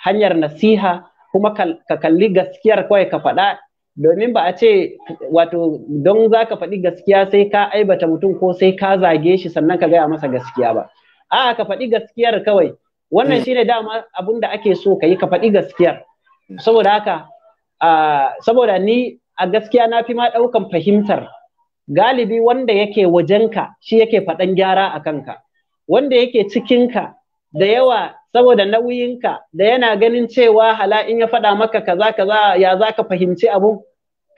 Speaker 2: hanyar nasiha kuma ka kalli gaskiyar kawai ka faɗa domin ba a ce wato don za ka faɗi gaskiya sai ka aibata mutum ko sai ka zage shi sannan ka gaya masa gaskiya ba a'a ka faɗi gaskiyar kawai wannan mm. shine dama abun da ake so ka yi ka faɗi gaskiyar mm. saboda haka saboda ni a gaskiya na fi ma ɗaukan fahimtar galibi wanda yake wajenka shi yake faɗan gyara a kanka wanda yake cikinka da yawa saboda nauyinka da yana ganin cewa hala in ya faɗa maka kaza kaza ya za ka fahimci abun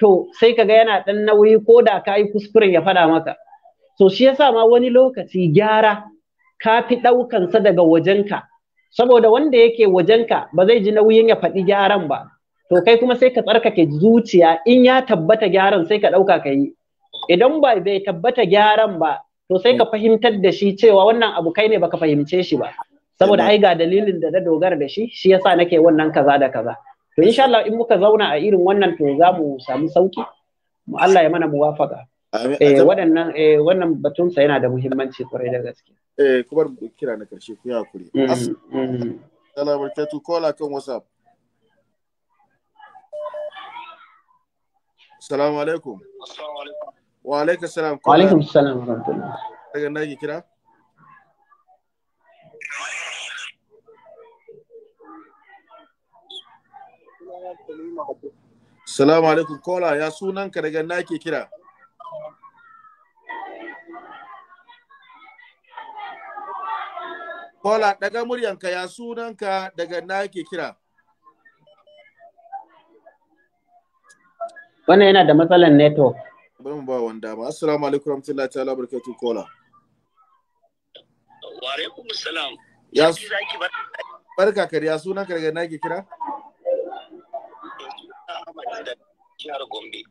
Speaker 2: to sai kaga yana ɗan nauyi ko da ka yi kuskuren ya faɗa maka to shi yasa ma wani lokaci gyara ka fi ɗaukansa daga wajenka saboda wanda yake wajenka ba zai ji nauyin ya faɗi gyaran ba to kai kuma sai ka tsarkake zuciya in ya tabbata gyaran sai ka ɗauka ka yi idan ba bai tabbata gyaran ba to sai ka mm. fahimtar da shi cewa wannan abu kai ne baka fahimce shi ba saboda mm. ai ga dalilin da na dogara da shi shi yasa nake wannan kaza da kaza to insha Allah in muka zauna a irin wannan to za mu samu sauki mu Allah ya mana muwafaka
Speaker 1: eh waɗannan
Speaker 2: eh wannan batun sa yana da muhimmanci kwarai da gaske
Speaker 1: eh kuma kira na karshe ku ya hakuri mm, assalamu alaikum kola kan whatsapp assalamu alaikum assalamu alaikum Wa Daga nake kira? Salamu alaikum kola ya daga kira? Kola muryanka ya sunanka daga nake kira?
Speaker 2: Wannan yana da matsalar network.
Speaker 1: bari mu ba wani dama assalamu alaikum warahmatullahi ta'ala barakatuh kola
Speaker 4: wa alaikum assalam ya zaki
Speaker 1: barka kariya sunan karga na ke kira eh,
Speaker 4: jihar Gombe.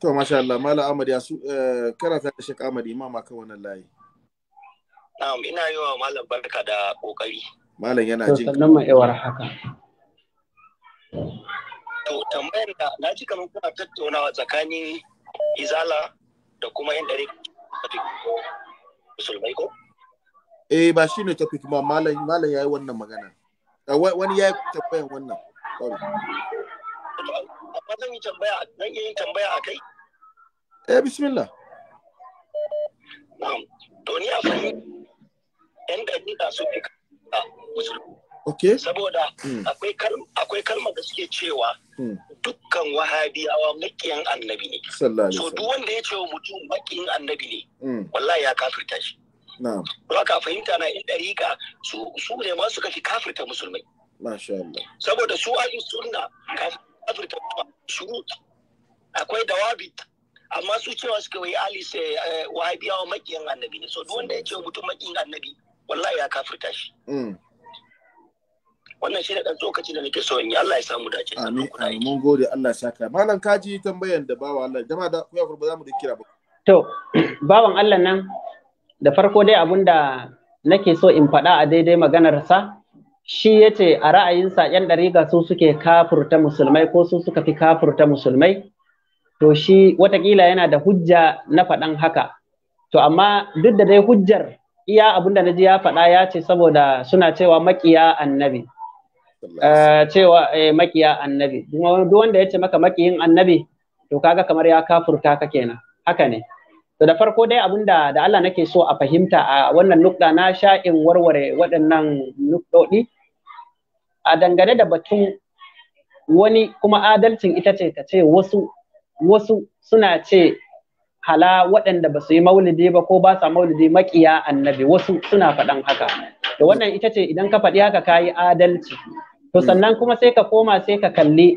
Speaker 1: To masha Allah Malam Ahmad ya su eh, karata da Sheikh Ahmad Imam akan wannan layi.
Speaker 4: Na'am ina yi wa Malam barka da
Speaker 1: kokari. Malam yana jin. To sannan ma yawar haka. To tambayar da na ji kamar
Speaker 3: kuna tattaunawa tsakanin izala da kuma yin dare musulmai ko?
Speaker 1: Eh ba shi ne topic ma malam malam yayi wannan magana. Ah, wani ya tabbayan wannan.
Speaker 5: Amma zan yi tambaya zan yin tambaya a kai?
Speaker 1: Eh bismillah. Na'am. To ni a fahimta
Speaker 5: 'yan ɗari da su fi musulmai. Saboda hmm. akwai kalmar da suke cewa hmm. dukkan wahabiyawa makiyan annabi ne. So duk wanda ya ce wa mutum makiyin annabi
Speaker 3: ne, hmm. wallahi ya kafirta shi. Ba ka fahimta na in ɗariƙa su ne ma suka fi kafirta musulmai. Saboda su ahlus sunna kafirta
Speaker 5: shuru akwai dawabit amma su cewa suka wai ali sai eh, wahabiyawa makiyan annabi ne. So duk wanda ya ce wa mutum makiyin annabi, wallahi ya kafirta shi.
Speaker 4: wannan shi ne dan tsokaci da nake so in yi Allah ya samu dace
Speaker 1: amin amin mun gode Allah ya saka malam kaji tambayan da bawa Allah jama'a da kuya ba za mu da kira ba to
Speaker 2: bawan Allah nan da farko dai abunda nake so in faɗa a daidai maganar sa shi yace a ra'ayinsa yan ɗariga su suke kafurta musulmai ko su suka fi kafurta musulmai to shi watakila yana da hujja na faɗan haka to amma duk da dai hujjar iya da na ji ya faɗa ya ce saboda suna cewa maƙiya annabi Eh, cewa eh, makiya annabi duk wanda ya ce maka makiyin annabi to kaga kamar ya kafurta ka kenan haka ne to da farko dai abin da Allah nake so a fahimta a wannan nukta na sha'in warware waɗannan nukdodi a dangane da batun wani kuma adalcin ita ce ka ce wasu wasu suna ce hala waɗanda ba su yi maulidi ba ko ba sa maulidi makiya annabi wasu suna faɗan haka To wannan ita ce idan ka faɗi haka kayi adalci to sannan kuma sai ka koma sai ka kalli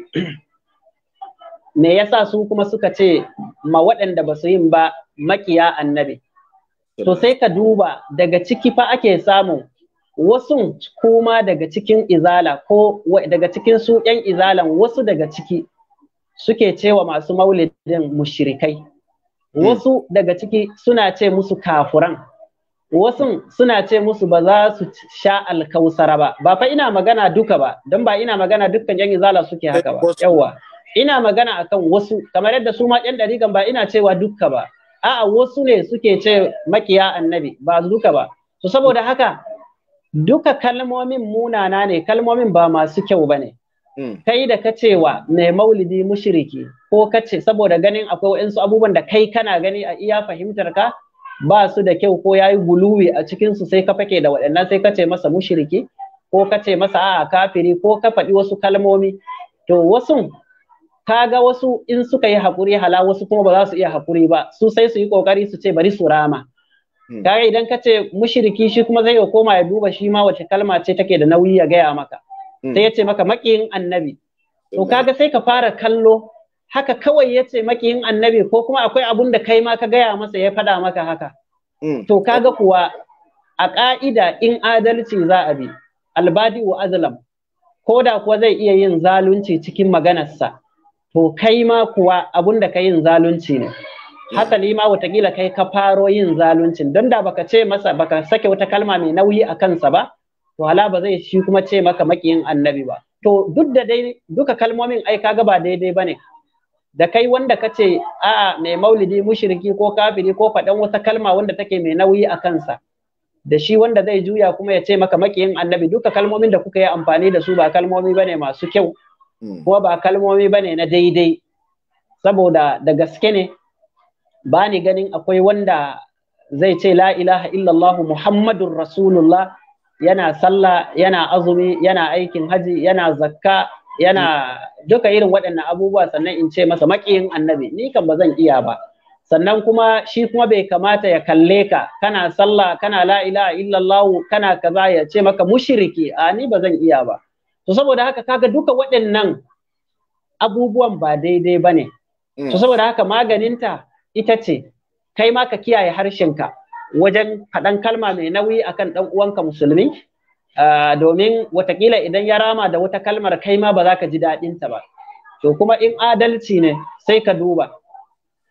Speaker 2: me yasa su kuma suka ce ma waɗanda ba su yin ba makiya annabi to sai ka duba daga ciki fa ake samu wasu kuma daga cikin izala ko daga cikin su ƴan izalan wasu daga ciki suke cewa masu maulidin mushrikai hmm. wasu daga ciki suna ce musu kafuran wasun suna ce musu ba za su sha alkausara ba ba fa ina magana duka ba don ba ina magana dukkan yan izala suke haka ba yawa ina magana akan wasu kamar yadda su ma yan darigan ba ina cewa duka ba a'a wasu ne suke ce makiya annabi ba duka ba to saboda haka duka kalmomin munana ne kalmomin ba masu kyau bane hmm. kai da ka cewa mai maulidi mushriki ko kace saboda ganin akwai waɗansu abubuwan da kai kana gani a iya fahimtar ka ba su da kyau ko yayi guluwi a cikinsu sai ka fake da waɗannan sai ka ce masa mushriki ko ka ce masa a kafiri ko ka faɗi wasu kalmomi to wasu ga wasu in suka yi haƙuri hala wasu kuma ba za su iya haƙuri ba su sai su yi ƙoƙari su ce bari su rama hmm. kaga idan ka ce mushriki shi kuma zai koma ya duba shi ma wace kalma ce take da nauyi ya gaya maka hmm. sai ya ce maka maƙiyin annabi to kaga sai ka fara kallo haka kawai ya ce makiyin annabi ko kuma akwai abun da kai ma ka gaya masa ya faɗa maka haka. Mm. To kaga kuwa a ƙa'ida in adalci za a bi, albadi wa azlam, ko da kuwa zai iya yin zalunci cikin maganarsa, to kai ma kuwa abun da ka yin zalunci ne. Hasali ma watakila kai ka faro yin zaluncin, don da baka ce masa baka sake wata kalma mai nauyi a kansa ba, to hala ba zai shi kuma ce maka makiyin annabi ba. To duk da dai duka kalmomin ai kaga ba daidai ba ne, da kai wanda kace ce a'a mai maulidi mushriki ko kafiri ko faɗan wata kalma wanda take mai nauyi a kansa da shi wanda zai juya kuma ya ce maka makiyin annabi duka kalmomin da kuka yi amfani da su ba kalmomi bane masu kyau hmm. kuma ba kalmomi bane na daidai saboda da gaske ne ba ni ganin akwai wanda zai ce la ilaha illallah muhammadun rasulullah yana sallah yana azumi yana aikin haji yana zakka yana duka irin waɗannan abubuwa sannan in ce masa maƙiyin annabi ni kan ba zan iya ba sannan kuma shi kuma bai kamata ya kalle ka kana sallah kana la ilaha illallah kana kaza ya ce maka mushriki a ni ba zan iya ba to saboda haka kaga duka waɗannan abubuwan ba daidai bane to saboda haka maganinta ita ce kai ma ka kiyaye harshenka wajen faɗan kalma mai nauyi akan ɗan uwanka musulmi Ah, domin watakila idan ya rama da wata kalmar kai ma ba za ka ji ta ba to kuma in adalci ne sai ka duba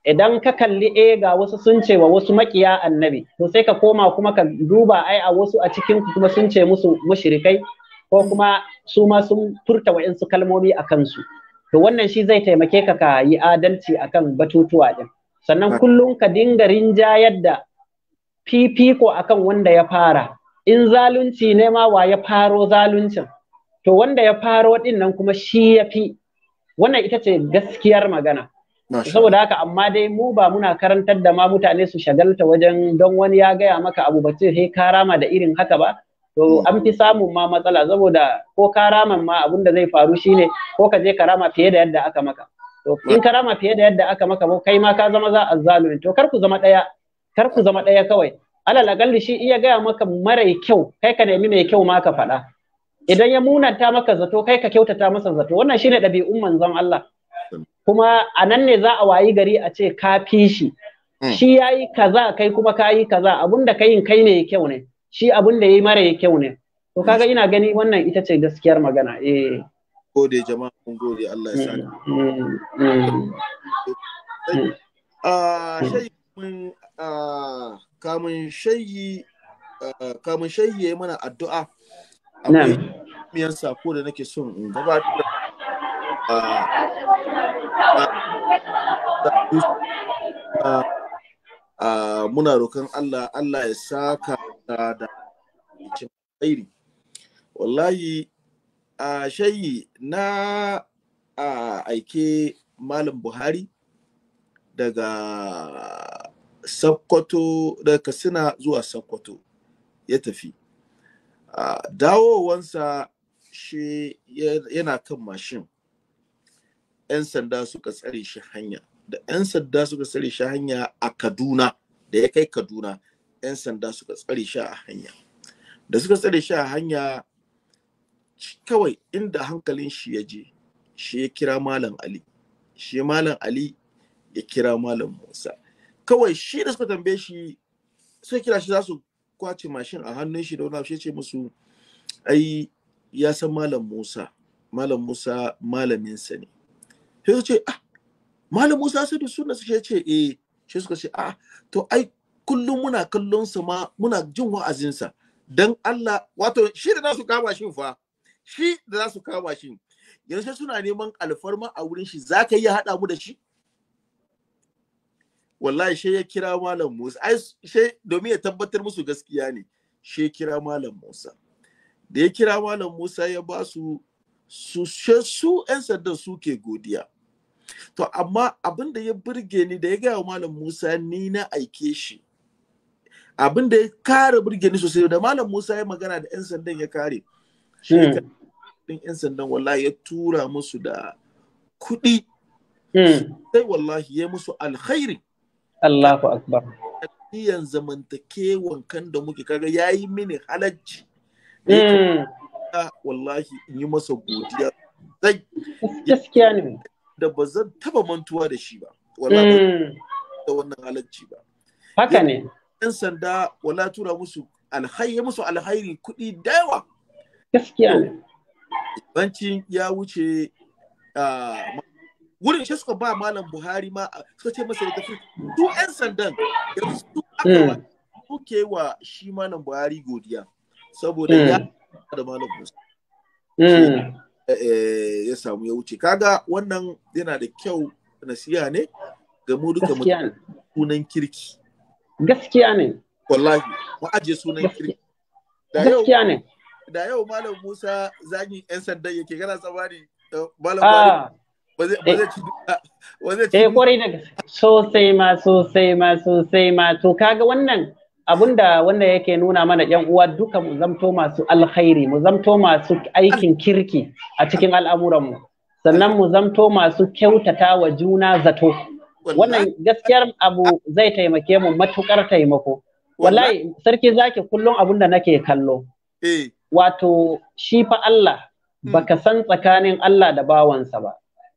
Speaker 2: idan ka kalli e ga wasu sun ce wa wasu makiya annabi to sai ka koma kuma ka duba ai a wasu a cikin kuma sun ce musu mushrikai ko kuma su ma sun furta wa'insu kalmomi a kansu to wannan shi zai taimake ka ka yi adalci akan batutuwa ɗin. sannan kullum ka dinga rinjayar da fifiko akan wanda ya fara in zalunci ne ma wa ya faro zaluncin to wanda ya faro din kuma shi ya fi wannan ita ce gaskiyar magana saboda haka amma dai mu ba muna karantar da ma mutane su shagalta wajen don wani ya gaya maka abu ba sai ka rama da irin haka ba to hmm. an fi samun ma matsala saboda ko ka rama ma abun da zai faru shine ko ka je ka rama fiye da yadda aka maka to in ka rama fiye da yadda aka maka ba kai ma ka zama za a zalumi to kar ku zama daya kar ku zama daya kawai alal agalli shi iya gaya maka mara kyau kai ka nemi mai kyau ma ka faɗa idan ya munanta maka zato kai ka kyautata masa zato wannan shine ɗabi'un manzon Allah kuma a nan ne za a wayi gari a ce ka fi shi hmm. shi yayi kaza kai kuma ka kaza abunda ka yin kai ne kyau ne shi abunda yayi mara kyau ne to kaga ina gani wannan ita ce gaskiyar magana eh
Speaker 1: gode jama'a kun gode Allah ya sa hmm. Hmm. ah sai mun ah kamun shayi ya eh, yi mana addu'a a miyan sako da nake son in a eh, muna roƙon Allah Allah ya saka da cikin tsairi wallahi a shayi na aike malam buhari daga Sokoto daga Katsina zuwa Sokoto ya tafi. Dawowansa shi yana kan mashin. 'Yan sanda suka tsare shi hanya. Da 'yan sanda suka tsare shi hanya a Kaduna, da ya kai Kaduna, 'yan sanda suka tsare shi a hanya. Da suka tsare shi a hanya kawai inda hankalin shi ya je, shi ya kira Malam Ali. Shi Malam Ali ya kira Malam Musa. kawai shi da suka tambaye shi suka kira shi za su kwace mashin a hannun shi da wani shi ce musu ai ya san malam musa malam musa malaminsa ne sai su ce ah malam musa sai da sunan su ce eh shi suka ce ah to ai kullum muna kallon sa ma muna jin wa'azinsa dan Allah wato shi da za su kama shi fa shi da za su kama shi yanzu suna neman alfarma a wurin shi za ka iya haɗa mu da shi wallahi shi ya kira malam Musa ai shi domin ya tabbatar musu gaskiya ne shi kira malam Musa da ya kira malam Musa ya ba su su su yan sandan suke godiya to amma abin da ya burge ni da ya gaya malam Musa ni na aike shi abin da ya kare burge ni sosai da malam Musa ya magana da yan sandan ya kare shi yan hmm. sandan wallahi ya tura musu da kuɗi hmm. sai wallahi ya musu alkhairi
Speaker 4: Allahu akbar
Speaker 1: tafiyan zamantakewan kan da muke kaga ya yi mini halacci
Speaker 4: hmm.
Speaker 1: wallahi in yi masa godiya zai gaskiya ne da ba zan taba mantuwa da shi ba wallahi hmm. da wannan halacci ba haka ne yan sanda wala tura musu alhairi musu alhairi kuɗi da yawa gaskiya ne Bancin ya wuce a ah, wurin shi suka ba malam buhari ma suka ce masa da su yan sandan yanzu su aka hmm. suke wa shi malam buhari godiya saboda ya hmm. da malam buhari hmm. eh, eh, ya samu ya wuce kaga wannan yana da kyau nasiya ne ga mu duka sunan kirki gaskiya ne wallahi mu aje sunan kirki gaskiya ne da yau malam musa zagi yan sandan yake gana tsammani eh, malam ah. buhari ba eh. ah, eh,
Speaker 2: sosai ma sosai ma sosai ma to kaga wannan abun wanda yake nuna mana yan uwa duka mu zamto masu alkhairi mu zamto masu aikin kirki a cikin al'amuran mu sannan mu zamto masu kyautata wa juna zato wannan gaskiyar abu zai taimake mu matukar taimako wallahi sarki zaki kullum abun da nake kallo eh. wato shi fa Allah hmm. baka san tsakanin Allah da bawansa ba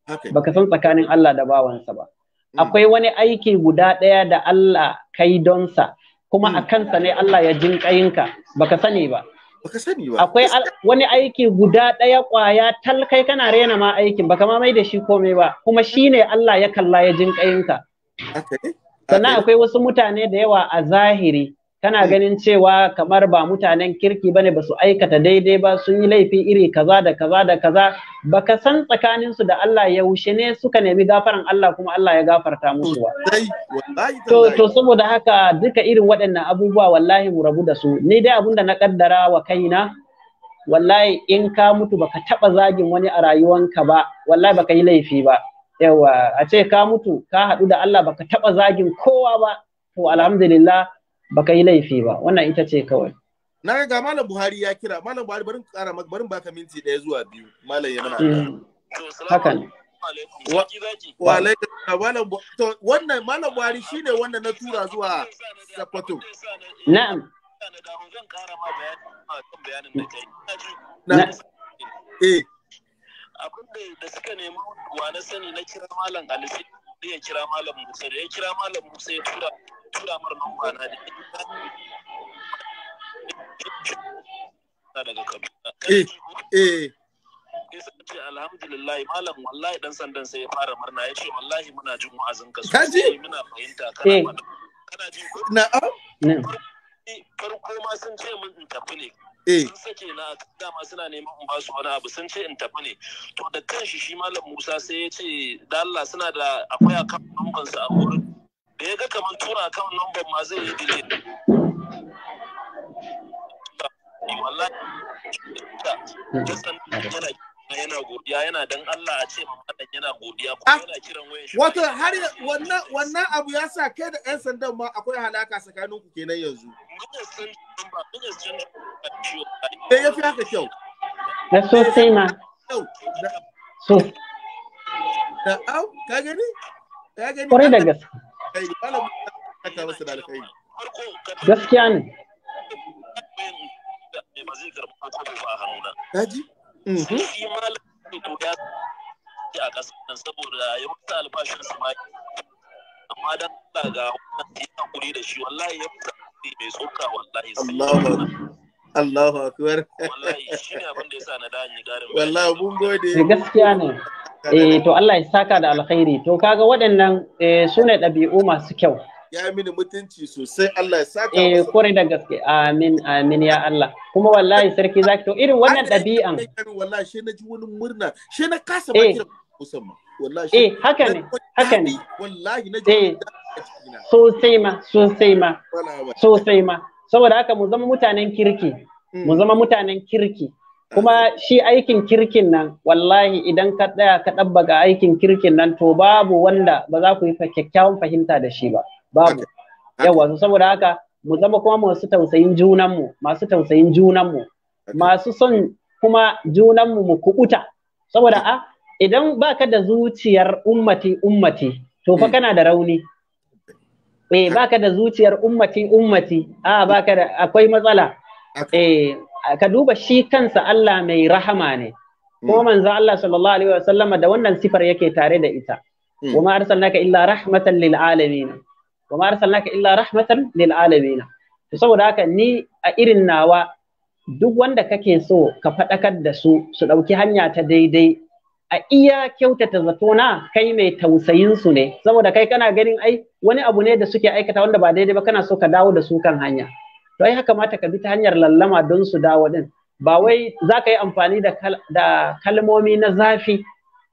Speaker 2: baka san tsakanin Allah da bawansa ba hmm. akwai wani aiki guda ɗaya da Allah kai don sa kuma hmm. a kansa ne Allah ya jin kayinka baka sani ba baka sani ba akwai wani aiki guda ɗaya kwaya talkai kana rena ma aikin baka ma mai da shi komai ba kuma shi ne Allah ya kalla ya jin kayinka sannan akwai wasu mutane da yawa a zahiri kana ganin cewa kamar ba mutanen kirki bane ba su aikata daidai ba sun yi laifi iri kaza da kaza da kaza baka san tsakanin su da Allah yaushe ne suka nemi gafaran Allah kuma Allah ya gafarta musu ba to to saboda haka duka irin waɗannan abubuwa wallahi mu rabu da su ni dai da na kaddara wa kaina wallahi in ka mutu baka taba zagin wani a rayuwanka ba wallahi baka yi laifi ba yawa a ce ka mutu ka haɗu da Allah baka taba zagin kowa ba to alhamdulillah baka yi laifi ba wannan ita ce kawai
Speaker 1: na ga malam buhari ya kira malam buhari barin kara barin baka minti ɗaya zuwa biyu malam ya mana mm. haka ne wannan malam buhari shi ne wannan na tura zuwa sakwato
Speaker 2: na'am eh abin
Speaker 4: da suka nemi wa na sani na kira malam alisi ya kira malam musa da ya kira malam musa ya tura tura mar lamba da daga Kaduna.
Speaker 1: Eh, eh.
Speaker 4: alhamdulillah malam wallahi dan sandan sai ya fara murna yace wallahi muna jin wa'azin ka
Speaker 1: sosai muna fahimta kana eh. kana ji ko?
Speaker 6: Na'am. Farko ma sun ce mun in tafi ne. Eh. sun sake na dama suna
Speaker 4: neman in basu wani abu sun ce in tafi ne to da kanshi shi malam musa sai ya ce da Allah suna da akwai akan bankan a wurin da ya ga kamar tura kan lambar ma zai yi dile yana godiya yana dan Allah a ce yana godiya ko ah, yana kiran wayan shi wato har
Speaker 1: wannan wannan abu ya sa kai da ma akwai halaka tsakanin ku kenan ya fi haka kyau
Speaker 2: da sosai ma
Speaker 1: ka gani ka gani kwarai da gaske
Speaker 2: gaskiya ne
Speaker 4: zai mm-hmm. karɓi a daji a nan saboda albashin su
Speaker 1: Allahu akbar wallahi shi ne abin da na garin wallahi mun gode gaskiya
Speaker 2: ne eh to Allah ya saka da alkhairi to kaga waɗannan eh, sune ne ɗabi'u masu kyau
Speaker 1: ya mini mutunci sosai Allah ya saka eh
Speaker 2: kore da gaske amin amin ya Allah kuma wallahi sarki zaki to irin wannan dabi'an
Speaker 1: wallahi shi na ji wani murna shi na kasa ba eh. musamman wallahi
Speaker 2: eh haka ne haka ne
Speaker 1: wallahi na ji eh.
Speaker 2: sosai ma sosai ma sosai ma saboda haka mu zama mutanen kirki hmm. mu zama mutanen kirki kuma shi aikin kirkin nan wallahi idan ka tsaya ka ɗabbaga aikin kirkin nan to babu wanda ba za ku yi kyakkyawan fahimta da shi ba babu yawa saboda haka mu zama kuma masu tausayin junanmu masu tausayin junanmu masu son kuma junanmu mu kubuta saboda a idan baka da zuciyar ummati ummati to fa hmm. kana da rauni eh baka da zuciyar ummati ummati a baka da akwai matsala eh ka duba shi kansa Allah mai rahama ne ko hmm. manzo Allah sallallahu alaihi wasallam da wannan sifar yake tare da ita hmm. wama arsalnaka illa rahmatan lil alamin wama arsalnaka illa rahmatan lil alamin saboda haka ni a irin nawa duk wanda kake so ka faɗakar da su su ɗauki hanya ta daidai a iya kyautata zatona kai mai tausayin su ne saboda kai kana ganin ai wani abu ne da suke aikata wanda ba daidai ba kana so ka dawo da su kan hanya to ai haka kamata ka bi ta hanyar lallama don su dawo din ba wai za ka yi amfani da, kal, da kalmomi na zafi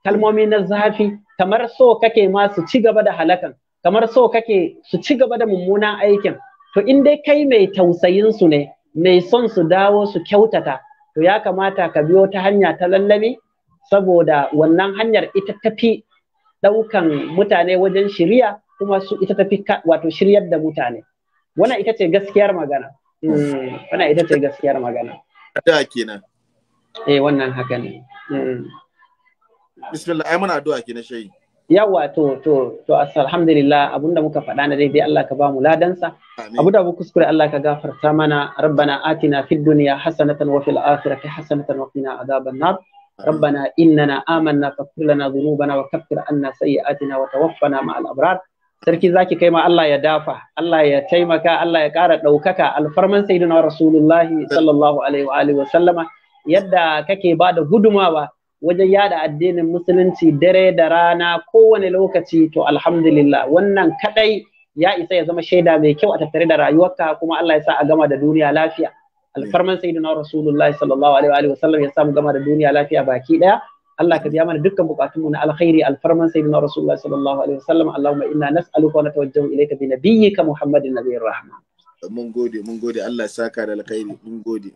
Speaker 2: kalmomi na zafi kamar so kake ma su ci gaba da halakan kamar so kake su ci gaba da mummunan aikin to in dai kai mai tausayin su ne mai son su dawo su kyautata to ya kamata ka biyo ta hanya ta lallami saboda wannan hanyar ita tafi ɗaukan mutane wajen shirya kuma su ita tafi wato shiryar da mutane wannan ita ce gaskiyar magana
Speaker 1: hmm,
Speaker 2: wannan ita ce gaskiyar magana
Speaker 1: da kenan eh wannan haka ne hmm. bismillah ai muna addu'a kenan shayi
Speaker 2: yawa to to to alhamdulillah abunda muka faɗa na daidai Allah ka ba mu ladansa abu da mu kuskure Allah ka gafarta mana rabbana atina fid dunya hasanatan wa fil akhirati hasanatan wa qina adhaban nar ربنا إننا آمنا فاغفر لنا ذنوبنا وكفر عنا سيئاتنا وتوفنا مع الأبرار sarki zaki kai ma Allah ya dafa Allah ya taimaka Allah ya kara ɗaukaka alfarman sayyidina rasulullahi sallallahu alaihi wa alihi wa sallama yadda kake ba da gudumawa wajen yada addinin musulunci dare da rana kowane lokaci to alhamdulillah wannan kadai ya isa ya zama shaida mai kyau a tattare da rayuwarka kuma Allah ya sa a gama da duniya lafiya alfarman sayyidina rasulullahi sallallahu alaihi wa alihi wa sallam ya samu gama da duniya lafiya baki daya Allah ka biya mana dukkan bukatunmu na alkhairi alfarman sayyidina
Speaker 5: rasulullah sallallahu alaihi wasallam Allahumma inna nas'aluka wa natawajjahu ilayka bi nabiyyika Muhammadin nabiyir Rahma. mun gode mun gode Allah ya saka da alkhairi
Speaker 1: mun gode